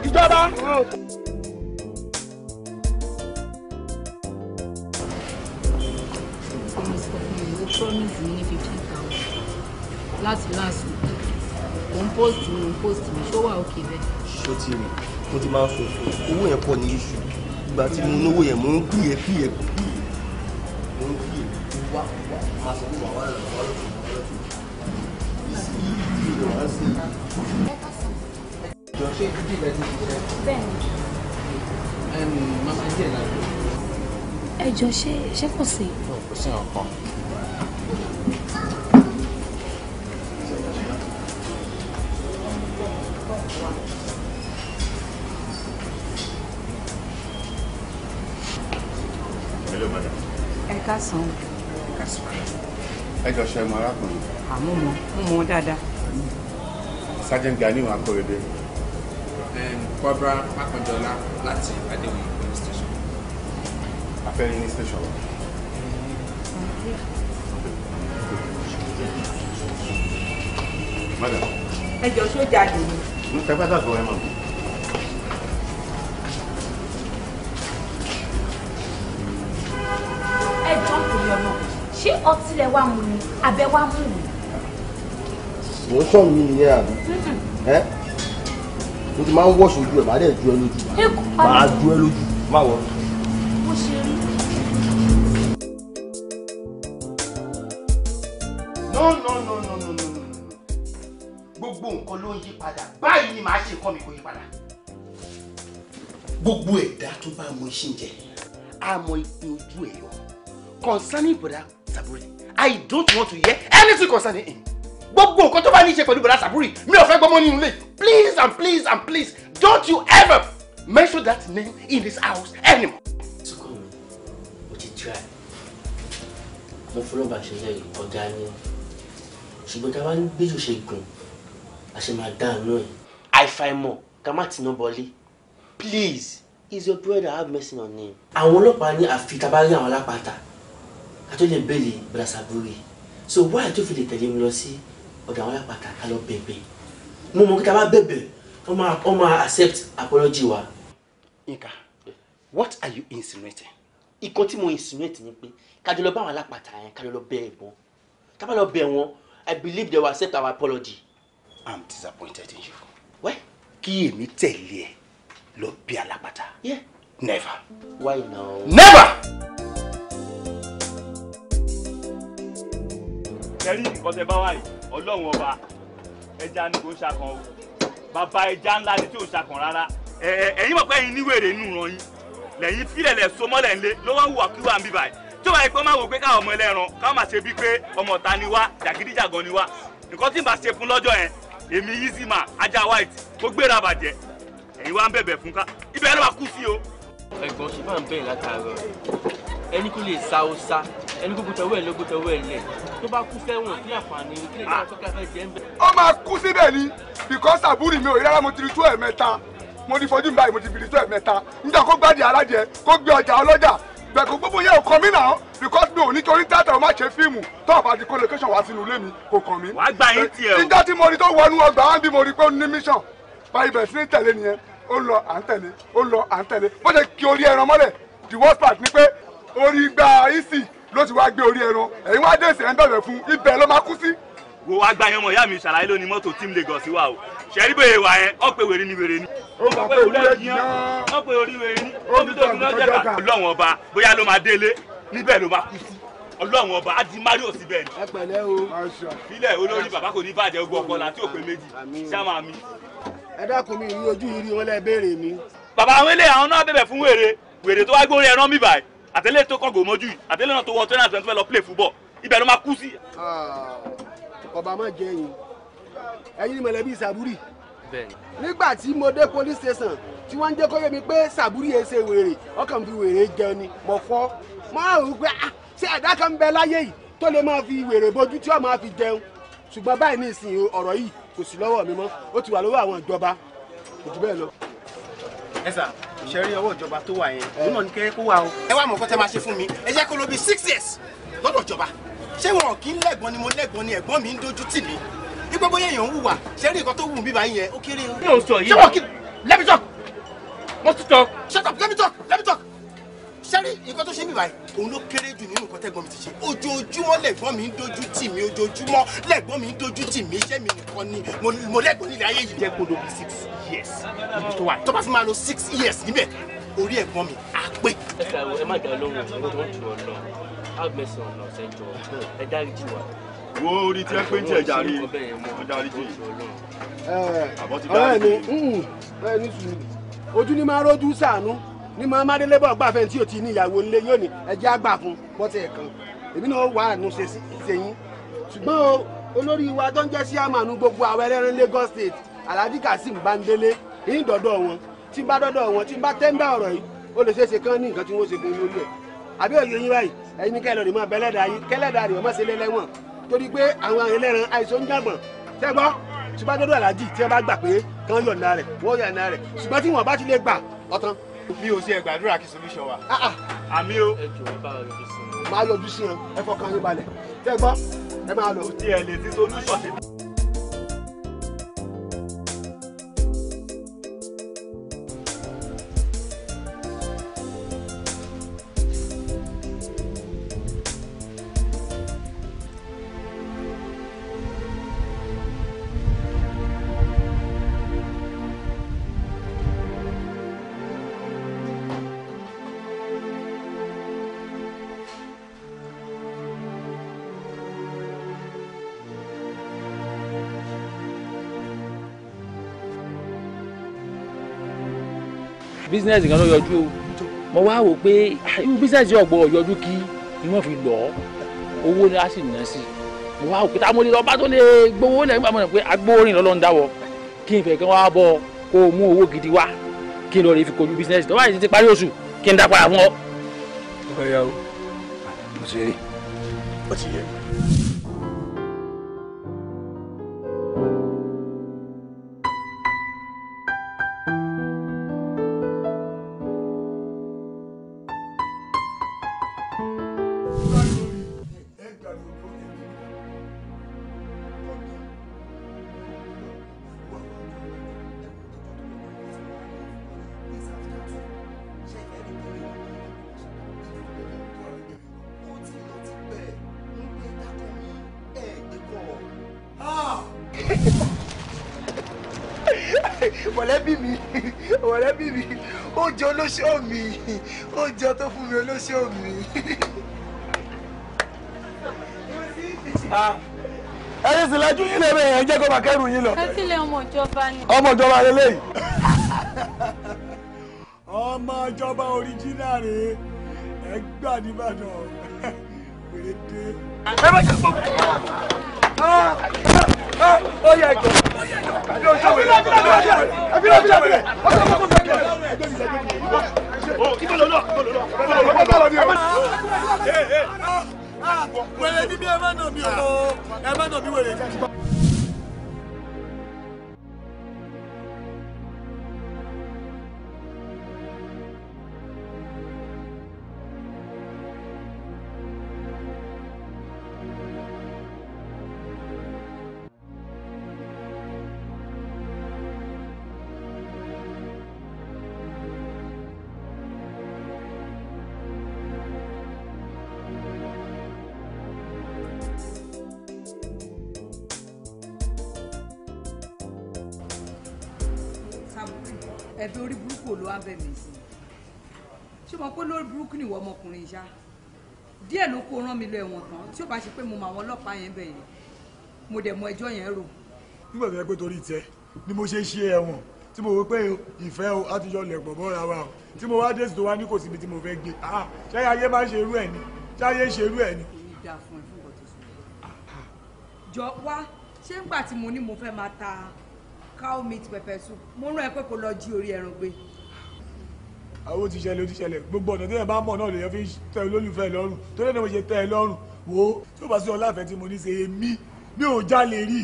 S1: ìjọba. promise láti last week òun post mi òun ṣó wà òkè bẹ́ẹ̀. ṣó ti rìn mo ti máa ń sọ fún owó yẹn pọ̀ ní iṣu ìgbà tí mo náwó yẹn mo ń pìyẹ pìyẹ pìyẹ ṣe ìdí
S3: rẹ ti ṣiṣẹ́. bẹ́ẹ̀ni. mama díẹ̀ náà.
S4: ẹ jọ ṣé ṣé kò sí.
S3: kò sí ọkàn. ẹjọ ṣe mọ arákùnrin. àmọ́ mo
S1: mú mo dáadáa.
S3: sergeant Ganiu Akorede. Kọ́bra Mákànjọ́lá láti Adéwọ̀n police station. afẹ́rẹ́ ní station. madam.
S1: ẹjọ ṣó jáde ni.
S3: mo tẹ́ pátá gbọ́ ẹ mọ̀
S5: ọtí lẹ wá mu ni abẹ wá mú
S4: mi.
S3: mò ń sọ̀rọ̀ mi nìyẹn àbí ẹ́
S1: mo ti máa ń wọ̀ṣọ̀ ojú ẹ̀ máa dẹ̀ ju ẹ lójú máa ju ẹ lójú má wọ̀. bó ṣe rí. no no no no no no gbogbo nǹkan ló ń yí padà báyìí ni màá ṣe nǹkan mi kò yí padà gbogbo ẹ̀dá tó bá mọ iṣẹ́ jẹ àmọ́ ìpín ojú ẹ̀ yọ concerning brother Saburi I don't want to hear anything concerning him gbogbo nǹkan tó bá ní í ṣe pẹ̀lú bọ̀dá Saburi mi ò fẹ́ gbọ́mọ nínú ilé please and please and please don't you ever mention that name in this house anymore.
S6: sọkàn mi mo ti try mo fọlọ́ba ṣẹlẹ̀ ọ̀gá ni
S1: ṣùgbọ́n tá a bá ń gbéjò ṣe gùn a ṣe máa dáná ẹ̀. àìfàìmọ̀ ká má tinú bọlé please is your brother have mercy on him. àwọn ọlọ́pàá ní àfi tá a bá rí àwọn alápàtà àtúnyẹ bẹẹlí brasaburi so wáyà tó fi lè tẹ̀lé mi lọ sí ọ̀dọ̀ àwọn alápàtà ká lọ bẹ̀bẹ̀ mo mọ̀ kí ta bá bẹ̀bẹ̀ wọ́n máa wọ́n máa accept apology wa. Nka what are you insinuating? Ìkan tí mo insinuate ni pé kájọ lọ bá àwọn alápàtà yẹn kájọ lọ bẹ̀ ẹ̀gbọ́n ká lọ bẹ̀ wọ́n I believe they will accept our apology. I'm disappointed in you. Why? Kí èmi tẹ̀lé ẹ lọ bí alápàtà. Yeah. Never. Why now? Never! tẹ́rí nǹkan tẹ bá wà yìí ọlọ́run ọba ẹja ni kò ń ṣakàn o bàbá ẹja ńlá ni tí ò ń ṣakàn rárá ẹ̀yin mọ̀ pé ẹ̀yin níwèrè inú ràn yín lẹ́yìn fílẹ̀ lẹ̀ so mọ́lẹ̀ ńlẹ̀ ló wá wùwà kíwà ń bíbà yìí tí ó bá yẹ pé máa wò pé káwọn ọmọ ẹlẹ́ran káwọn máa ṣe bíi pé ọmọ ta ni wá jàgídíjàgan ni wá nǹkan tí n bá ṣe fún lọ́jọ́ yẹn èmi yizima ajá white kó gbéra bàjẹ́ ẹ̀yin wá ń bẹ̀bẹ̀ fún ká ibẹ̀ ló máa kú sí o.
S3: ẹ̀gbọ́n ṣe máa ń bẹ̀rẹ̀ látàárọ̀
S1: ẹni kó lè sa ó sá ẹni gbogbo tọwọ́ ẹ̀ lógún lẹ̀
S3: tó bá kú sẹ́wọ̀n kí
S6: àǹfààní kí lè máa tọ́ka fẹ́ jẹ́ ń bẹ̀.
S1: ó máa kú síbẹ̀ ni because àbúrò mi ò rí rárá mo ti rí tó ẹ̀ mẹ́ta mo ti fojú báyìí mo ti bìrì tó ẹ̀ mẹ́ta nígbà kó gbádì alájẹ kó gbé ọjà ọlọ́jà bẹ̀kú gbogbo yẹn ò kàn mí náà because mi ò ní torí tẹ́tẹ̀ o má ṣe fíìmù tó àbá di collocation wá sínú ilé mi kò kàn mí. wàá gba yín tiẹ̀ o. nígbà tí mo rí tó wọnú ọgbà wá ń bí mo rí pé ó ní mission báyìí bẹ̀rẹ̀ sí ní tẹ̀lé nìyẹn ó lọ à ń tẹ̀lé ó lọ à ń tẹ̀lé bó ṣe kí orí ẹran mọ́lẹ̀ the worst part ni pé orí gba isi ló ti wá gbé orí ẹran ẹ̀yin wá dé ìsẹ̀ ń bẹ̀rẹ̀ fún ibẹ̀ ló máa kú sí. wo wá gba yẹn mọ ìyá mi ṣàlàyé lónìí mọ́tò team Lagos wa o ṣẹ́rí bèrè wà yẹn ọ́ pé wèrè ni wèrè ni. ó gbà pé òwúrẹ́ jìyàn
S2: ọ́ pé orí wèrè ni
S1: ó fi tó kùnà jẹ́ka. ọlọ́run ọba bóyá ló máa délé níbẹ̀ ló máa kú sí ọlọ́run ọba á di mario síbẹ̀ ni. ẹ pẹ̀lẹ́ o. filẹ̀ olórí bàbá kò ní bàjẹ́ ogun ọpọlọ àti òpè méjì sáma mi. ẹ dákun mi ìrí ojú ìrí wọn lẹ béèrè mi. bàbá àwọn eléyàwó náà bẹ̀bẹ̀ fún wèrè wèrè tó wá gbórí ẹran mi báyìí àtẹlẹ tó kọgò mọ́jú yìí àtẹlẹ náà tó wọ twenty twenty lọ play football ibẹ̀ ló máa kú sí. Ah, ọba máa jẹ yín ẹ̀yin mọ̀lẹ́bí sàbúrì nígbà tí mo dé police station tí wọ́n ń jẹ́ kó yé mi pé sàbúrì yẹn ṣe wèrè ọkàn fi wèrè jẹun ni mo fọ́ mo á rò pé ah, ṣé ẹ̀dá kan ń bẹ láyé yìí tó lè máa fi wèrè bojú tí ó máa fi jẹun ṣùgbọ́n báyìí ní ìsìn ọ̀rọ̀ yìí kò sí lọ́wọ́ mi mọ́ ó ti wà lọ́wọ́ àwọn ìjọba kò jù bẹ́ẹ̀ lọ ẹ sà ṣe rí ọwọ́ ìjọba tó wà yẹn òun náà ní kẹ́kẹ́ kó wà o. ẹ wá mọ̀ nǹkan tẹ́ máa ṣe fún mi ẹ jẹ́ kó ló bí six years lọ́dọ̀ ìjọba ṣé wọn kì í lẹ́gbọ́n ni mo lẹ́gbọ́n ni ẹ̀gbọ́n mi ń dojú tì mí ipò bóyá èèyàn ń hùwà ṣe rí nǹkan tó wù mí báyìí yẹn ó kéré o. ṣé wọn kì í let me talk mo ti talk shut up let me talk let me talk sẹ́rí nǹkan tó ṣe mí báyìí òun ló kéré jù nínú nǹkan tẹ́gbọ́n mi ti ṣe ojoojúmọ́ lẹ́gbọ́n mi ń dojú tì mí ojoojúmọ́ lẹ́gbọ́n mi ń dojú tì mí iṣẹ́ mi nìkan ni mo lẹ́gbọ́n nílẹ̀ ayé yìí. jẹ́ kó lò
S4: six years níbi tó wà tó bá fi
S1: máa lò six years níbẹ̀ orí ẹ̀gbọ́n mi á pé. ẹ ká ẹ má dá
S6: lóhùn owó tó ń tu ọ̀nà àgbẹ̀sẹ̀ ọ̀nà ṣẹjọ ẹ dáríjì wa.
S1: wo
S2: orí tí ẹ pé jẹ jàre tó dáríjì. ọ̀rẹ́
S1: mi ojú ni máa rójú ṣàánú ní mọ amadélé bọ̀ gbà fẹ́ni tí o ti ní ìyàwó nílé yóò ní ẹjẹ́ àgbà fún bọ́tẹ̀ ẹ̀kan èmi náà wà á nùṣe sẹ́yìn ṣùgbọ́n olórí wa tó ń jẹ́ sí gbogbo àwọn ẹlẹ́rìn Lagos State Alhaji Kazeem Bandele ní dọ́dọ̀ wọn tí bá dọ́dọ̀ wọn tí bá tẹ́ńbà ọ̀rọ̀ yìí ó lè ṣeéṣe kán ní nǹkan tí wọ́n ṣe fún olórí ẹ̀ àbí òye yín báyìí ẹ̀yin kẹlẹ̀ rẹ̀ mọ́ bẹ́lẹ́dà yìí kẹlẹ́dà rẹ̀ mọ́ ṣe lẹ́lẹ́wọ̀n torí pé àwọn ẹlẹ́ran àìsàn ń jàgbọ̀n tẹ́gbọ́n tí bá dọ́dọ̀ Alhaji tí wọ́n bá gbà pé kán yọ̀ǹda rẹ̀ wọ́n yọ̀ǹda rẹ̀ ṣùgbọ́n tí wọ́n bá ti lè gbà ọ̀tán mi ò sí ẹ gbàdúrà kí solution wà. Ah, ah.
S3: àmì o. ẹ jọ̀ọ́ bá yọjú sí
S1: wọn. máa yọjú sí ẹ fọkàn yín balẹ̀ tẹ́ ẹ máa lọ. tí ẹ lè ti solution bísínẹ́sì kan ló yọjú o mo wá wò pé ah, irú bísínẹ́sì ọ̀gbọ̀n yọjú kí ni wọ́n fi lọ owó ni a sì ná sí mo wá wò pé táwọn olè ọba tó lè gbowó lẹ̀ nígbà mọ̀nà pé agbórin lọ́lọ́ ń dáwọ́ kí n fẹ́ kí wọ́n wá bọ̀ kó o mú owó gidi wá kí n lọ rí fi kojú bísínẹ́sì tó bá yìí ti parí oṣù kí n dá padà fún ọ.
S4: ọ̀ya o mo ti rí o ti yẹ mi.
S1: oúnjẹ olóṣó mi oúnjẹ tó fún mi olóṣó mi. Ah, ẹyin sì lẹ́jú yín lébè yẹn jẹ́ kó máa kẹ́rù yín lọ. ẹ
S5: sílẹ̀ ọmọ ìjọba ni. ọmọ ìjọba
S1: lélẹ́yìí. ọmọ ìjọba oríjínà rèé ẹ gbà nìbàdàn
S4: péréte. ẹ bá jẹ́ gbogbo.
S1: Ah! wẹ̀rẹ̀ ní bí ẹ má nà mí o ẹ má nà mí wẹ̀rẹ̀. burúkú nìwọ ọmọkùnrin yá díẹ̀ ló kó rán mi lọ ẹ̀wọ̀n tán tí ó bá ṣe pé mo mọ àwọn ọlọ́pàá yẹn bẹ̀ yẹn mo dẹ̀ mọ ẹjọ́ yẹn rò. nígbà tó yẹ pé torí tẹ ni mo ṣe ṣe ẹ̀wọ̀n tí mo wò pé ìfẹ́ o àtijọ́ lẹ̀ pọ̀ mọ́ra wa o tí mo wá dé sí tó wá ní kò síbi tí mo fẹ́ gbé ah ṣé ayé máa ṣe irú ẹ̀ ni ṣé ayé ṣe irú ẹ̀ ni.
S4: èmi dáa fún ẹ fún ọkọ tó sùn.
S1: jọ wá ṣé ńgbà tí mo ní mo fẹ́ máa ta cow meat pepper soup mo rán ẹ pé kó lọ jí orí ẹran gbé àwọn ti ṣẹlẹ̀ ó ti ṣẹlẹ̀ gbogbo ọ̀nà tí yẹn bá mọ̀ náà lèyàn fi tẹ olólùfẹ́ lọ́rùn tó lẹ́nu mo ṣe tẹ ẹ lọ́rùn wo tí ó bá sí ọláfẹ́ tí mo ní ṣe èmi mi ò jalè rí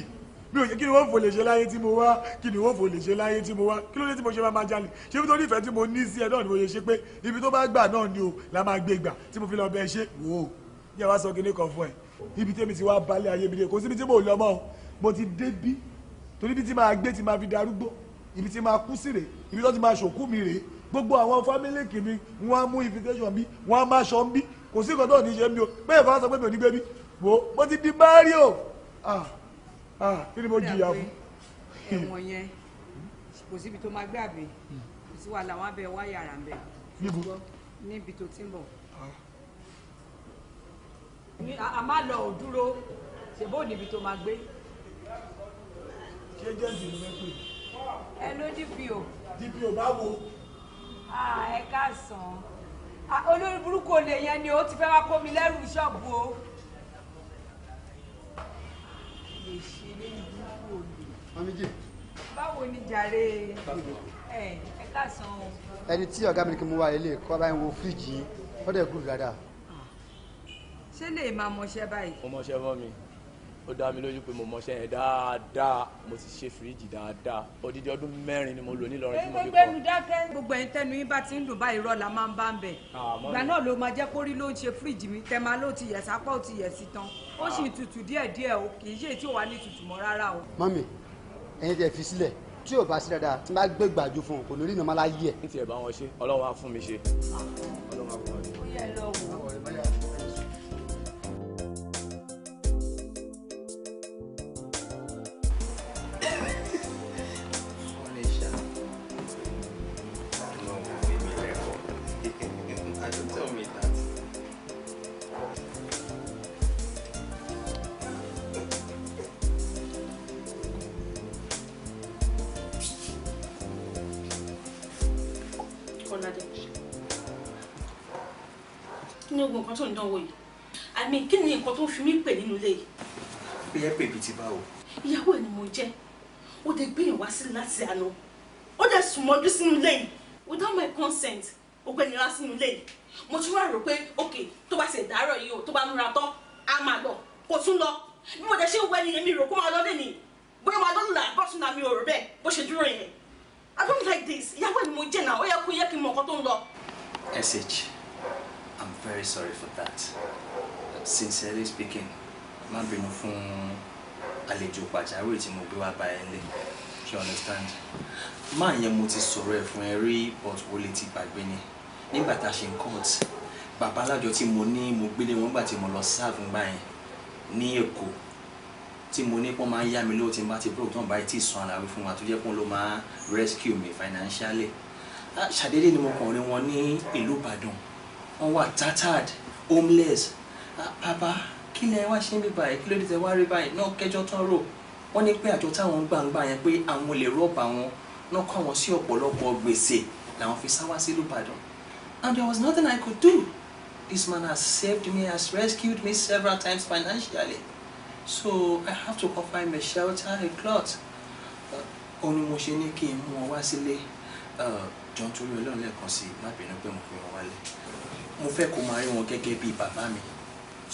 S1: mi ò ṣe kí ni wọ́n fò lè ṣe láyé tí mo wá kí ni wọ́n fò lè ṣe láyé tí mo wá kí ló dé tí mo ṣe máa jalè ṣé nítorí ìfẹ́ tí mo ní sí ẹ náà ni mo ṣe ṣe pé ibi tó bá gbà náà ni o la máa gbé gbà tí mo fi lọ bẹ ṣe wò ó yẹ wá sọ kinní kan fún ẹ ibi tẹ́mi ti wá balẹ̀ ayé mi dé kò síbi tí mo lọ mọ́ mo ti dé bí torí ibi tí máa gbé tí máa fi darúgbó ibi tí máa kú sí rèé ibi tó ti máa ṣòkú mi rèé gbogbo àwọn fámílì kìíní wọn á mú invitation bí wọn á má aṣọ bí kò sí ìkọ́tọ̀ ní ṣe mi o bẹ́ẹ̀ kọ́ sọ pé mi ò ní gbé bí wo mo ti di báárì o kí ni mo jìyà fún. ẹ̀wọ̀n yẹn kò síbi tó máa gbé àbí kò sí wàhálà wọn á wá yàrá ń bẹ níbi tó ti ń bọ̀ a máa lọ ò dúró ṣèbó níbi tó máa gbé. ṣé jẹ́ǹtì ló fẹ́ pè é. ẹ ló dpo. dpo báwo.
S4: Ah, ẹ káàsán
S1: ah, olórí burúkú olè yẹn ni ó ti fẹ́ wá kó mi lẹ́rù ṣọ́ọ̀bù o.
S4: lè ṣe lórí burúkú olè. báwo ni jàre ẹ káàsán o. ẹni tí
S1: ọ̀gá mi ni kí mo wá ilé kọ́ bá ń wo fíríjì yìí ó dẹ̀ gùn
S2: dáadáa. Ah.
S1: ṣé lè máa mọṣẹ́ báyìí. mo mọṣẹ́ fọ́ mi ó dá mi lójú pé mo mọṣẹ́ yẹn dáadáa mo ti ṣe fíríjì dáadáa odidi ọdún mẹ́rin ni mo lò nílọrin tí mo fi kọ́. gbogbo ẹnu dákẹ́ gbogbo ẹ̀yin tẹnu yín bá ti ń dùn báyìí rọ́ọ̀lá máa ń bá ń bẹ̀. Ah, ìgbà náà ló máa jẹ́ kórí ló ń ṣe fíríjì mi tẹ̀ma ló ti yẹ̀ sápá ó ti yẹ̀ tán ó sì ń tutù díẹ̀díẹ̀ o kì í ṣe tí ò wá ní tutù mọ́ rárá o. mọ́mì ẹ̀yin tẹ fi sílẹ̀ tí ò bá sí dáadáa tí bá gbé gbàjú fún un kò ní ìnàmọ́lá yí ẹ̀. ní tiẹ̀ bá wọn ṣe ọlọ́run á fún mi ṣe ah. ọlọ́run á
S2: fún
S5: nǹkan tó ń dánwò yìí àmì kí ni nǹkan tó fi mí pè nínú ilé yìí. pé ẹ pè bíi ti bá o. ìyàwó ẹ ni mo jẹ ó dé gbé ìwá sí láti àná ó dé sùn mọ́jú sínú ilé yìí without my consent ó gbé nira sínú ilé yìí mo tún wá rò pé ok tó bá ṣe dàárọ̀ yìí o tó bá múra tán á máa lọ kò tún lọ bí mo dẹ̀ ṣe wẹ́ ni èmi rò kó máa lọ lé ni bóyá máa lọ́dún là bọ́sùn náà mi ò bẹ́ẹ̀ bó ṣe dúró yẹn I don't like this ìyàwó ẹ ni mo jẹ náà ó yẹ kó yẹ kí n mọ nǹkan tó ń lọ.
S6: sh very sorry for that sincerely speaking ma bínú fún
S1: àlejò pàjáwìrì tí mo gbé wá bá ẹ you understand Ma yẹn mo ti sọ̀rọ̀ ẹ̀ fún ẹ but wo lè ti gbàgbé ni nígbà tá a ṣe ń court bàbá alájọ tí mo ní mo gbélé wọn nígbà tí mo lọ sáàfù gbà yẹn ní èkó tí mo ní pọ́n máa ń mi lówó tí n ti broke tán báyìí tí ì san àlàyé wa tó jẹ́ pọ́n ló máa rescue me financially ah, ṣàdédé ni mo kàn rí wọn ní ìlú Ìbàdàn wọ́n wà tattered homeless ah, bàbá kí lẹ wá ṣe ń bí báyìí kí ló dé tẹ wá rí báyìí náà kẹjọ tán rò wọ́n ní pé àjọ táwọn gbàǹgbà yẹn pé àwọn olè rọ́ọ̀bà wọn náà kọ́ àwọn sí ọ̀pọ̀lọpọ̀ gbèsè làwọn fi sá wá sí Ìbàdàn and there was nothing I could do
S6: this man has saved me has rescued me several times financially so I have to offer him a shelter a cloth òun ni mo ṣe ní kí n mú ọ wá sílé ah, jọ̀ọ́ nítorí Ọlọ́run lẹ́ẹ̀kan sí i má bínú pé mo fi wọn wálé mo fẹ́ kó máa rí
S1: wọn gẹ́gẹ́ bí bàbá mi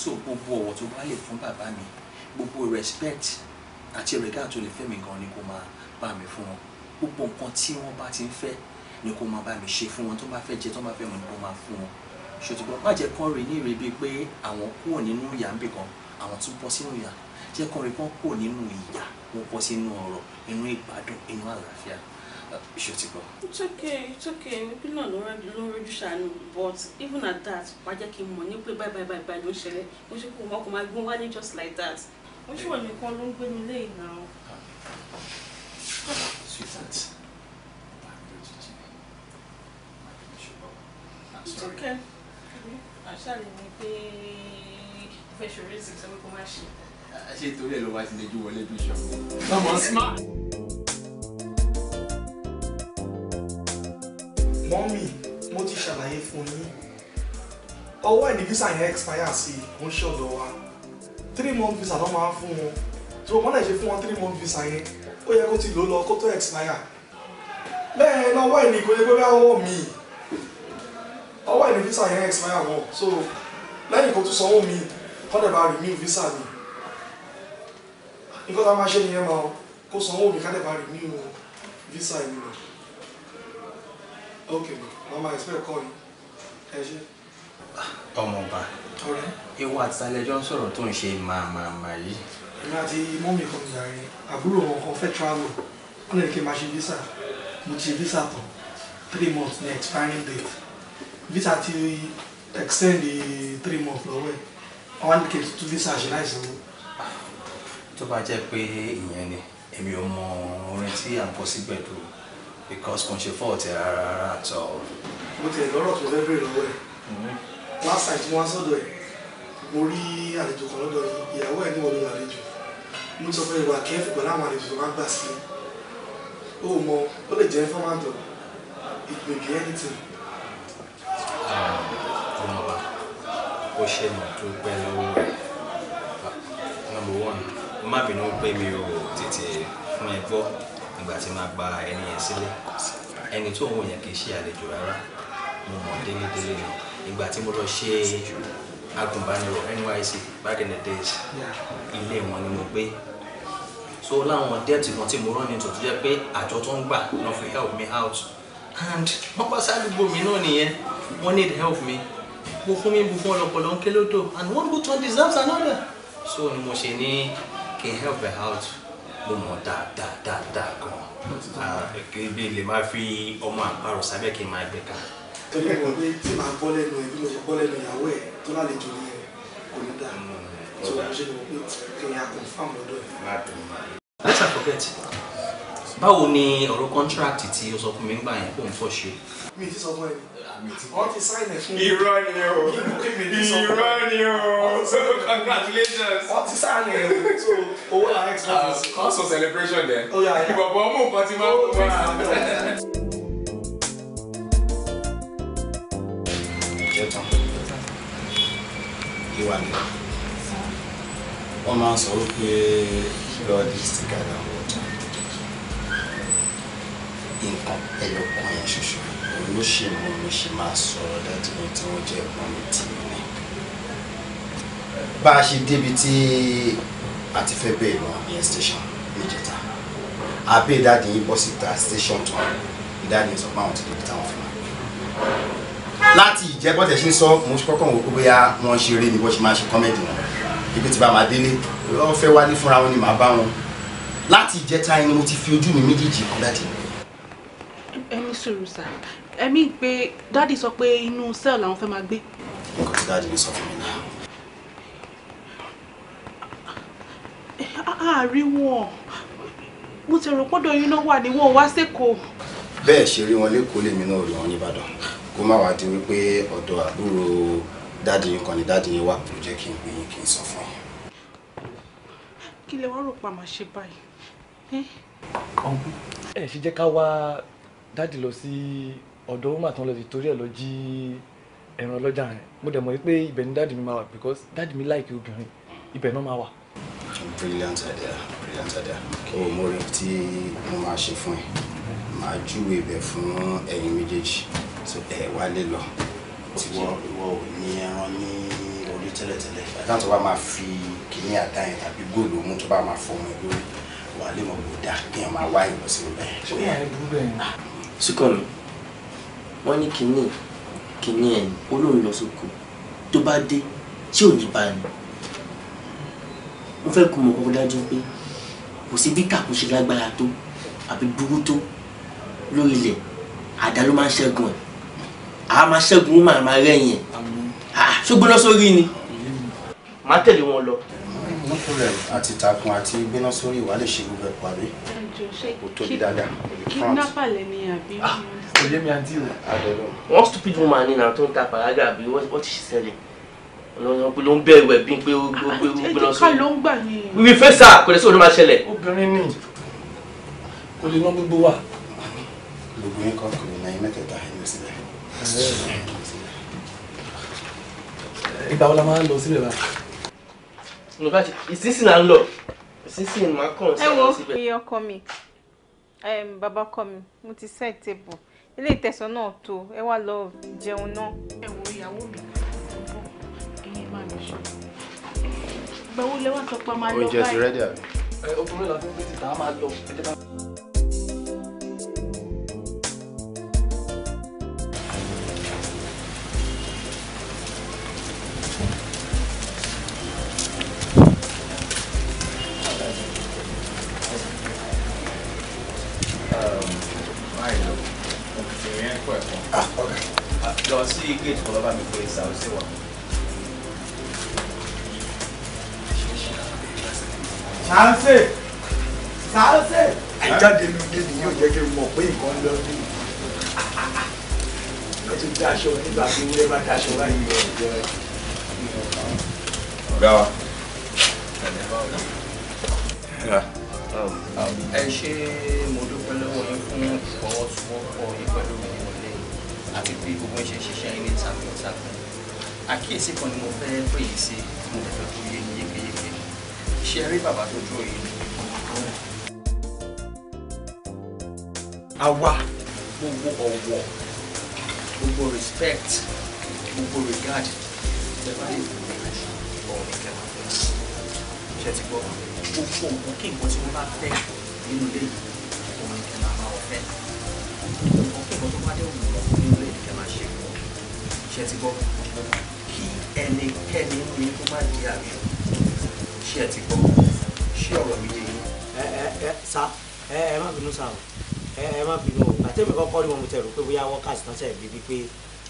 S1: so gbogbo ọ̀wọ̀ tó bá lè fún bàbá mi gbogbo respect àti regard tó lè fẹ́ mi gan ni kó máa bá mi fún wọn gbogbo nǹkan tí wọ́n bá ti ń fẹ́ ni kó máa bá mi ṣe fún wọn tó bá fẹ́ jẹ tó bá fẹ́ mu ni kó máa fún wọn ṣòtúbọ̀ má jẹ́ kán rí ní ìrèbí pé àwọn kúrò nínú ìyà ń bì kan àwọn tún bọ́ sínú ìyà jẹ́ kán rí kán kúrò nínú ìyà wọ́n bọ́ sínú ọ̀rọ̀ inú ìgbádùn inú àlàáfíà iṣẹ́ ti
S5: it's okay it's okay níbí náà ló ń rojú ṣàánú but even at that wà á jẹ́ kí n mọ̀ ní pé báyìí báyìí báyìí báyìí ló ń ṣẹlẹ̀ mo ṣe kó wọn kò máa gbé wálé just like that mo ṣe wọ̀ nìkan
S3: ló ń gbé mi lé ìnà o.
S6: sweetheart báyìí ló ti jẹ́ máa
S4: bí mi ṣe bọ̀ it's okay
S5: àṣàlẹ̀ ni pé fẹ́ ṣòro ìsìn sọ pé kó má ṣe. ṣé torí ẹ ló wá ti
S3: lè ju wọlé bí ìṣòro.
S2: come on smart. mọ́mì mo ti ṣàlàyé fún yín ọwọ́ ẹ̀ visa yẹn expire sí i kò ń ṣe ọ̀dọ̀ wa three month visa ló máa ń fún wọn tí wọ́n náà ṣe fún wọn three month visa yẹn ó yẹ kó ti lò lọ kó tó expire bẹ́ẹ̀ ni ọwọ́ ẹ̀ ní ìgbélé gbélé ọwọ́ mi ọwọ́ ẹ̀ visa yẹn expire wọ̀ so lẹ́yìn kó tún sanwó mi kọ́ dẹ̀ bá renew visa mi nǹkan tá a máa ṣe nìyẹn máa kó sanwó mi ká dẹ̀ bá renew visa yìí lọ ok bro mama expect call you ẹ ṣe. ọmọọba ewu àtàlẹ jọ ń sọ̀rọ̀ tó ń ṣe màmàmà yìí. èmi àti mọ́mí kan yàrá àbúrò wọn kan fẹ́ travel wọn lè ké máa ṣe visa mo ti visa tán three months ní expiring date visa ti extend the three months lọ́wọ́ ẹ̀ wọ́n á ké tún visa ṣe láìsí owó. tó
S6: bá jẹ́ pé ìyẹn ni èmi ò mọ orin tí à ń kọ sígbẹ̀dọ̀ because kò ń ṣe fọ́ọ̀tì rárá rárá àtọ̀.
S2: mo tiẹ̀ lọ́rọ̀ tó fẹ́ bèrè lọ́wọ́ ẹ̀ hmm. last night, tí wọ́n sọ́dọ̀ ẹ̀ mo rí àlejò kan lọ́dọ̀ ìyàwó ẹ̀ níwọ̀n lórí àlejò mo sọ pé ìwà kẹ́ẹ̀fù pẹ̀lú àwọn àlejò tó máa gbà sí ó mọ ó lè jẹ́ informant o it may be anything.
S1: Ah, ọmọba ó ṣe mọ̀ tó pẹ́ lọ́wọ́ rẹ̀ number one má bínú pé mi ò tètè fún ẹ gbọ́ ìgbà tí máa gba ẹni yẹn sílẹ̀ ẹni tó òun yẹn kì í ṣe àlejò rárá mo mọ̀ délédélé ni ìgbà tí mo lọ ṣe agùnbánirọ̀ NYSC back in the days ilé wọn ni mo gbé so láwọn dẹ́ẹ̀tì kan tí mo rán ní tòtú jẹ́ pé àjọ tó ń gbà lọ fi help me out
S6: and wọ́n bá sádùúgbò mi náà nìyẹn wọ́n need help me mo fún mi bu fún ọlọ́pọ̀lọ́ ń ké lódò and one good turn deserves another so ni mo ṣe ní kí n help
S1: her out mo mọ̀ dáadáa gan ah, kébé lè máa fi ọmọ àparò sábẹ́ kí n máa gbẹ ká.
S2: torí ẹ̀wọ̀n pé tí màá bọ́ lẹ́nu ẹ̀ bí mo ṣe bọ́ lẹ́nu ìyàwó ẹ̀ tó lálejò ní ẹ̀ kò ní dáa tó mm, ṣe ni mo pé kí n yà kó fáwọn ọ̀dọ́ ẹ̀. Let's not forget
S6: báwo ni ọ̀rọ̀ contract tí o sọ fún mi
S2: nígbà yẹn kó n fọ́ ṣe. mi ti sọ fún ẹ wọ́n ti sign ẹ̀ fún mi. irọ́ ni o irọ́ ni o so congratulations. wọ́n ti sign ẹ̀ so owó la ex office. kọ́ sọ celebration dẹ̀ oh, ìbọ̀bọ̀ ọmọ nǹkan ti máa ń wọ́n máa. Oh,
S3: ìwà ni wọ́n máa ń sọ wípé lọ́ọ̀dì sìkà náà nǹkan
S1: ẹyọ kan yẹn ṣoṣo òun ló ṣe mú mi ṣe máa sọ̀rọ̀ dájú mi tí wọ́n jẹ́ ẹ̀gbọ́n mi tì mí ní. bá a ṣe débi tí a ti fẹ́ bẹ́ẹ̀ lọ ní station níjẹta àbẹ́ ìdáàdì yìí bọ́ síta station tán ìdáàdì yìí sọ pé àwọn ti débi táwọn fún wa. láti ìjẹ́bọ́tẹ̀ ṣe ń sọ mo kọ́kọ́ wò ó bóyá wọ́n ṣe eré ni bó ṣe máa ṣe kọ́mẹ́dì wọn ibi tí bá máa délé lọ́ọ́ fẹ́ wálé fúnra wọn ni màá bá wọn láti ìjẹta yìí ni mo ti fi ojú mi méjèèjì kọ́ ẹni sùúrù sá ẹmí pé dáàdì sọ pé inú sẹ́ẹ̀lì làwọn fẹ́ máa gbé. nǹkan tí dáàdì mi sọ fún mi náà. àárí wọn mo ti rò pọ́dọ̀ yín náà wà ní wọn wá sẹ́kọ̀ọ́. bẹ́ẹ̀ ṣe rí wọn lẹ́kọ̀ọ́ lèmi náà rí wọn nìbàdàn kó má wàá di wípé ọ̀dọ̀ àbúrò dáàdì yín kan ní dáàdì yín wà ló jẹ́ kí n pè yín kí n sọ fún yín. kí lẹ wá rò
S3: pa màá ṣe báyìí.
S2: ẹ ṣe jẹ́ ká wá dáàdì lọ sí ọ̀dọ̀ wọ́n mà tán lọ sí torí ẹ̀ lọ jí ẹran ọlọ́jà yẹn mo dẹ̀ mọ̀ pé ibẹ̀ ni dáàdì mi máa wà because dáàdì mi láìkí obìnrin ibẹ̀ náà máa wà. brilliant idea
S3: brilliant idea kí o mọ̀ rí tí mo máa ṣe fún ẹ máa júwe ibẹ̀ fún ẹ̀yin méjèèjì tó ẹ wá lè lọ ìwọ ìwọ ò ní ẹran
S1: ní orí tẹ́lẹ̀tẹ́lẹ̀ ẹ̀ka tó bá máa fi kìíní àdá yẹn tàbí góòlù mú tó bá máa fọmọ ẹ lórí wà á mọ̀ kó kí ẹ máa wá ìwọ̀sí rẹ̀. ṣé ẹ burú bẹ́ẹ̀ ni. Síkànnì wọ́n ní kínní kínní ẹ̀ olóhùn lọ sóko tó bá dé tí ò ní bá ní. mo fẹ́ kó mọ̀ kọ́kọ́ dájú pé kò sí bí kàkún ṣe lágbára tó àbí burú tó lórí ilẹ̀ àdá ló máa ń ṣẹ́gun ẹ̀ àá máa ṣẹ́gun ó máa máa rẹ́yìn ẹ̀ ah, ṣùgbọ́n lọ́sọ̀rí ni. màá tẹ̀lé wọn lọ no problem àti takun àti gbéná sórí ìwà lè ṣe gbogbo ẹ̀pọ̀ àbí. kò tóbi dáadáa. kidnapper
S3: lẹni àbí. Ah,
S1: kò yé mi àǹtí o. àdọ̀dọ̀. wọ́n stupid woman ni na tó ń ta paraga àbí what is she selling ló ń bẹ̀rù ẹ̀ bí pé ó ah, gbéná sórí. ká ló
S4: ń gbà yín. wíwí fẹ́sà
S1: kò lè sí òun ló máa ṣẹlẹ̀. obìnrin ni kò lè ná gbogbo wa.
S3: gbogbo yín kan kò lè ná
S1: mẹ́tẹ̀ẹ̀ta yín lọ eh. ìgbà wo la máa ń lọ síbẹ̀ báyìí mo bá ṣe ìsinsìn à ń lọ ìsinsìn máa kàn sí àwọn síbẹ̀. ẹ wo
S5: iye ọkọ mi bàbá ọkọ mi mo ti set table ilé ìtẹ̀sán náà tó ẹ wá lọ jẹun náà. ẹ wo ìyàwó mi ṣùgbọ́n ẹ̀yin máa lọ ṣọ́ gbẹ̀wò
S1: lẹ́wọ̀n tó pa máa lọ báyìí. oúnjẹ ti rẹ́dí
S3: àbí.
S2: ọkùnrin làwọn tó ń
S1: gbé ti tà á máa lọ.
S4: lọ sí gate kọ́ lọ́ba mi pé ṣàwùsẹ̀ wà. ṣàǹsẹ̀
S1: ṣàǹsẹ̀. àìjáde mi dé nìyí ò jẹ́ kí n mọ̀ pé nǹkan ń lọ bí wọ́n ti daṣọ nígbà tí wúlẹ́ bá daṣọ báyìí rẹ̀ jẹ́ ọ̀gá wa. ẹ ṣe mo dúpẹ́ lọ́wọ́ yín fún ìfọwọ́sowọ́pọ̀ yín pẹ̀lú mi àti bí gbogbo ṣe ń ṣiṣẹ́ ní takuntakun àkíyèsí kan ni mo fẹ́ pè yìí sí mo lè fẹ́ kó yé ní yékéyéké ṣe rí bàbá tó dúró yìí àwa gbogbo ọ̀wọ̀ gbogbo respect gbogbo regard ìjọba lè fún mi ọ̀rọ̀ ìjọba ṣe ti gbọ́ gbogbo nǹkan kí nǹkan tí wọ́n bá fẹ́ nínú ilé yìí ọ̀rọ̀ ìjọba máa wọ̀ fẹ́ nǹkan kí nǹkan tó bá dé òun lọ nínú ilé máa ṣe pọ̀ ṣe ti gbọ́ kí ẹnikẹ́ni ń rí kó má di àṣù ṣe ti gbọ́ ṣé ọ̀rọ̀ mi yẹn. ẹ ẹ ẹ sá ẹ ẹ má bínú sá o ẹ ẹ má bínú o àtẹ̀mí kọ́kọ́ ni wọn mo tẹ̀rù pé bóyá wọ́kàsì náà ṣe bí wípé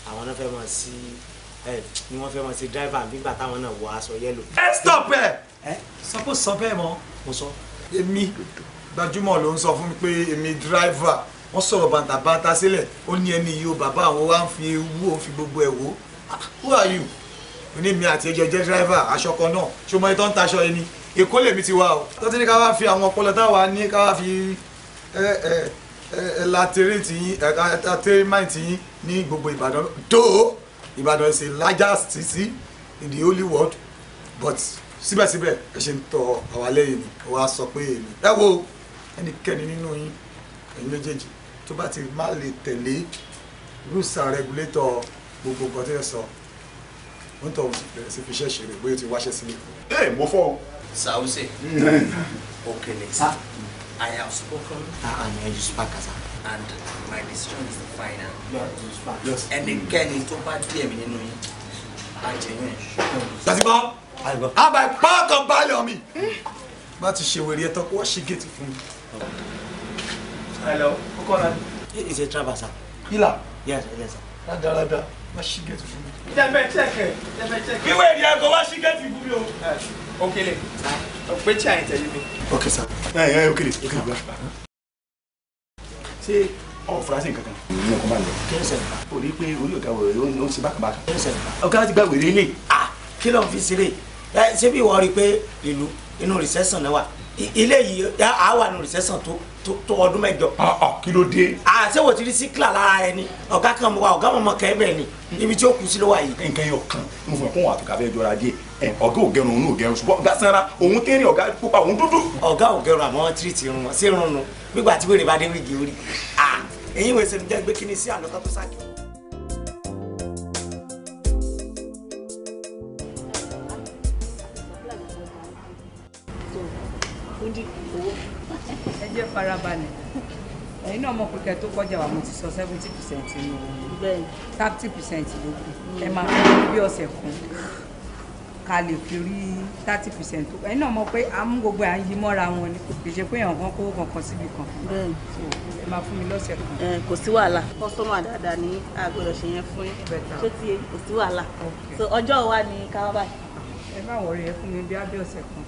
S1: àwọn náà fẹ́ máa sí ẹ ni wọ́n fẹ́ máa sí dráìvà nígbà táwọn náà wọ aṣọ yẹ́lò. ẹ stop ẹ ẹ sọ pé sọ bẹ́ẹ̀ mọ́. mo sọ. èmi gbajúmọ̀ ló ń sọ fún mi pé èmi dráìvà wọ́n sọ̀rọ̀ bàtàbàtà sílẹ̀ ó ní ẹni yìí ó bàbá àwọn wá ń fi ewu òun fi gbogbo ẹ̀ wò ah, who are you ní mi àti ẹjọ́ jẹ́ dírẹ́fà aṣọ kan náà ṣó mọ ìtọ́ ń taṣọ ẹni èkó lèmi ti wá o tó ti ní ká wá fi àwọn ọpọlọ táwa ní ká wá fi ẹ ẹ ẹ latirate yín ẹ latirate yín ní gbogbo Ìbàdàn tó Ìbàdàn is the largest city in the holy world but síbẹ̀síbẹ̀ ẹ ṣe ń tọ àwa lẹ́yìn ni wàá sọ pé èmi ẹ wo ẹnikẹ́ni nínú yín ẹ̀yin méjèèjì tó bá ti má lè tẹ̀lé rules and regulator gbogbo nǹkan tó yẹ sọ ó ń bẹ̀rẹ̀ sí fi iṣẹ́ ṣeré bóyá ti wáṣẹ́ sílé. ẹ mo fọ. sause okele sir i have spoken. and i use pack as a. and my decision is the final. ẹnikẹ́ni tó bá díẹ̀ mi nínú yín bá jẹ yín. gbàtíbọ́ àbá ìpá kan balẹ̀ ọ̀mì. bá ti ṣe wèrè ẹ̀ tán wọ́n ṣe gèètì fún mi. Hello, who it that? It's a travel, sir. Hila? Yes, yes, sir. Rada, rada. Wá ṣí gẹ̀ẹ́tì fún mi.
S2: Dẹ́fẹ̀ chẹ́kẹ̀, dẹ́fẹ̀
S1: chẹ́kẹ̀. Ìwé ìdí aago wá ṣí gẹ̀ẹ́tì fún mi o. Okele, sir. tí àyìn tẹ̀lé mi. Okay, sir, Okay, ẹ Okay, okele, okele gba. Ṣé ọ̀furasí nǹkan kan? Ìyẹn ọkọ̀ bá lọ. Kẹ́sẹ̀ nípa. O rí pé orí ọ̀gá wọ̀rọ̀ yóò ń ṣe sir. Okay, nípa. Ọ̀gá ti gbàgbé rẹ̀ lè. Kí ló ń fi ṣeré? Ṣé bí ìwọ rí pé ìlú inú rìsẹ́sàn náà wà? ilé yìí a wà ní rìsẹ́sàn tó ọdún mẹ́jọ. Ah, ah, kí ló dé. àṣewò ah, ti rí síkìlà lára ẹni ọ̀gá kan mọ̀ wá ọ̀gá mọ̀ kẹ́ bẹ́ẹ̀ ni hmm. ibi tí ó kù sí ló wà yìí. nǹkan yóò kan mo fún ẹ kó wọn àtúkà fẹ́ jọra díẹ̀ ẹ ọ̀gá ò gẹrun òun ò gẹrun ṣùgbọ́n ọ̀gá sanra òun kéré ọ̀gá pupa òun dúdú. ọ̀gá ò gẹrun àmọ́ tírì ti rún wọn sí rún nu nígbà tí wèrè bá dé wíìgì orí. èyí wèé ṣe ní jẹ́ gbé kíní sí àlọ́kọ́ tó sáà jẹ́ farabalẹ̀ ẹ̀yin náà mọ̀ pé kẹ́ tó kọjá wa mo ti sọ seventy percent nù thirty percent ló kù ẹ máa fi bí ọ̀sẹ̀ kún ká lè fi rí thirty percent tó ẹ̀yin náà mọ̀ pé à ń gbogbo à ń yí mọ́ra wọn ni kì í ṣe pé èèyàn kan kówó kankan síbi kan ẹ máa fún mi lọ́sẹ̀ kan. kò sí wàhálà
S5: kọ́sọ́mà dáadáa ní àgbẹ̀rọ̀ ṣe yẹn fún yín ṣé ti kò sí wàhálà so ọjọ́ wa ni káwá báyìí. ẹ bá wọ̀rẹ́ yẹn fún mi bí abẹ́ ọ̀sẹ̀ kan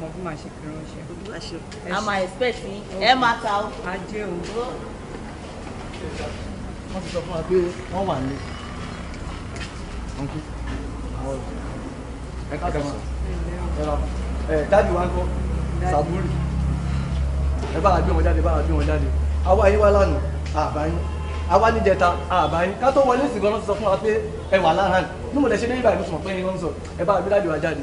S5: mo fún màá ṣe fi ránṣẹ́
S4: a
S5: máa expect yín ẹ máa ta o. ajé o
S2: wọ́n ti sọ fún wa pé wọ́n wà nílé. ẹ káàkiri ma ẹ ra ẹ dáàdi wa ń kọ́ sàbúrì ẹ bá a gbé wọn jáde bá a gbé wọn jáde àwa yín wá lánàá àbáyín àwa níjẹta àbáyín ká tó wọlé ìsìnkú ọlọ́sọ fún wa pé ẹ wà lára ní ní mo lè ṣe ní ibà ìlú sùn pé yín
S1: ló ń sọ ẹ bá a gbé dáàdi wa jáde.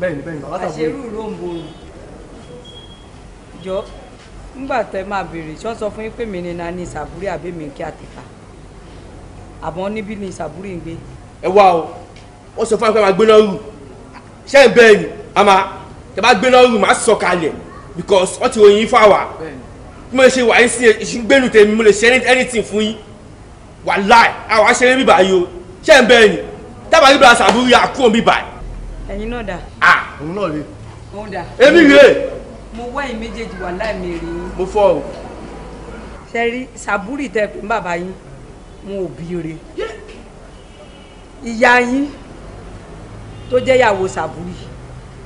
S1: bẹ́ẹ̀ ni bẹ́ẹ̀ bàbá sàbúrì. àṣerú ló ń borò. jọ nígbà tẹ máa béèrè sọ fún yín pé mi ni na ní ìsàbúrì àbẹ́mi kí àtìkà àmọ́ níbí ni ìsàbúrì ń gbé. ẹ wá o wọ́n sọ fún mi pé máa gbéná rù ṣé ń bẹ́ẹ̀ ni àmà tẹ bá gbéná rù máa sọ kalẹ̀ because wọ́n ti ròyìn fún àwà bí mo ṣe wà ní sí tèmi mo lè ṣe anything fún yín wàláì àwa ṣe é bíbá yìí o ṣé ń bẹ́ẹ̀ ni dábàá bíbá ìsàbúrì àkúrò bíbá. ẹ̀yin náà dà. ah òun náà rè. òun dà. èmi rè mo wá ẹ̀yin méjèèjì wà láìmí rí yín. mo fọ o. ṣe rí sàbúrì tẹ pé bàbá yín wọn ò bí re ìyá yín tó jẹ́ ìyàwó sàbúrì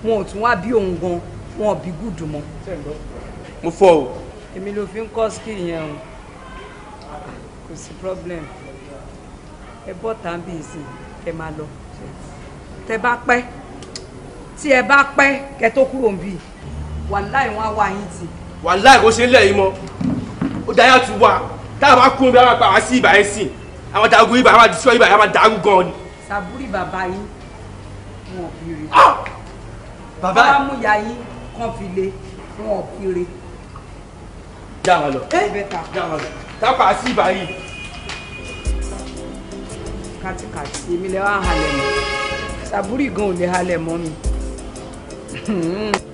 S1: wọn ò tún wá bí òun gan wọn ò bí gùdù mọ́. mo fọ o. èmi ló fi ń kọ́ skill yẹn o kò sí problem ẹ bọ́ tàbí ìsìn kẹ máa lọ tẹ bá pẹ́ tí ẹ bá pẹ́ kẹ tó kúrò ń bì í wàláì wọn á wá yín tì. wàláì kò ṣe ń lẹ̀ yín mọ́ ó dáyà tún wá táwọn bá kún
S3: bí wọn pa wá sí ibà yẹn sìn àwọn dagun ibà àwọn àdìsọ ibà yẹn máa dàrú gan ni.
S1: sàbúrì bàbá yín wọn ò fi re. Ah! bàbá bá mú ya yín kan fi le wọn ò fi re. já wọn lọ já wọn lọ tápà sí ibà yìí. kàtìkàtì èmi lè wá halẹ̀ mọ́ sàbúrì gan ò lè halẹ̀ mọ́ mi.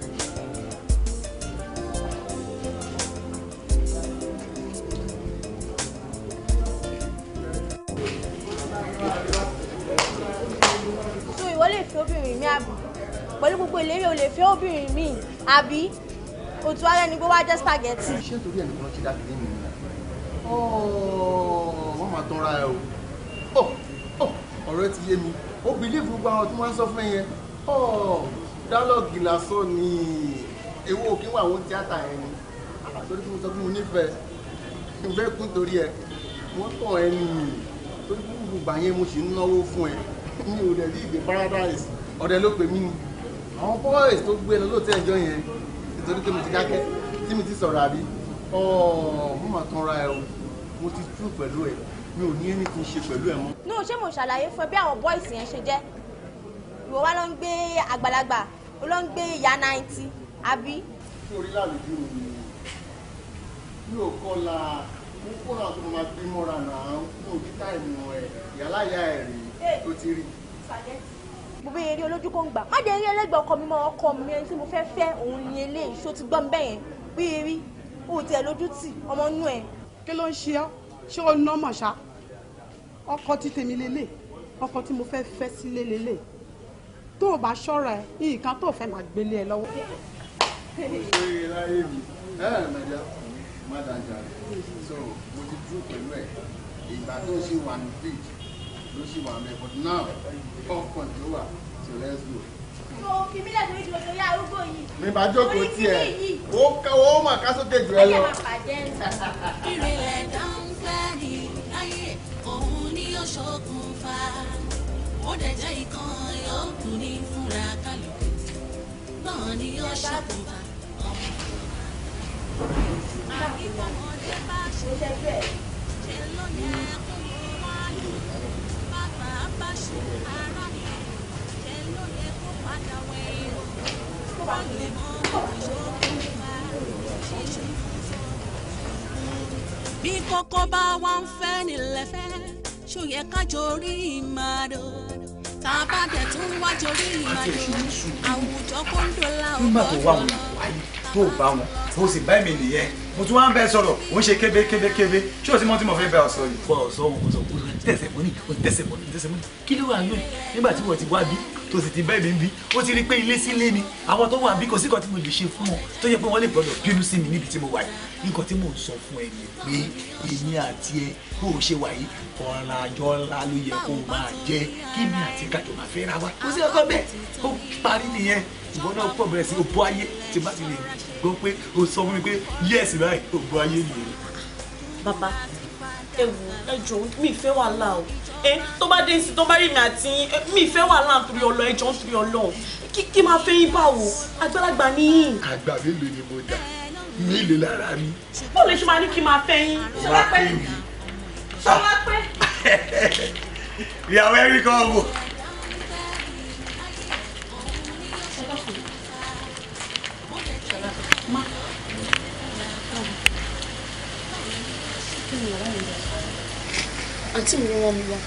S5: pẹ̀lú gbogbo ìlérí o lè fẹ́ obìnrin mi àbí òtún alẹ́ ni gbówá jẹ́ spaghetti.
S1: ṣé torí ẹni kan ṣe dábì lé mi ni oh, wọ́n máa tọ́ra ẹ o oh, oh, ọ̀rọ̀ ti yé mi ó bìlíìfù gbogbo àwọn tí wọ́n sọ fún yẹn dálọ́ọ̀gì lásán ni ewu òkè wà tíátà yẹn ni àtòrí fún mi sọ fún mi nífẹ̀ẹ́ bẹ́ẹ̀ kún torí ẹ wọ́n tọ̀ ẹ nì torí fún gbogbo àyẹn sì ń náwó fún ẹ mi ò dẹ̀ rí ìgbé paradise ọ̀dẹ ló pè mí ni àwọn boys tó gbé lọ lóòótọ́ ẹjọ́ yẹn nítorí pé mo ti dákẹ́ tí mi ti sọ̀rọ̀ àbí ọ̀ọ́ mo máa ra ẹ o mo ti tú pẹ̀lú ẹ mi ò ní ẹni tí ń ṣe pẹ̀lú ẹ mọ́.
S5: nù ṣé mo ṣàlàyé fún ẹ bí àwọn boys yẹn ṣe jẹ́
S1: ìwọ wa ló ń gbé àgbàlagbà ó ló ń gbé ìyá náìtì àbí.
S2: nítorí lálùjú mi mi ò kọ́ la mo kóra tó máa
S1: gbé mọ́ra náà mo ò kí táìmù ẹ̀ yàrá ìyá ẹ̀ rèé tó ti rí
S5: mo bẹ eré olójú kò ń gbà má jẹ eré ẹlẹgbẹ ọkọ mi mọ ọkọ mi ẹni tí mo fẹ́ fẹ́ òun ni eléyìí ṣó
S1: ti gbọ́ ń bẹ́yẹn bí eré o tẹ lójú tì ọmọ inú ẹ. kí ló ń ṣe ọ ṣé o ná mọ̀ ṣá ọkọ ti tèmi lélẹ̀ ọkọ tí mo fẹ́ fẹ́ sílé lélẹ̀ tó o bá ṣọ́ra ẹ nǹkan tó o fẹ́ máa gbélé ẹ lọ́wọ́.
S3: ìgbà tó ṣe wà ní bíi ló sì wà mẹ́ but now popcorn
S1: ló wà so let's go.
S5: mo fi mílẹ̀ lórí ìdúró lórí arúgbó yìí.
S1: mi bá jókòó
S5: tiẹ̀
S1: ó mà ká sókè jù ẹ lọ. ayé
S5: máa bàjẹ́ ni láyé òun ni ó ṣokùnfà ó dẹ̀ jẹ́ ìkan yòókù ní fúnra kálukú náà ni ó ṣokùnfà ọmọ ìgbà. àbí tọmọdé bá ṣe bẹ́ẹ̀ ṣe ló yẹ kó báṣu ara rẹ̀ jẹ́ lóye kó padà wẹ̀ ẹ́ wọ́n lè mọ ìṣòro nípa ṣíṣe bí kókó bá wá ń fẹ́ nílẹ̀ fẹ́ ṣó yẹ ká jorí ìmàdó tá a bá dẹ̀ tún wá jorí ìmàdó àwùjọ kóńdó la ò gbọ́dọ̀ lọ
S1: tó bá wọn o sì bá mi nìyẹn mo tún wá ń bẹ sọ̀rọ̀ ò ń ṣe kébé kébé kébé ṣé o ti mọ tí mo fẹ́ bẹ ọ̀sọ́ yìí. fọ ọ̀sọ́ wọn sọ kó tẹ̀sẹ̀ mọ́ni tẹ̀sẹ̀ mọ́ni tẹ̀sẹ̀ mọ́ni kí ló wà yóò nígbà tí wọ́n ti wá bí tó sì ti bẹ́ẹ̀ mi bí ó ti rí pé ilé sí ilé ni àwọn tó wà bí kò sí kan tí mo lè ṣe fún wọn tó yẹ pé wọ́n lè gbọ́dọ̀ bínú sí mi níbi tí mo wà yìí nǹkan tí mò ń sọ fún ẹ pé èmi àti ẹ bó o ṣe wà yìí ọ̀ràn àjọ ló yẹ kó o máa jẹ kí mi àti kàjọ máa fẹ́ ra wa kó sí ọkọ bẹ́ẹ̀ ó parí nìyẹn ìwọ náà pọ̀ bẹ̀rẹ̀ sí òbó ayé tí bá ti lè gbọ́ pé o sọ fún mi pé yes báyìí òbó ayé nìyẹn. bàbá ẹ wò ẹ jọ mi ìfẹ́ wàhálà o ẹ tó bá dé sí tó bá rí mi àti mi ìfẹ́ wàhálà nítorí ọlọ ẹ jọ nítorí ọlọ kí máa fẹ́ yín báwo àgbàlagbà níyìn. àgbà mélòó ni mo dà mélòó lára mi. bọ́ọ̀lù ṣe máa ní kí máa fẹ́ yín. ṣọlá pẹ́ ṣọlá pẹ́. ìyàwó ẹ̀rí kan
S5: àǹtí mi rán mi wá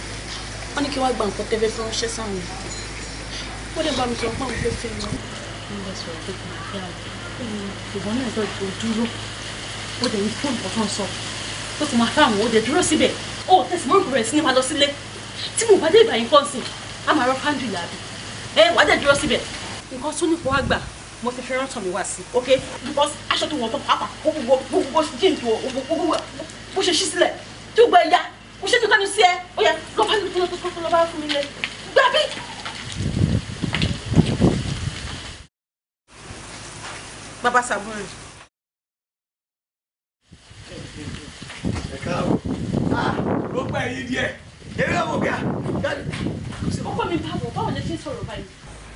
S5: wọ́n ní kí wọ́n gba nǹkan tẹ́fẹ́ fún ránṣẹ́ sáwọn
S1: ó lè bá mi sọ pé àwọn fẹ́ fẹ́ mi.
S4: mo lọ sọ̀rọ̀ pé kò máa fẹ́ àwọn
S5: ìbọn náà lọ jò dúró ó dẹ̀ ní fóònù kan tó ń sọ pé kò máa fẹ́ ó dẹ̀ dúró síbẹ̀ ó tẹ̀sí mọ́rùkù rẹ̀ sí ni máa lọ sílé tí mo bá dé ìgbà yín kọ́sìn á máa rọ pàǹdù làbí ẹ wàá dẹ̀ dúró síbẹ̀ nǹkan tó ní wá gbà mo fi fẹ́ràn tàn wá sí ok
S1: because aṣọ tó wọ̀ tó pàápàá gbogbo gbogbo jíǹkì gbogbo bó ṣe ṣí sílẹ̀ tó gbẹ ya mo ṣe tó tánu sí ẹ ó yẹ lọ bá mi fún lọ bá fún mi lẹ gbà bí. bàbá sàbúrò.
S4: ẹ̀ka o ló gbà yí díẹ̀ eré àwọn ọ̀gá jáde.
S1: ọkọ mi bá wọ báwo ni kí n sọ̀rọ̀ báyìí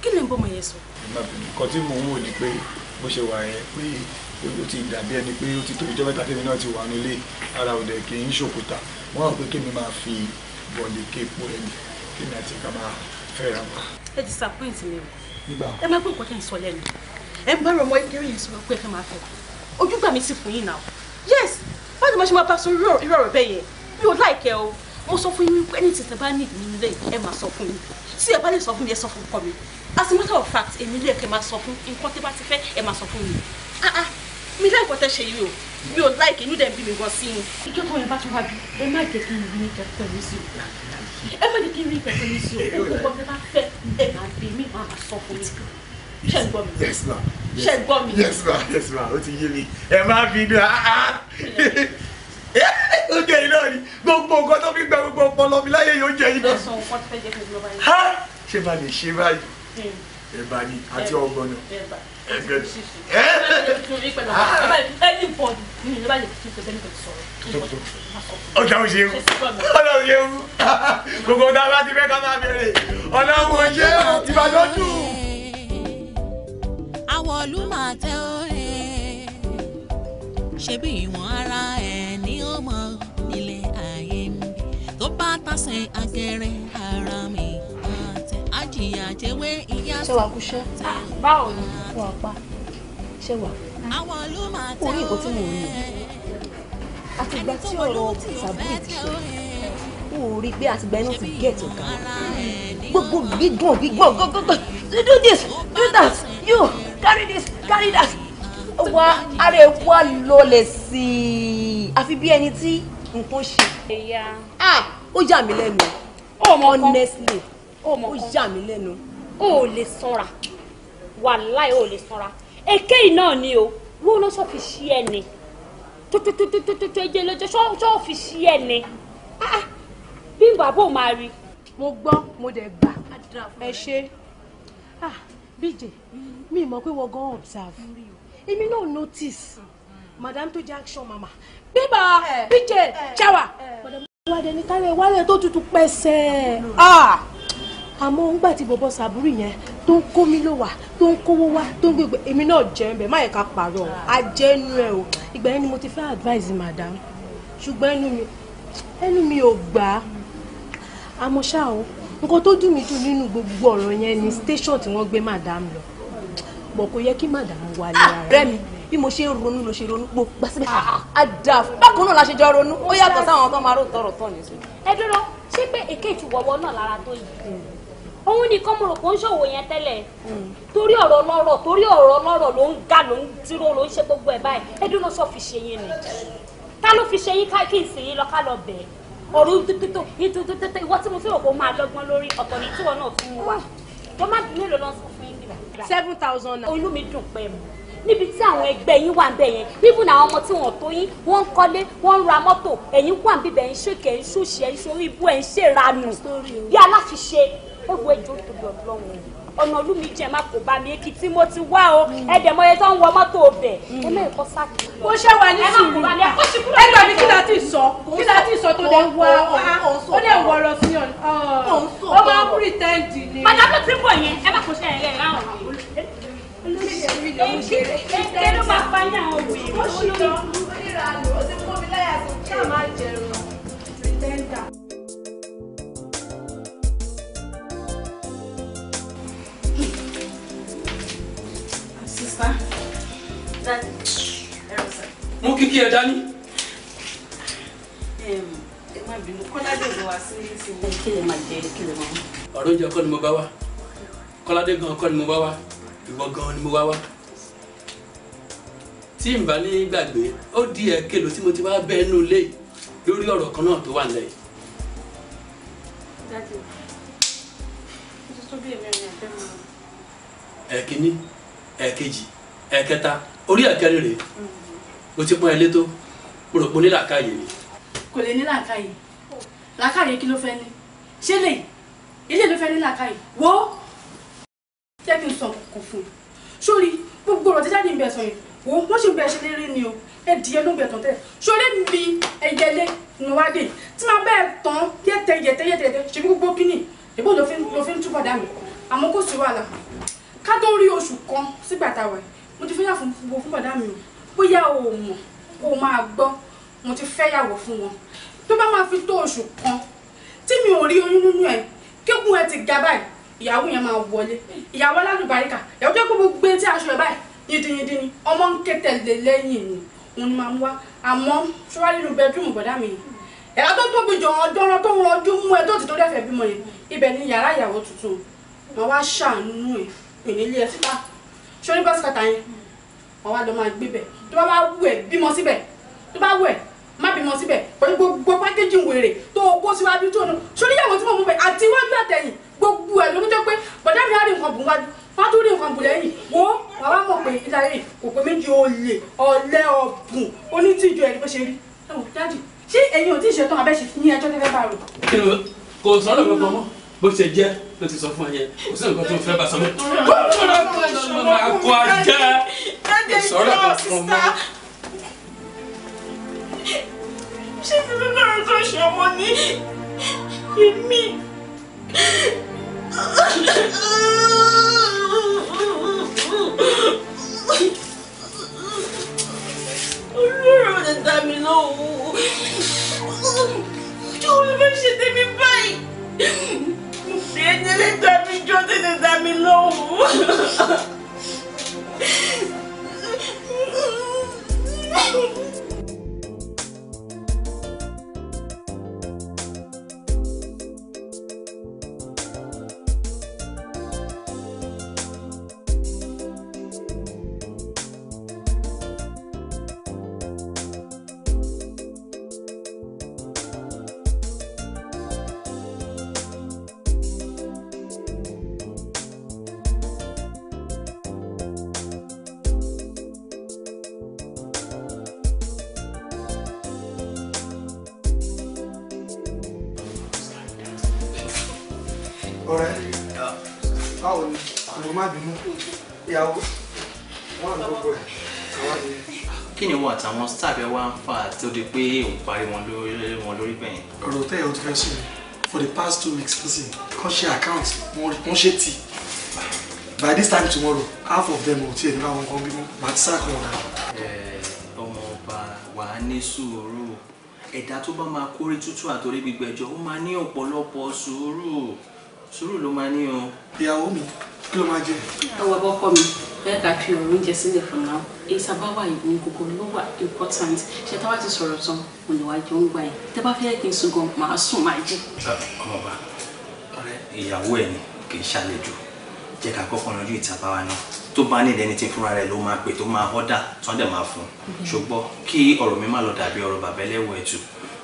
S1: kí ni n bọ́ mọ̀ yẹn sọ. kọtí mò ń wò ni pé bó ṣe wà yẹn pé ó ti dàbí ẹni pé ó ti tó ìjọba ìtàkì mi náà ti wà nílé ara òde kì í ṣòkúta wọ́n rò pé kí mi máa fi bọ̀lì kéèpo ẹni kí mi àti ká máa fẹ́ra wa.
S5: ẹ disappoint mi o ẹ máa gbọ́ nǹkan kí sọ lẹ́nu ẹ ń bá ọmọ ìkéré yìí sọ̀rọ̀ pé ẹ fẹ́ máa fẹ́ ojú gbà sì fún yín náà yes báyìí máa ṣe máa bá sọ irú ọ̀rọ̀ bẹ́ẹ̀ yẹn mi ò láìkẹ́ o mo sọ fún yín pé ní tètè bá ní ìdílé nílé ẹ máa sọ fún mi tí ẹ bá lè sọ fún mi ẹ sọ fún ọkọ mi as a matter of fact èmi lè kẹ́ máa sọ fún nǹkan tí bá ti fẹ́ ẹ máa sọ fún mi ah ah mi láìpọ̀ tẹ́ ṣe yìí o mi ò láìkì inú dẹ̀ ń bí mi gan sí i. ìjọ yẹn bá tún wá bí ẹ má jẹ́ kí n rí ìtọ́ pẹ̀lú sí o ẹ má jẹ́ kí n rí ìtọ́ pẹ̀lú sí o gbogbo ọ̀gá bá fẹ́
S1: ẹ máa bí mi máa máa sọ fún mi. ṣe ń gbọ́ mi
S6: ṣe
S1: ń gbọ́ mi. yes ma yes ma o ti yé mi ẹ má fi dùn áá oge iná ni gbogbo nǹkan tó fi gba gbogbo ọpọlọ mi láyé yóò jẹ iná. ṣé bá lè ṣe báyìí ẹ bá ní àti ọgbọ́n náà ọjọ́ òṣèlú ọlọ́run yẹ́wù gbogbo ọ̀dà bá ti fẹ́ ká máa bèrè ọlọ́run yẹ́wù ti bá lọ́jú.
S5: àwọ̀ ọ̀lú máa tẹ ìwọ̀n ara ẹ̀ ní ọmọ ilé ayé mi tó bá tàṣe agẹrẹ ara mi ìyá jẹ́wé ìyá tó ṣe wà kúṣẹ́ báwo ni wà pa ṣe wà orí ìkó tí mo rí àtìgbà tí ọ̀rọ̀ sàbúrì ti ṣe n ò rí pé àtìgbà inú ti gẹ̀ẹ́tì ọ̀gá gbogbo gbígbọ̀n
S1: gbígbọ̀n gbogbo do this do that you carry this carry that wa ara wa wá lọlẹ̀ sí i àfi bí ẹni tí nǹkan ṣe. Ah, ó yà mí lẹ́nu honestly ó yà mí lẹ́nu ó ò lè sanra wàláì ó lè sanra èké yìí náà ni o
S5: wọ́n ló sọ fi ṣí ẹ ni tótótótótótó ẹjẹ lójó sọ fi ṣí ẹ ni bí n bàbá ò máa rí.
S1: mo gbọ́ mo dẹ̀ gbà ẹ ṣe ah, bíjè mi mọ̀ pé wọ́n gan observe èmi náà notice mm-hmm. madam tó jẹ́ action mama bíbá eh, eh, bíjè Chawa. Eh. madam wàdẹ ní kálẹ̀ wálé tó tutù pẹ́sẹ̀ àmọ́ ńgbà tí bọ́bọ́ sàbúrú yẹn tó ń kó mi ló wà tó ń kówó wá tó ń gbégbé èmi náà jẹun bẹ̀ má yẹ ká pààrọ̀ ajẹ́nu ẹ̀ o ìgbà yẹn ni mo ti fẹ́ advise madam ṣùgbọ́n ẹnu mi ẹnu mi ò gbà á àmọ́ ṣá o nǹkan tó dùn mí dùn nínú gbogbo ọ̀rọ̀ yẹn ni station tí wọ́n gbé madam lọ bọ̀ kò yẹ kí madam wà lé ara rẹ̀ mi bí mo ṣe ń ronú ló ṣe ronú gbò gbàsíbẹ̀ àdá bákan náà la ṣe jọ ronú ó yàtọ̀ sáwọn tó máa rò
S4: tọrọ tọ̀ nìṣó.
S5: ẹ dúró ṣé pé èké ìtúwọ̀wọ́ náà lára tó yìí òun nìkan mo rò pé ó ń ṣòwò yẹn tẹ́lẹ̀ hmm. torí ọ̀rọ̀ lọ́rọ̀ torí ọ̀rọ̀ lọ́rọ̀ ló ń ga ló ń dúró ló
S1: ń ṣe gbogbo ẹ̀ báyìí ẹdún ló sọ fi ṣe yín ni ta ló fi ṣe yín ká kí n sì yín lọ ká lọ bẹ̀
S5: ọ̀rọ̀ tuntun tuntun ìwọ tí mo fi rò pé ó máa lọ́gbọ́n lórí ọ̀tọ̀ ni tíwọ náà fún wa tó má bí mélòó lọ́sọ̀ fún yín nígbà. seven thousand naira. olú mi dùn pẹ́ mu níbi tí àwọn ẹgbẹ́ yín wà ń bẹ̀ yẹn even àwọn ọmọ tí wọ́n tó yín wọ́n ń kọ́lé wọ́n ń ra mọ́tò ẹ̀yin wà ń ń
S1: ṣèkẹ́ ń ṣòṣì ẹ̀ ń ṣorí ibú ẹ̀ ń ṣèrànù bí aláfiṣe ewu ẹjọ tóbi Ọlọ́run ọ̀nà olúmi jẹ́ má kó bá mi èkìtì mo ti wá o ẹ̀dẹ̀ mọ iye tó ń wọ mọ́tò bẹ̀ ẹ má ẹ̀kọ́
S5: sáàkì. mo ṣe wà ní sùúrù ẹ gbà mí kí la ti sọ kí la ti sọ tó dé wá ó dé wọ lọ sí ọ ọ máa ń
S1: pretend ni. padà tó ti bọ̀ yẹn ẹ má kó ṣe ẹ̀rẹ́ ìlànà olùṣèlú ló
S5: máa pa ní àwọn òwe ìwé olórí. ó ṣì lọ ó ti mú mi láyà sí kí a máa jẹun
S4: pretender.
S1: mú kíkí ẹ dání. ọ̀rọ̀ oúnjẹ kọ́ ni mo bá wá kọ́ládé gan kọ́ ni mo bá wá ìwọ gan ni mo bá wá tí n bá ní gbàgbé ó di ẹ̀kẹ́ ló tí mo ti wá bẹ́ẹ̀ nù lé lórí ọ̀rọ̀ kan náà tó wà nílẹ̀ yìí. ẹ̀kíní ẹ̀kejì ẹ̀kẹta orí ẹ̀kẹrin rèé
S4: mm-hmm.
S1: mo ti pọ́n ẹ létó mo rò pé ó ní làákàyè ni.
S4: kò lè ní làákàyè
S1: làákàyè kí ló fẹ́ ní ṣé lè ilé ló fẹ́ ní làákàyè wo jẹ́ kí n sọ kò fún un sórí gbogbo ọ̀rọ̀ tí jáde ń bẹ̀ sọ yẹn wo wọ́n ṣe bẹ̀ ṣe lérí ni o ẹdìyẹ ló ń bẹ tán tẹ sọlẹ mi ẹyẹlé nùwádìí tí máa bẹ tán yẹtẹ yẹtẹ yẹtẹ ṣèbí gbogbo kínní ìbò ló fi ń túbọ̀ dà mí àmọ́ kò sí wàhálà ká tó rí oṣù kan sígbà táwa yìí mo ti fẹ́yàwó fún fún bàdá mi o bóyá o mọ̀ o máa gbọ́ mo ti fẹ́yàwó fún wọn tó bá máa fi tó oṣù kan tí mi ò rí oyún nínú ẹ̀ kékun ẹ ti ga báyìí ìyàwó yẹn máa wọlé ìyàwó alálùbáríkà ìyàwó tó gbogbo gbé tí aṣọ ẹ báyìí yídínyídín ni ọmọ ń ké tẹ̀lé lẹ́yìn ni òun ni máa ń wá àmọ́ ṣọwárí nínú bẹ́dúrúmù bọ̀dá mi yìí ẹ̀rọ tó tóbi jọ ọjọ́rọ́ tó ń rọjú mú ẹ tó ti tó dẹ́fẹ̀ẹ́ bímọ yẹn ibẹ̀ ni yàrá ìyàwó tuntun màá wá ṣàánú ẹ̀ f pèlè ilé ẹ síta sórí bọ́sìkọ̀tà yẹn wọn wá lọ máa gbé bẹ̀ tó bá wá wù ẹ bímọ síbẹ̀ tó bá wù ẹ má bímọ síbẹ̀ pẹ̀lú gbogbo pákéjì wèrè tó o kó síwájú tó o nù sórí ìyàwó tí mo mú bẹ̀ àti iwájú àtẹ̀yìn gbogbo ẹ̀ ló ń jẹ́ pé bọ̀dá mi á rí nǹkan bù wájú wọ́n tún rí nǹkan bù lẹ́yìn wo wàá mọ̀ pé ìlà kò pé méjì olè ọ̀lẹ́ ọ̀bùn onítìjú ẹ̀ ló ṣe rí ṣé ẹ̀yin ò tí ì ṣetán abẹ́ ní ẹjọ́ tẹ́fẹ́ bá rò. kò sọ́dọ̀ gbogbo mọ́ bó ṣe jẹ́ ló ti sọ fún ẹ yẹn kò sí nǹkan tó fẹ́ bá sọmọ.
S4: akọ ajá ìsọ̀rọ̀ kan fún ọmọ. ṣé ti nínú ọ̀rọ̀ tó ṣe ọmọ ní èmi.
S5: olóró lè dá mi lọ́wọ́
S1: ojú omi fẹ́ ṣe tèmi báyìí ṣe é délé tàbí jọ tètè dá
S2: má bínú ìyàwó wọn àná gbogbo ẹ̀ àwa
S1: ni. kí ni wọn àtàwọn staff ẹ wá ń fà tí ó di pé òun parí wọn lórí wọn lórí bẹ́yẹn.
S2: ọ̀rọ̀ tẹ́ ẹ̀ ti fẹ́ sùn for the past two weeks nísìn kan ṣe account wọ́n ṣe tì by this time tomorrow half of them will tiẹ̀ nípa àwọn kan bímọ màá ti sáà kan ọ̀dà. ọmọ ọba wà á ní sùúrù ẹ̀dá tó bá máa kórè tútù
S1: àtòrí gbígbẹ́jọ ó máa ní ọ̀pọ̀lọpọ̀ sùúrù sùúrù ló máa ní o. ìyàwó
S5: mi kí ló máa jẹ. ọwọ́ bọ́ kọ́ mi bẹ́ẹ̀ ká fi ọ̀rọ̀ oúnjẹ sílẹ̀ fún náà ìsàbáwá ìgbín gbogbo ló wà important ṣe táwa ti sọ̀rọ̀ tán mo lè wá jọ ń gbà yìí tẹ́ bá fẹ́ kí n sùn gan màá sùn máa jí.
S1: ọmọ bá ọ̀rẹ́ ìyàwó ẹ ni kì í ṣàlejò jẹ́ ká kọ́kọ́ yanjú ìtàbáwá náà tó bá ní ìdẹ́ni tí fúnra rẹ̀ ló máa pè tó máa ọ́dà tán dẹ̀ máa fún un ṣùgbọ́n kí ọ̀rọ̀ mi má lọ dàbí ọ̀rọ̀ bàbá ẹlẹ́wọ̀ ẹ̀tù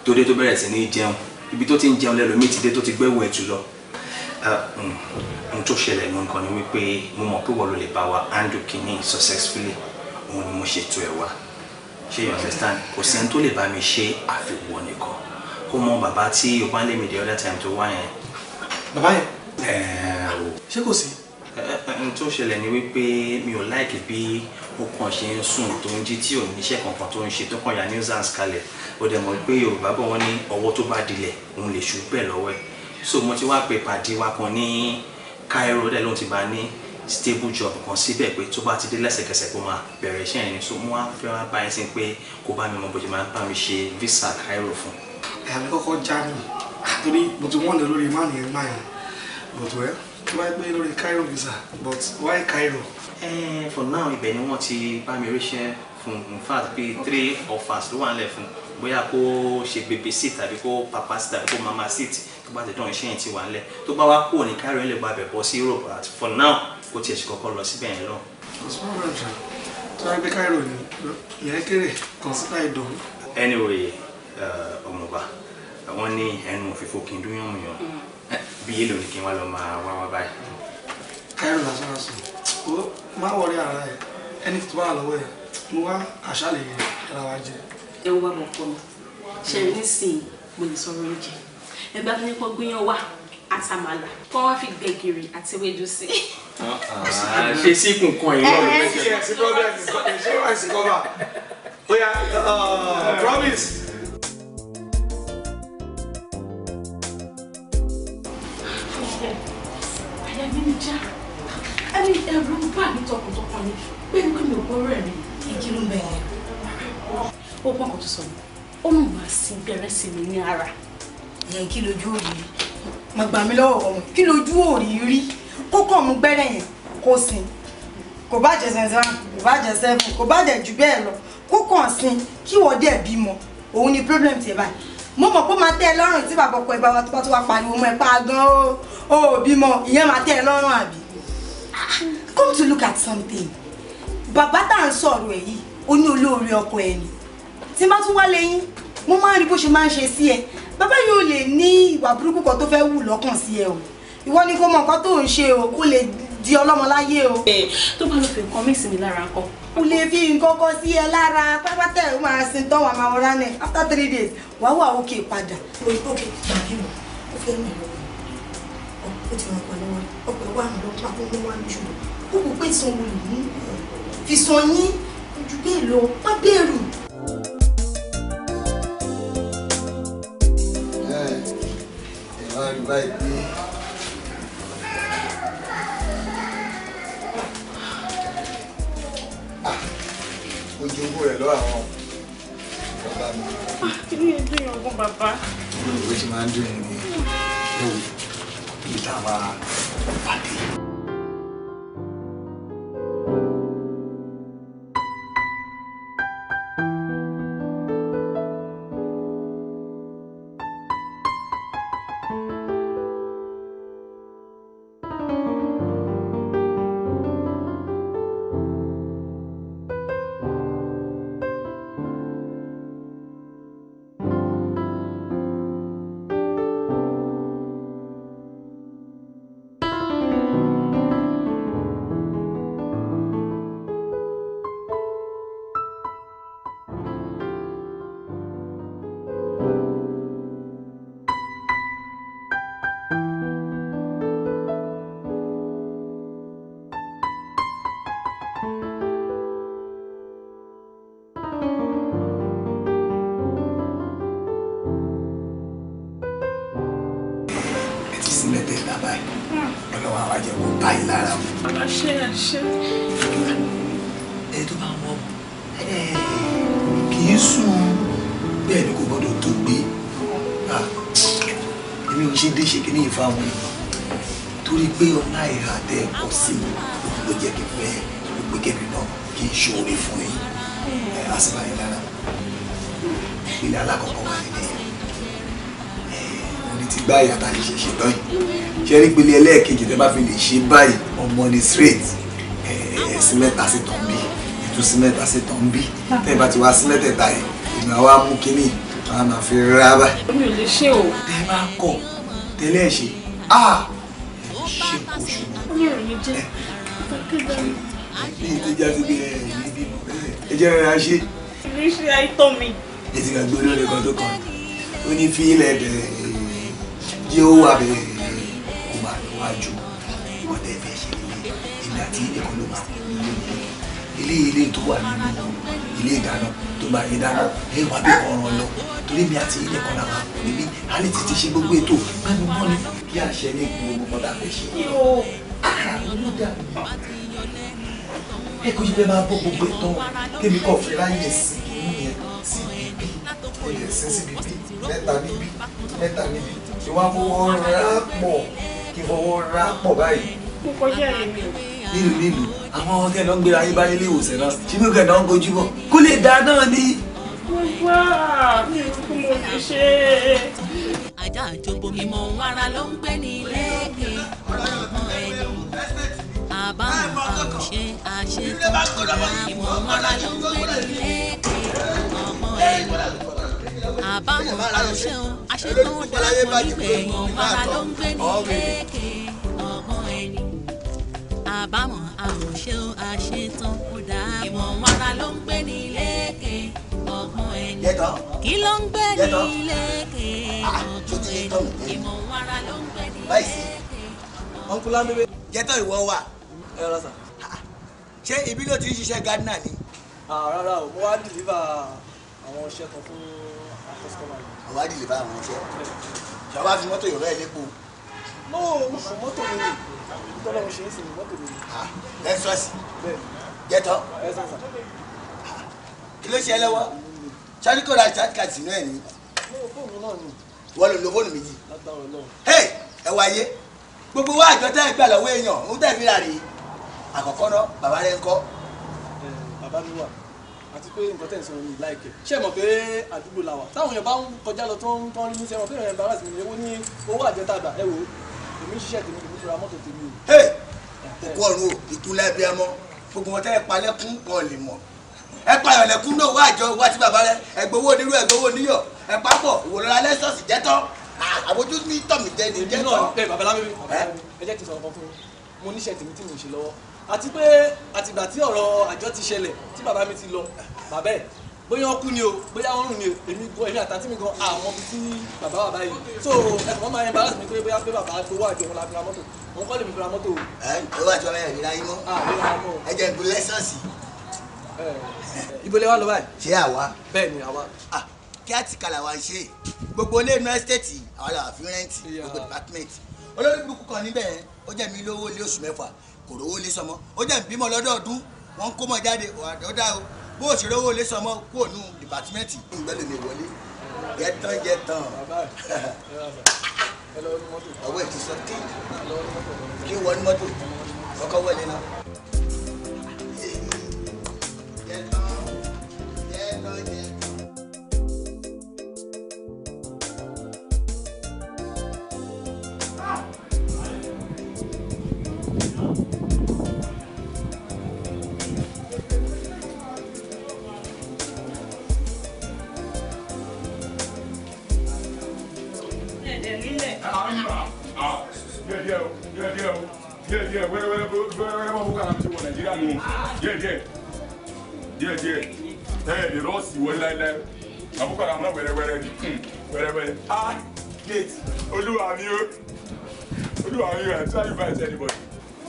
S1: tó dé tó bẹ̀rẹ̀ sí ní jẹun ibi tó ti ń jẹun lẹ́lòmíì ti dé tó ti gbẹ́wọ̀ ẹ̀tù lọ Uh, mm, n tó ṣẹlẹ̀ ní nǹkan ni wípé mo mọ̀ pé wọ́n ló lè bá wa handle kínní successfully òun ni mo ṣètò ẹ̀ wá ṣé you understand kò sí ẹni tó lè bá mi ṣe àfiwọ́ nìkan kó mọ bàbá tí o bá ń lé mi the other time tó wá yẹn. bàbá yẹn. ṣé kò sí.
S6: n tó ṣẹlẹ̀ ni wípé mi ò láìkì bí ó kàn ṣe ń sùn tó ń jí tí ò níṣẹ́ kankan tó ń ṣe tó kàn ya new zealand kalẹ̀ o dẹ̀ mọ̀ pé yorùbá bọ̀ wọ́n ní ọwọ́ tó bá
S1: dilẹ̀ òun lè ṣú so mo ti wá pè pàdé wa kan ní Cairo dẹ̀ ló ti bá ní stable job kan síbẹ̀ pé tó bá ti dé lẹ́sẹ̀kẹsẹ̀ kó máa bẹ̀rẹ̀ iṣẹ́ yẹn ni so mo wá fẹ́ wá bá yín sí pé kó bá mi mọ bó ṣe máa bá mi ṣe visa Cairo fún.
S2: ẹ̀yà mi kọ́kọ́ já mi torí mo ti wọ́n lè lórí máàlì yẹn máa yẹn but well tí wọ́n gbé lórí
S6: Cairo visa but why Cairo. ẹ for now ibẹ̀ ni wọ́n ti bá mi ríṣẹ́ fún in fact bíi three offers ló wà ń lẹ̀ fún bóyá kó ṣe bèbè sí tàbí kó
S1: pàpà sí tàbí kó mama sí tó bá ti dán iṣẹ́ yẹn ti wà nílẹ̀ tó bá wá kúrò ní káàró lè gba àbẹ̀bọ̀ sí Europe at for now kó tiẹ̀ sì kọ́kọ́ lọ síbẹ̀ yẹn lọ.
S2: ni ìyá kéré
S1: anyway uh, ọmọọba wọn ní ẹnu òfìfo kì í dún yànmù yàn bí yé lónìí kí n wá lọ máa wá wá báyìí.
S2: káàró lásán lásán ó má wọrí ara ẹ ẹni tó bá lọ́wọ́ ẹ mo wá àṣà lè ra wa jẹ ẹ wá mọ̀ fọ́ mi ṣe ní sìn mo lè sọ̀rọ̀
S4: oúnjẹ
S5: ẹgbẹ́ tó ní kó gbìyàn wá àtàmàlà kó wá fi gbẹ̀gìrì àti ewédú sí.
S4: ṣe síkùn kan ìwọ rẹ. ẹ
S5: ṣe problem insurance cover
S2: oya promise.
S1: àyà mi ń já
S5: ẹni ẹ̀rù ń bà mí tọkàntọkàn ni pé mi ò gbọ́ rẹ̀ mi kí ló ń bẹ̀rẹ̀ ó mọ̀ kó tó sọ ó nù máa sin gbẹrẹ sí mi ní ara.
S1: yẹn kí lójú òòrì rí mà gbà mí lọ́wọ́ ọ̀hún kí lójú òòrì rí kókó mú gbẹ́rẹ́ yẹn kó sin kò bá jẹ sẹsẹ kò bá jẹ sẹfún kò bá jẹ jù bẹ́ẹ̀ lọ kó sin kí wọ́n dẹ̀ bímọ òun ni problem tiẹ̀ báyìí mo mọ̀ pé máa tẹ́ ẹ lọ́rùn tí bàbá ọkọ ẹ bá tó wá pariwo mọ́ ẹ pa gan o ò bímọ ìyẹn máa tẹ́ ẹ lọ́rùn àbí. come to look at something bàbá tá à ń sọ̀rọ̀ ẹ̀ yìí ó ní olóore ọkọ ẹ ni tí n bá tún wá lẹ́yìn mo máa ń rí bó ṣe máa ń ṣe sí ẹ bàbá yìí ò lè ní ìwà burúkú kan tó fẹ́ wù lọ́kàn sí ẹ o ìwọ ni kó mọ nǹkan tó ń ṣe o kó lè di ọlọ́mọ láyé o. Eh, tó bá lọ fi nǹkan mí sí mi lára kọ. o lè fi nǹkan kan sí ẹ lára pápátá ẹ̀ máa sin tán wà máa rán ẹ after three days wàá wà òkè padà. oye òkè tàbí mo ó fẹ́ mi lọ ó ti ràn pẹ̀lú wọn ọpẹ wà lọ pápá ó wà ní ṣùgbọ́n ó kò pèsè òun yìí fi sọ yín ojú bẹ́ẹ̀ lọ má
S4: máa rí báyìí pé
S1: ojú owó rẹ̀ lọ́wọ́ àwọn bàbá mi. Ah, kí ni ètò ìyọ̀ngún bàbá?
S6: olùwé
S4: ti máa ń dún ẹni ní ibi táwa pàdé.
S1: ṣe báyìí ọmọ ni straight sí mẹ́ta sí tàn bí ètò sí mẹ́ta sí tàn bí tẹ́ ẹ bá ti wá sí mẹ́tẹ̀ẹ̀ta yìí ìgbà wa mú kínní àwọn máa fi rábà.
S3: mi ò lè ṣe o. tẹ ẹ bá
S1: kọ tẹlẹ ẹ ṣe
S3: a
S4: ṣe kò ṣùgbọ́n. mi ò ní jẹ́
S1: bí ìtẹ́jà ti bẹ̀rẹ̀ ní bímọ ẹ jẹ́ rẹ̀ ṣe. ìlú ṣe àìtọ́ mi. ẹ ti gbàgbé olórí kan tó kàn ó ní fílẹ̀ bẹ̀rẹ̀ jẹ́ ó wà bẹ̀rẹ̀ kó máa lọ́wọ́ àjò tí ẹ̀kọ́ ló máa ilé ilé tó wà nínú ilé ìdáná tó bá yẹ dáná ẹ wà bí ọ̀ràn lọ torí mi àti ilé kan náà níbí alẹ́ ti ti ṣe gbogbo ètò pẹ̀lú mọ́ni kí àṣẹ ní gbogbo mọ́tà fẹ́ ṣe. ara ló dà ẹ kò yí bẹ́ẹ̀ máa bọ́ gbogbo ìtàn kémi kọ̀ fẹ́ láyè sí inú yẹn sí bíbí oyè sí sí bíbí mẹ́ta níbí mẹ́ta níbí ìwà fọwọ́ rà pọ̀ kí fọwọ́ rà pọ̀ báyìí.
S4: mo kọjá ẹ̀mí o
S1: nílùú nílùú àwọn ọmọ tẹ̀ náà ń gbéra yín bá nílé ìwòsàn náà ṣínú gẹ̀ẹ́dá ń gojú bọ̀ kó lè dáa náà ni. wá mi ò kú mo fi ṣe é.
S5: ajá àjọpọ̀ ìmọ̀ ohun ara ló ń gbé ní lẹ́ẹ̀kẹ́ ọlọ́gbọ́n ẹni àbámu àṣẹ àṣẹ tó ń ra ìmọ̀ ohun ara ló ń gbé ní lẹ́ẹ̀kẹ́ ọmọ ẹni àbámu àṣẹ àṣẹ tó ń ra ìmọ̀ ohun ara ló ń gbé ní lẹ́ẹ̀kẹ́ àbámọ̀ àmọ̀ṣe àṣetán kò dáa. ìwọ̀n wàrà ló ń gbé ní iléèké ọgbọ́n ẹni. kí ló ń gbé ní iléèké ah, ọgbọ́n ẹni. ìwọ̀n wàrà ló ń gbé ní iléèké ọgbọ́n ẹni. jẹ́tọ̀ ìwọ
S1: wà. Ah, ah. ṣé ibi ló ti ń ṣiṣẹ́ gardena ni. rárá o mo wá dìlíbà àwọn iṣẹ́ kan fún akọ́sítọ́mà mi. àwa dìlíbà àwọn iṣẹ́ ṣàwọn àfi mọ́tò yọ̀rọ̀ ẹ̀ lépo
S2: tọ́lọ́ mo ṣe é sì ní mọ́tò mi.
S1: express jẹ́tọ́ kí ló ṣe ẹ lọ́wọ́ sọ́ni kò ra chat card sínú ẹ̀ ní. wọ́n lò lo fóònù méjì. ẹ wá yé gbogbo wa àjọ tẹ́ ẹ gbà lọ́wọ́ èèyàn ń tẹ̀ fíra
S2: rèé àkọ́kọ́ náà bàbá rẹ ń kọ́. bàbá mi wà àti pé nǹkan tẹ̀ ń sọ̀rọ̀ mi láìpẹ́ ṣé mọ̀ pé àdúgbò la wà táwọn èèyàn bá ń kọjá lọ tó ń tán rí ní sẹ́wọ̀n pé ìrìn embarrass mi ni owó ní owó àjọ tá a gbà ẹ wò èmi ń ṣiṣẹ́ tèmi kò ní fura mọ́tò tèmi
S1: òkú ọ̀run o ikú lábẹ́ ọmọ gbogbo wọn tẹ́ ẹ palẹ́kún wọn lè mọ̀ ẹ payọ̀ lẹ́kún náà wá àjọ wá sí bàbá rẹ ẹgbẹ́ owó onírú ẹgbẹ́ owó oníyọ̀ ẹ papọ̀ wò lọ́la lẹ́sọ̀sì jẹ́tọ́ ah, àbójú mi tọ̀ mí jẹ́ ni jẹ́tọ́. èmi náà bẹ́ẹ̀ bàbá lábẹ́bí ẹ jẹ́ kí n sọ̀rọ̀ kan fún mi mo níṣẹ́ tèmi tí mo ń ṣe lọ́wọ́ àti pé àtìgbà tí ọ̀rọ̀ àjọ ti ṣẹlẹ̀ tí bàbá mi ti lọ bàbá
S2: ẹ̀ bóyá ọkú ni o bóyá ọrùn ni èmi gan èmi àtàntí mi gan àwọn ibi tí bàbá wà báyìí so ẹ̀sùn wọn máa ń bá láti mi pé bóyá pé bàbá gbowó àjọ wọn la fi ra mọ́tò mo kọ́ lè mi fura mọ́tò. ẹ ẹ
S1: wá tí wọn bẹ̀rẹ̀ nílá yín mọ́. ẹ jẹ́ ìpín lẹ́sọ̀sì. ibo lẹ wá lọ báyìí. ṣé àwa. bẹ́ẹ̀ ni àwa. Ah, kí á ti kalà wá ṣe gbogbo ilé inú ẹ́sítéètì àwọn làwà fi rẹ́ǹtì gbogbo department olórí burúkú kan níbẹ̀ ó jẹ́ mi lówó lé oṣù mẹ́fà kò rówó lé sọmọ ó jẹ́ mi bímọ lọ́dọọdún wọ́n kó mọ jáde ọ̀dọ́dá o bó o ṣe rówó lé sọmọ kó o nù department ìgbẹ́lẹ̀ mi wọlé yẹ tán yẹ tán. ọwọ́ ẹ̀ ti sọ kí wọ́n ní mọ́tò kọ́kọ́ wọlé náà. yà nù díẹ̀díẹ̀ díẹ̀díẹ̀ ẹ ẹ lè rọ́ọ̀sì wọlé láéláé àbúkọ àwọn náà wẹ́rẹ́wẹ́rẹ́ ni hmm, wẹ́rẹ́wẹ́rẹ́ ah gate olúwa mi o olúwa mi o ẹ̀ tí wàá yóò bá ẹ̀ tẹ́lẹ̀ bọ̀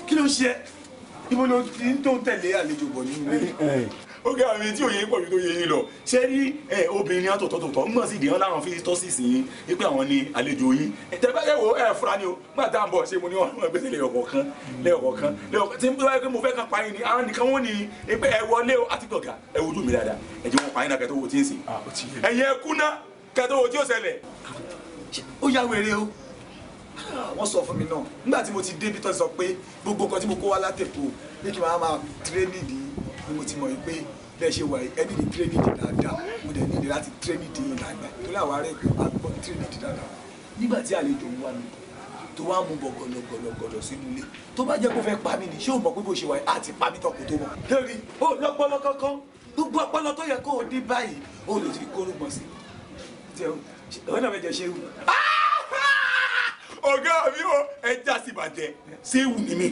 S1: kí ló ń ṣe ibo ló ń tó ń tẹ̀lé àlejò bọ̀ nínú ilé ọ̀gá mi tí òye pọ̀ ju tó yẹ yín lọ ṣé rí obìnrin àtọ̀tọ̀tọ̀tọ̀ ń gbọ́n sí ìdíyàn láwọn fi tọ́síìsì yín wípé àwọn ni àlejò yín tẹ́lifáṣẹ́ wo ẹ̀ fura ni o nígbà tá à ń bọ̀ ṣé mo ní wọn máa gbèsè lẹ́yọ̀kọ̀ kan lẹ́yọ̀kọ̀ kan tí n bá yẹ mo fẹ́ kan pa yín ni àwọn nìkan wọ́n ní pé ẹ wọlé o àti gbọ̀gà ẹ wojú mi dáadáa ẹ jẹ́ wọn pa yín náà kẹ́tọ́ wo tí ń sìn ah, ẹ̀yẹ kúná kẹ́tọ́ wo tí ó ṣẹlẹ̀. ó yà o ah, wọ́n sọ fún mi náà nígbà tí mo ti débi tó ti sọ pé gbogbo nǹkan tí mo kó wá látẹ̀kọ́ pé kí n máa máa tirẹ́nì nìyí pé mo ti mọ̀ pé bẹ́ẹ̀ ṣe wà ẹ́ nídìí tírẹ́nìdì dáadáa mo dẹ̀ nídìí láti tírẹ́nìdì yìí dáadáa torí àwọn ará ẹ̀kọ́ àgbọ̀ tírẹ́nìdì dáadáa nígbà tí àlejò ń wá mi tó wá mú bọ̀ gọ̀lọ̀gọ̀lọ̀gọ̀lọ̀ sínú ilé tó bá jẹ́ kó fẹ́ pa mí ni ṣé o mọ̀ pé bó ṣe wà á ti pa mí tọkùn tó mọ̀. lórí o lọpọlọ kankan gbogbo ọpọlọ tó yẹ kó o dé báyìí o lè ti kóró gbọ̀n sí i ọ̀hún ọ̀gá mi ò ẹ sí ìbàjẹ́ ṣé é ní mi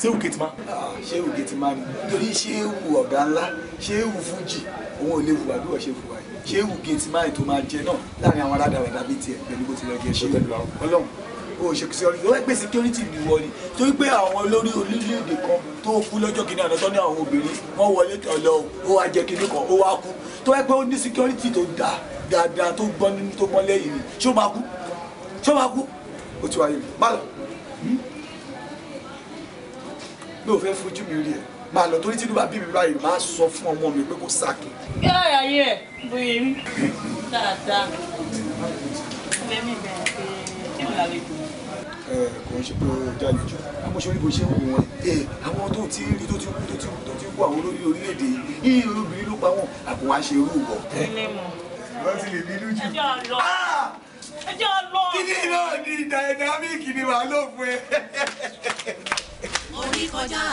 S1: ṣéwù gẹ̀tìmá. ṣéwù gẹ̀tìmá ni torí ṣéwù ọ̀gá ńlá ṣéwù fújì òun ò lè wù àbí wọ́n ṣe wù wáyé ṣéwù gẹ̀tìmá ètò máa jẹ náà láàrin àwọn aládàáradà bíi tiẹ̀ pẹ̀lú bó ti lọ jẹ ṣéwù ọlọ́run o ṣe kìí sọrí ìwé pé security ni wọ ni torí pé àwọn olórí orílẹ̀-èdè kan tó kú lọ́jọ́ kìíní àná tó ní àwọn obìnrin wọ́n wọlé ọ̀lọ́ ó wá jẹ kìíní kan ó wá kú tó wẹ́ pé ó ní security tó dáa dáadáa tó gbọ́n nínú tó gbọ́n lẹ́yìn ni ṣé ó máa kú ṣé ó máa kú ó ti wáyé mi mi ò fẹ́ fojú mi rí ẹ máa lọ torí tí dùbà bíbí báyìí máa sọ fún ọmọ mi pé kó sáàkì. bí ọ̀rọ̀ ayé ẹ̀ bu èmi dáadáa lẹ́mí bẹ̀rẹ̀ pé kí n lálejò. ẹ kò ń ṣe pé ó jálejò àmọ́ ṣe orí bó ṣe ń wò wọ́n ẹ àwọn tó ti rí tó ti kú tó ti kú tó ti kú àwọn olórí orílẹ̀-èdè yìí ìlú obìnrin ló pa wọn àkùn wá ṣe irú ìbọ̀. wọ́n ti lè bínú jù. ẹjọ́ lọ ah! ẹjọ́ lọ. kí ni náà ni dynamic ni wàá lò fún ẹ.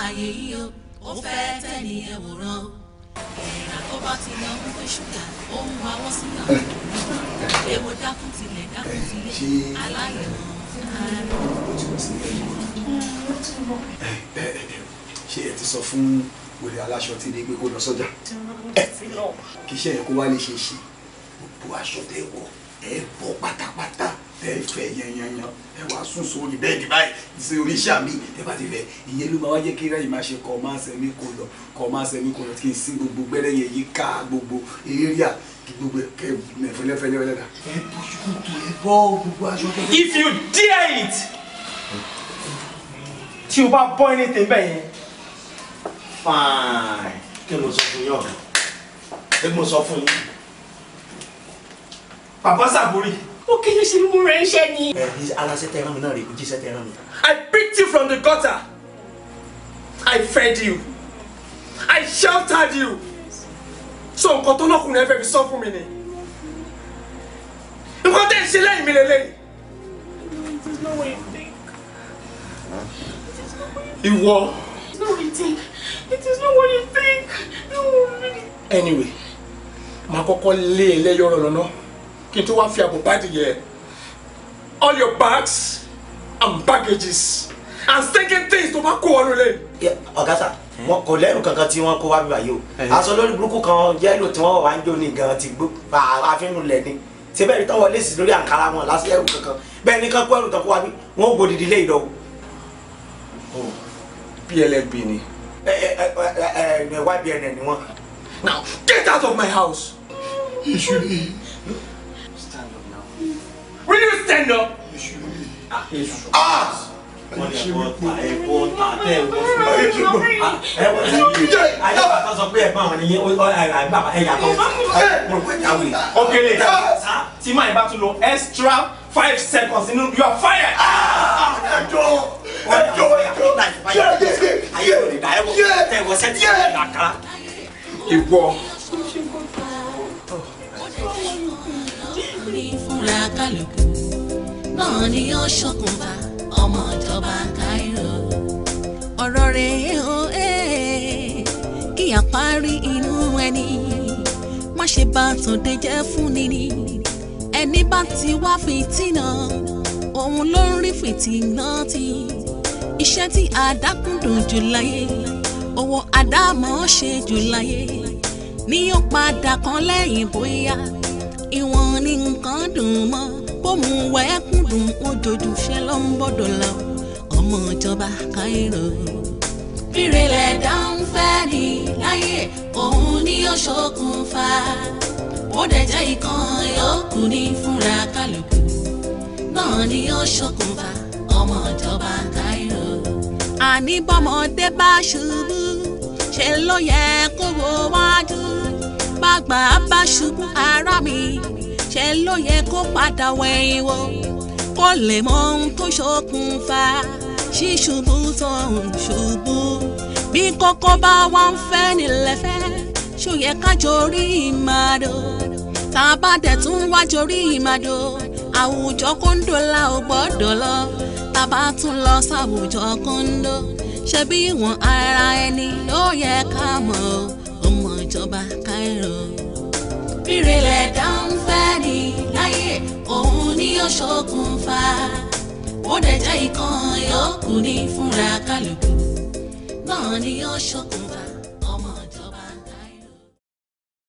S5: ààyè yìí o ó fẹ́ tẹ̀lé ẹ̀wòrán ẹ̀rà tó bá ti yan ń pé ṣúgà ó ń wa ọwọ́ sí yàn èwo dákun tilẹ̀ dákun tilẹ̀
S4: aláyẹ̀
S1: ṣe ẹ ti sọ fún wèrè aláṣọ tí ilé kó lọ sọ́jà kí iṣẹ́ yẹn kó wá lè ṣe é ṣe gbogbo aṣọ tẹ wọ ẹ bọ pátápátá tẹ́ fẹ́ yanyanyan ẹ wá sùn sórí bẹ́ẹ̀dì báyìí ṣe oríṣà mi ẹ bá ti fẹ́ ìyẹn ló máa wá jẹ́ kí ráyè máa ṣe kọ́ máa sẹ́mi kò lọ kọ́ máa sẹ́mi kò lọ kí n sí gbogbo gbẹ́rẹ́ yẹn yí ká gbogbo eréríà kí gbogbo kẹ́ fẹ́lẹ́fẹ́lẹ́ dà. ẹ bójú kòtò ẹ bọ́ gbogbo aṣọ kẹ́kẹ́. if you dare it tí o bá bọ́ anything bẹ́ẹ̀ yẹn
S6: fine kí mo sọ fún yín ọ̀gá
S1: kí mo sọ fún yín bàbá Okay, you ló ṣe mú ránṣẹ́ ni. ẹ eh, aláṣẹ tẹ ẹran mi náà rè kú jíṣẹ́ I picked you from the gutter I fed you I sheltered you so nǹkan tó lọ́kùnrin ẹ fẹ́ fi sọ fún mi me, nǹkan tẹ́ ẹ ṣe lẹ́yìn mi lélẹ́yìn.
S4: It is not what you think.
S1: It is
S4: not what you think. No, really.
S1: Anyway, màá kọ́kọ́ lé e you lọ́nà. No, kí fi àbò báàdì all your bags and packages and stinking things to bá kó wọn lulẹ̀. ọ̀gá sà wọn kò lẹ́rù kankan tí wọ́n kó wá bíbá yìí o aṣọ lórí burúkú kan yẹ́lò tí wọ́n wà ń jó ní gan ti gbó àfihàn lẹ̀ ni ṣe bẹ́ẹ̀ ni tọ́wọ́ lé sí lórí àǹkárá wọn lásì ẹrù kankan bẹ́ẹ̀ ni kankan ẹrù tán kó wá bí wọ́n ò gbòdìdì lé ìdánwò. plb ni. ẹ ẹ ẹ ẹ ybn ni wọn. now get out of my house. èṣù ni. Will you stand up? Ah! Okay, tí máa bá tún extra five seconds inú you are fired. ẹjọ
S5: náà ni ó ṣokùnfà ọmọ ìjọba Cairo ọ̀rọ̀ rẹ̀ ó ẹ́ kí àparí inú ẹni má ṣe bá tòde jẹ́ fún ni ni ẹni bá ti wá fìtínà òun ló ń rí fìtínà tí iṣẹ́ tí àdákùndùn jù láyé owó àdámọ́ ṣe jù láyé ni yóò padà kan lẹ́yìn bóyá ìwọ̀n ni nǹkan dùn mọ́ bóun wà ẹkún dùn ojoojú ṣe ló ń bọ́dọ̀ lọ ọmọ ìjọba káìrò. ìrẹ̀lẹ̀ dáhùn fẹ́ ni láyé òun ni ó ṣokùnfà ó dẹ̀ jẹ́ ìkan yòókù ní fúnra kálukú náà ni ó ṣokùnfà
S4: ọmọ ìjọba
S5: káìrò. àní bọ́mọdé bá ṣubú ṣe ló yẹ kó wo wájú bàgbà bá ṣubú ara mi ṣe ló yẹ kó padà wẹ̀yìn wò kó lè mọ ohun tó ṣokùnfà ṣíṣubú tó ń ṣubú bí kókó bá wà ń fẹ́ nílẹ̀ fẹ́ ṣó yẹ ká jorí ìmàdò tá a bá dẹ̀ tún wá jorí ìmàdò àwùjọ kóńdó la ò gbọ́dọ̀ lọ tá a bá tún lọ sáwùjọ kóńdó ṣe bí ìwọ̀n ara ẹni ló yẹ ká mọ̀ ọmọ ìjọba Cairo bírèlẹ̀ dáńfẹ́ ní láyé òun ni ó ṣokùnfà ó dẹ̀ jẹ́ ìkan yòókù ní fúnra kálukú náà ni ó ṣokùnfà.